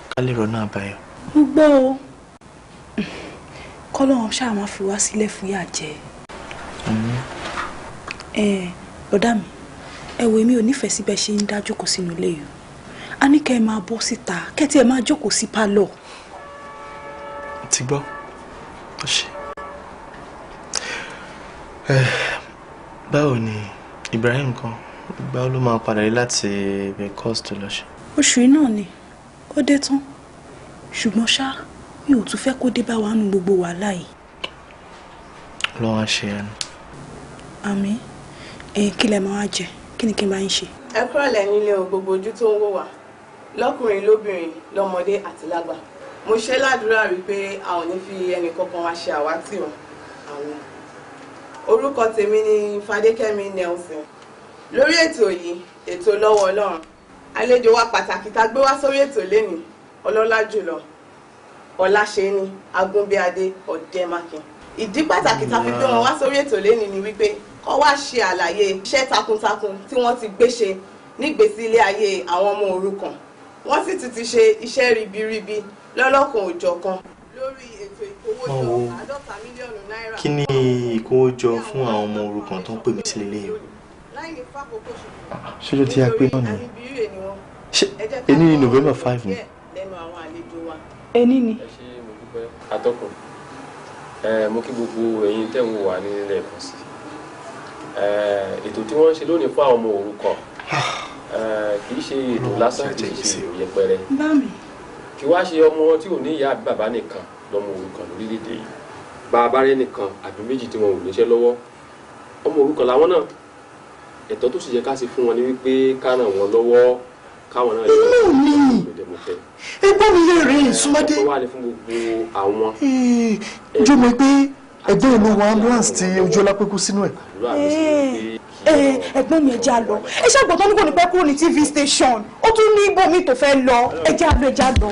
ká lè rọ́nà àbáyọ. mo gbọ́ o kọ́lọ́run ṣáà máa fi wá sílẹ̀ fún yà jẹ́. àmín bọ̀dá mi ẹ wo èmi ò nífẹ̀ẹ́ síbẹ̀ ṣe ń dá jókòó sínú ilé yìí a ní kẹ́ ẹ máa bọ́ síta kẹ́tí ẹ máa jókòó sí pálọ̀. ti gbọ́ ó ṣe báwo ni Ibrahim kan ìgbà ló máa padà rí láti ibi course tó lọ ṣe. oṣù yìí náà ni ó dé tán ṣùgbọ́n ṣá mi ò tún fẹ́ kó dé bá wa nu gbogbo wàhálà yìí. lọ́wọ́ ṣe ẹnu. àmín ẹ̀yin kí lẹ máa wá jẹ kí ni kí n bá ń ṣe. ẹ kúrọ̀lẹ́ nílé o gbogbo ojú tó ń wò wá lọ́kùnrin lóbìnrin lọ́mọdé àti lágbà mo ṣe ládùúrà rí pé a ò ní fi ẹnì kankan wá ṣe àwátì wọn àwọn orúkọ tèmi ni Fadékẹ́mi Nelson lórí ètò yìí ètò lọ́wọ́ Ọlọ́run àlejò wa pàtàkì tá a gbé wá sórí ètò lénìí ọlọ́lá jùlọ Ọláṣẹ́ni Agúnbíadé Ọ̀dẹ́mákin ìdí pàtàkì tá a fi gbé wọn wá sórí ètò lénìí ni wípé kó wá ṣe àlàyé iṣẹ́ takuntakun tí wọ́n ti gbé ṣe nígbèsí ilé ayé àwọn ọmọ òrukàn wọ́n sì ti ti ṣe iṣẹ́ ribiribi lọ́lọ́kan òjọ̀kan lórí ètò ìkówójọ àádọ́ta mílíọ̀nù náírà. kí ni ìkówójọ fún àwọn ọmọ òrukàn tó ń pè mí sílé ilé yìí. ṣojú tí a pé náà ni ẹni ni november five ni. ẹni ni. atọ́kùn mo kí gbogbo ẹ̀yin tẹ̀ ń wà nílẹ̀ ẹ̀kọ́ sí Eh, ètò tí wọ́n ń ṣe lónìí fún àwọn ọmọ òrukàn ah. eh, kì í ṣe ètò lásán kì í ṣe yẹpẹrẹ kí wá ṣe ọmọ tí ò ní ìyá àbí bàbá nìkan lọmọ òrukàn lórílẹ̀‐èdè yìí bá a bá rẹ nìkan àbí méjì tí wọn ò níṣẹ́ lọ́wọ́ ọmọ òrukàn làwọn náà ẹ̀tọ́ tó sì yẹ ká ṣe fún wọn ni wípé ká ràn wọ́n lọ́wọ́ káwọn náà yọ ọ́ ẹgbẹ́ mi lè rè eh, súnmọ́dé ẹ̀tọ́ wà ní fún gbogbo àwọn. jọmọ pé ẹgbẹ́ ìlú wa ambulance ti Ojúọlá pé kú sínú ẹ̀. Eh, eh, ẹ̀gbọ́n mi ẹja lọ ẹ ṣàgbọ́tọ́ nígbà nípa kúrò ní TV station ó tún ní ibòmí tó fẹ́ lọ ẹja lọ ẹja lọ.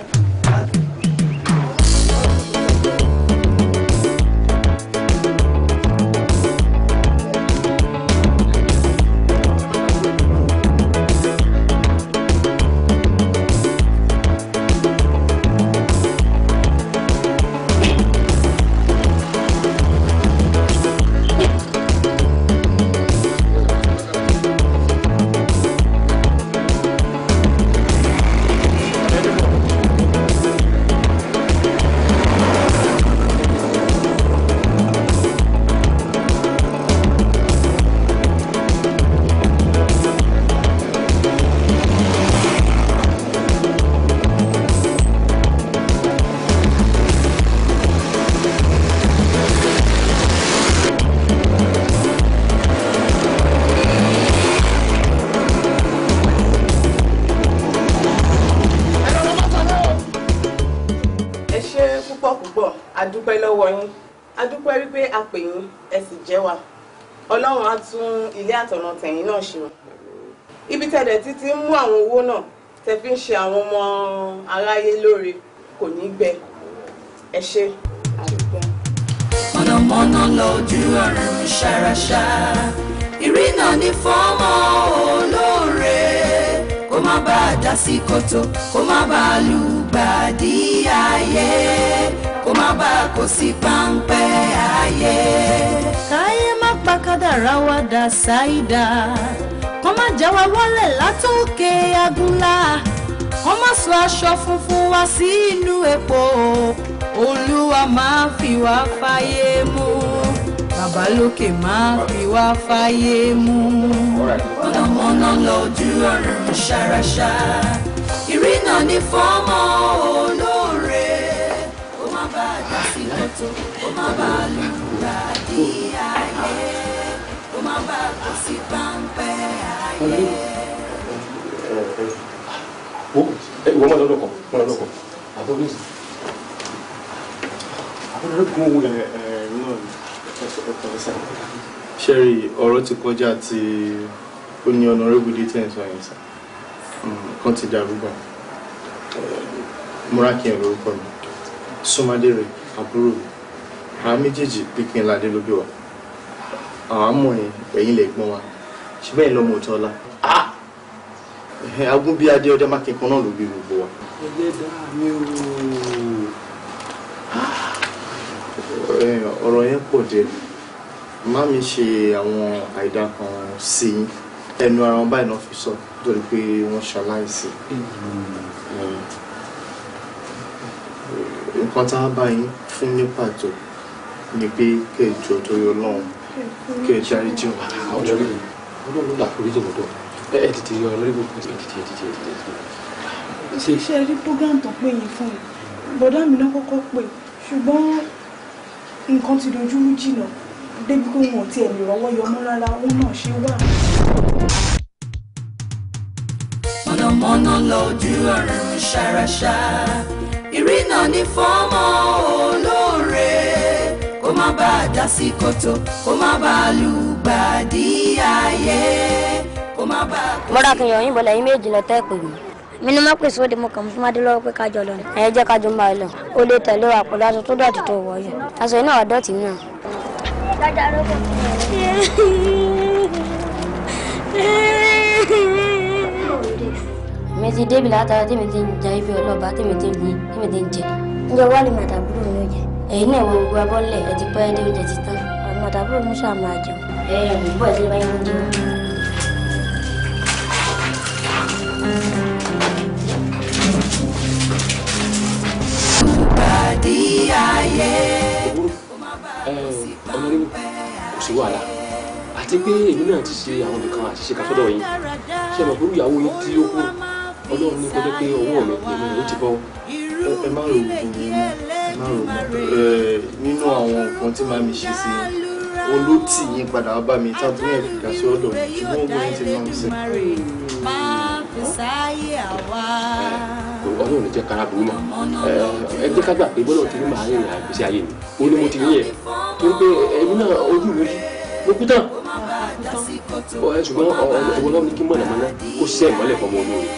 àtọ̀nà tẹ̀yìn náà ṣe o ibi tẹ̀dẹ̀ títí ń mú àwọn owó náà tẹ fi ń ṣe àwọn ọmọ aráyé lóore kò ní gbẹ ẹ ṣe àdúgbò. mọ̀nàmọ́ná lójú ọ̀run ṣàràṣà ìrìnà ní fọ́mọ olóore kó má bàa dá sí kòtò kó má bàa lùgbàdì ayé kó má bàa kó sí páńpẹ́ ayé rádaràwádà ṣáìdà kọ́ má já wa wálẹ̀ látòkè agúnlá kọ́ má sọ aṣọ funfun wá sínú epo olúwa máa fi wá fáyé mú bàbá lókè máa fi wá fáyé mú. mọ̀nàmọ́ná lójú ọ̀run ṣàràṣà ìrìnà ní fọ́mọ́ olóore ó má bàa dá sí lọ́tọ̀ ó má bàa lù. ìwọ mọ̀ lọ́dọ̀ kan mọ̀ lọ́dọ̀ kan àbúrò ní àbúrò ní kún òun ẹ̀ ẹ̀ náà ẹ̀kọ́ ẹ̀sẹ̀. sẹ́rí ọ̀rọ̀ ti kọjá tí ó ní honorable details ọ̀yìn sá kan ti dàrú gan múrákì ẹ̀ lórúkọ mi súnmọ́dé rẹ̀ àbúrò mi àwọn méjèèjì pínpín ládé ló bí wa àwọn amọ̀ yẹn ẹ̀yìn lè gbọ́n wa ṣùgbọ́n ẹ̀ lọ́mọ òtọ́ ọlá agúnbíadé ọjọ́ mákẹ́kọ̀ọ́ náà ló bí gbogbo wa. ẹlẹ́dàá mi ò ah, ọ̀rọ̀ yẹn pọ̀ jẹ́ má mi ṣe àwọn àìdá kan sí yín ẹnu ara wọn báyìí náà fi sọ nítorí pé wọ́n ṣaláìsí nǹkan tá a bá yín fún ní pàtó ni pé kẹjọ torí Ọlọ́run kẹjọ àríjì wà. ọjọ́ ló ń dàkúrí jìnnà tó ẹ tètè yọ lórí gbogbo ẹ tètè ẹ tètè ẹ tètè. ṣe rí program tó pè yín fún mi bọ̀dá mi náà kọ́kọ́ pè ṣùgbọ́n nǹkan ti dojú rú jìnnà débi pé wọn ò tiẹ̀ lè rọwọ́ yọmú rárá òun náà ṣe wà. mọ̀nàmọ́ná lójú ọ̀run ṣàràṣà ìrìnà ní fọ́mọ́ olóore kó má bàa dá sí kòtò kó má bàa lùgbàdì ayé kó má bà á. bọ́dà méjì lọ pè mí. mi ni má pè sóde mo kàn fún mádé lọ́wọ́ pé ká jọ lọ ni. ẹ jẹ́ ká jọ máa lọ o lè tẹ̀lé wa pẹ̀lú aṣọ tó dọ̀tí tó wọ̀ yìí aṣọ iná ọ̀dọ́tì náà. dájà ló kọ mi ti débi látara tí mi ti ń jẹ ibi ọlọ́ba tí mi ti ń yin tí mi ti jẹ. ǹjẹ́ wàá lè màtàbúrò èyí náà wọ gbogbo abọ́lẹ̀ ẹ ti pẹ́ dé oúnjẹ ti tán. màtàbúrò mi ṣáà máa jẹun. ẹ ẹ bọ̀ ẹ ti bá yín jẹun sí wàhálà àti pé èmi náà ti ṣe àwọn nǹkan àṣìṣe kan sọ́dọ̀ yín ṣe mọ̀ pé ìyàwó yín tí ó kú ọlọ́run ní kọjá pé ọwọ́ mi èmi ló ti bọ́ ẹ má rò ó ní má rò ó nínú àwọn nǹkan tí màmí ṣe sí olótì yín padà bá mi tábúrò ẹ̀ sí ọ̀dọ̀ ṣùgbọ́n ogun yín ti máa ń sẹ́yìn sáyé àwa. ọlọ́run ní jẹ́ kára burú mọ́ ẹ jẹ́ ká gbà pé bọ́lá òtún máa rìn àgbèsè ayé mi ó ní mo ti rí ẹ torí pé ẹni náà ojú mi rí mo kú tán ṣùgbọ́n ọ̀wọ́ náà ní kí mọ̀nà mọ́ná kó sẹ́ ìmọ́lẹ̀ fọmọ olóore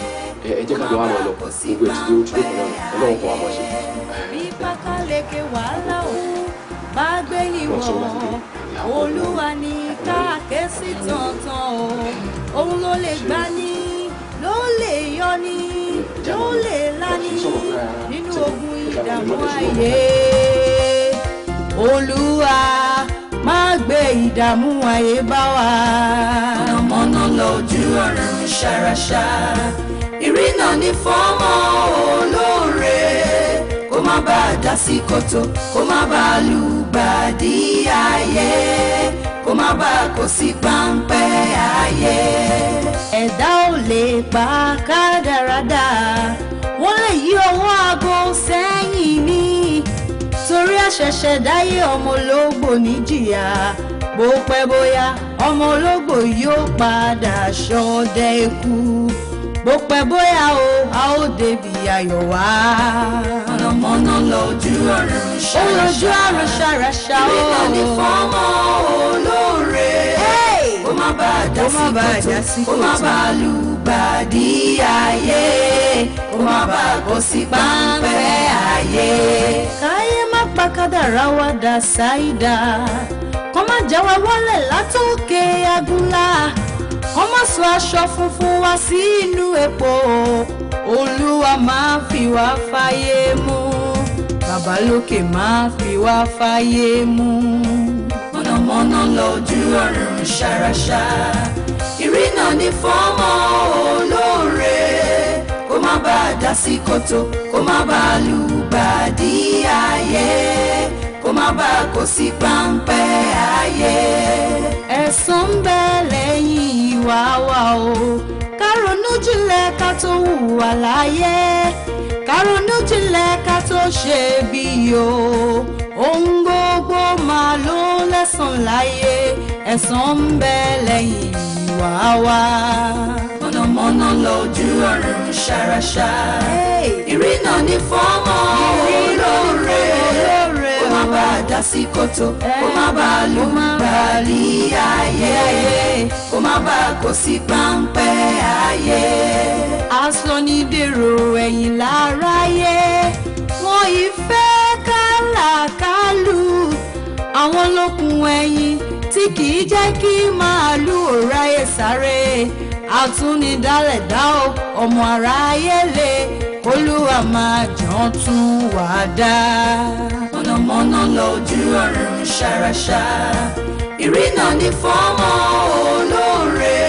ẹ jẹ́ ká jọ wá máa lọ gbogbo ẹ̀ ti dé ojú lókun náà ọlọ́run kọ́ wa mọ̀ ṣe. bí pákáleke wàhálà ò bá gbé níwọ̀n olúwa ní káàkiri sí tọ̀ọ̀tàn òun ló lè gbá ní yọ ni ó lè lani nínú ogun ìdààmú ayé olúwa má gbé ìdààmú ayé bá wa. mọ̀nàmọ́ná lójú ọ̀run ṣàràṣà ìrìnà ní fọ́mọ́ olóore kó má bàa dá kòtò kó má bàa lùgbàdì ayé kó má bàa kó sí páńpẹ́ ayé. ẹ̀dá ò lè pa kádàrádà wọ́n lè yí ọwọ́ aago sẹ́yìn ní torí àṣẹ̀ṣẹ̀ dáyé ọmọ ológbò níjìyà bó pẹ́ bóyá ọmọ ológbò yóò padà ṣọdẹ ikú bó pẹ́ bóyá o a ó débi ayọ̀ wá. mọ̀nàmọ́ná lójú ọ̀run ṣàràṣà. ó lójú ọ̀run ṣàràṣà o. ìrìnà ní fọ́mọ olóore. ó má bá a já sí kòtò ó má bá a lù gbàdí ayé ó má bá a kó sí páńpẹ́ ayé. káyé má pa kádàrá dà sáìdá kó má já wọlé látòkè agúnlá kọ́ má sọ aṣọ funfun wá sí inú epo olúwa máa fi wá fáyé mú bàbá lókè máa fi wá fáyé mú. mọ̀nàmọ́ná lójú ọ̀run ṣàràṣà ìrìnà ní fọ́mọ́ olóore kó má bàa dá sí kòtò kó má bàa lùgbàdì ayé kó má bàa kó sí páńpẹ́ ayé. ẹ̀sùn ń bẹ lẹ́yìn ìwà wa o ká ronú jinlẹ̀ ká tó hùwà láyé ká ronú jinlẹ̀ ká tó ṣe bí o ohun gbogbo máa ló lẹ́san láyé ẹ̀san ń bẹ lẹ́yìn ìwà wa. mọ̀nàmọ́ná lójú ọ̀run ṣàràṣà ìrìnà ní fọ́mọ́ sí kòtò kó má bàa lù bàálí ayé kó má bàa kó sí páńpẹ́ ayé. aṣọ ní dèrò ẹ̀yìn láráyé wọn ìfẹ́ kálàkálù àwọn lókun ẹ̀yìn tí kì í jẹ́ kí màálù òráyè sáré àtúnidálẹ̀ dá o ọmọ aráyé lè kólúwa máa jọ tún wàá dá mọ̀nàmọ́ná lójú ọ̀run ṣàràṣà ìrìnà ní fọ́mọ olóore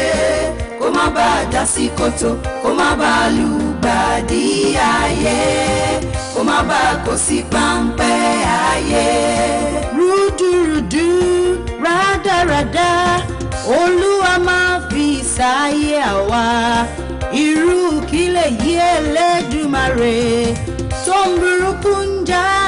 kó má bàa dá sí kòtò kó má bàa lùgbàdì ayé kó má bàa kó sí páńpẹ́ ayé. rúdurùdu rádaràda olúwa máa fi sáyé àwa irú kílẹ̀ yí ẹlẹ́dùmarè tó ń burúkú ń já.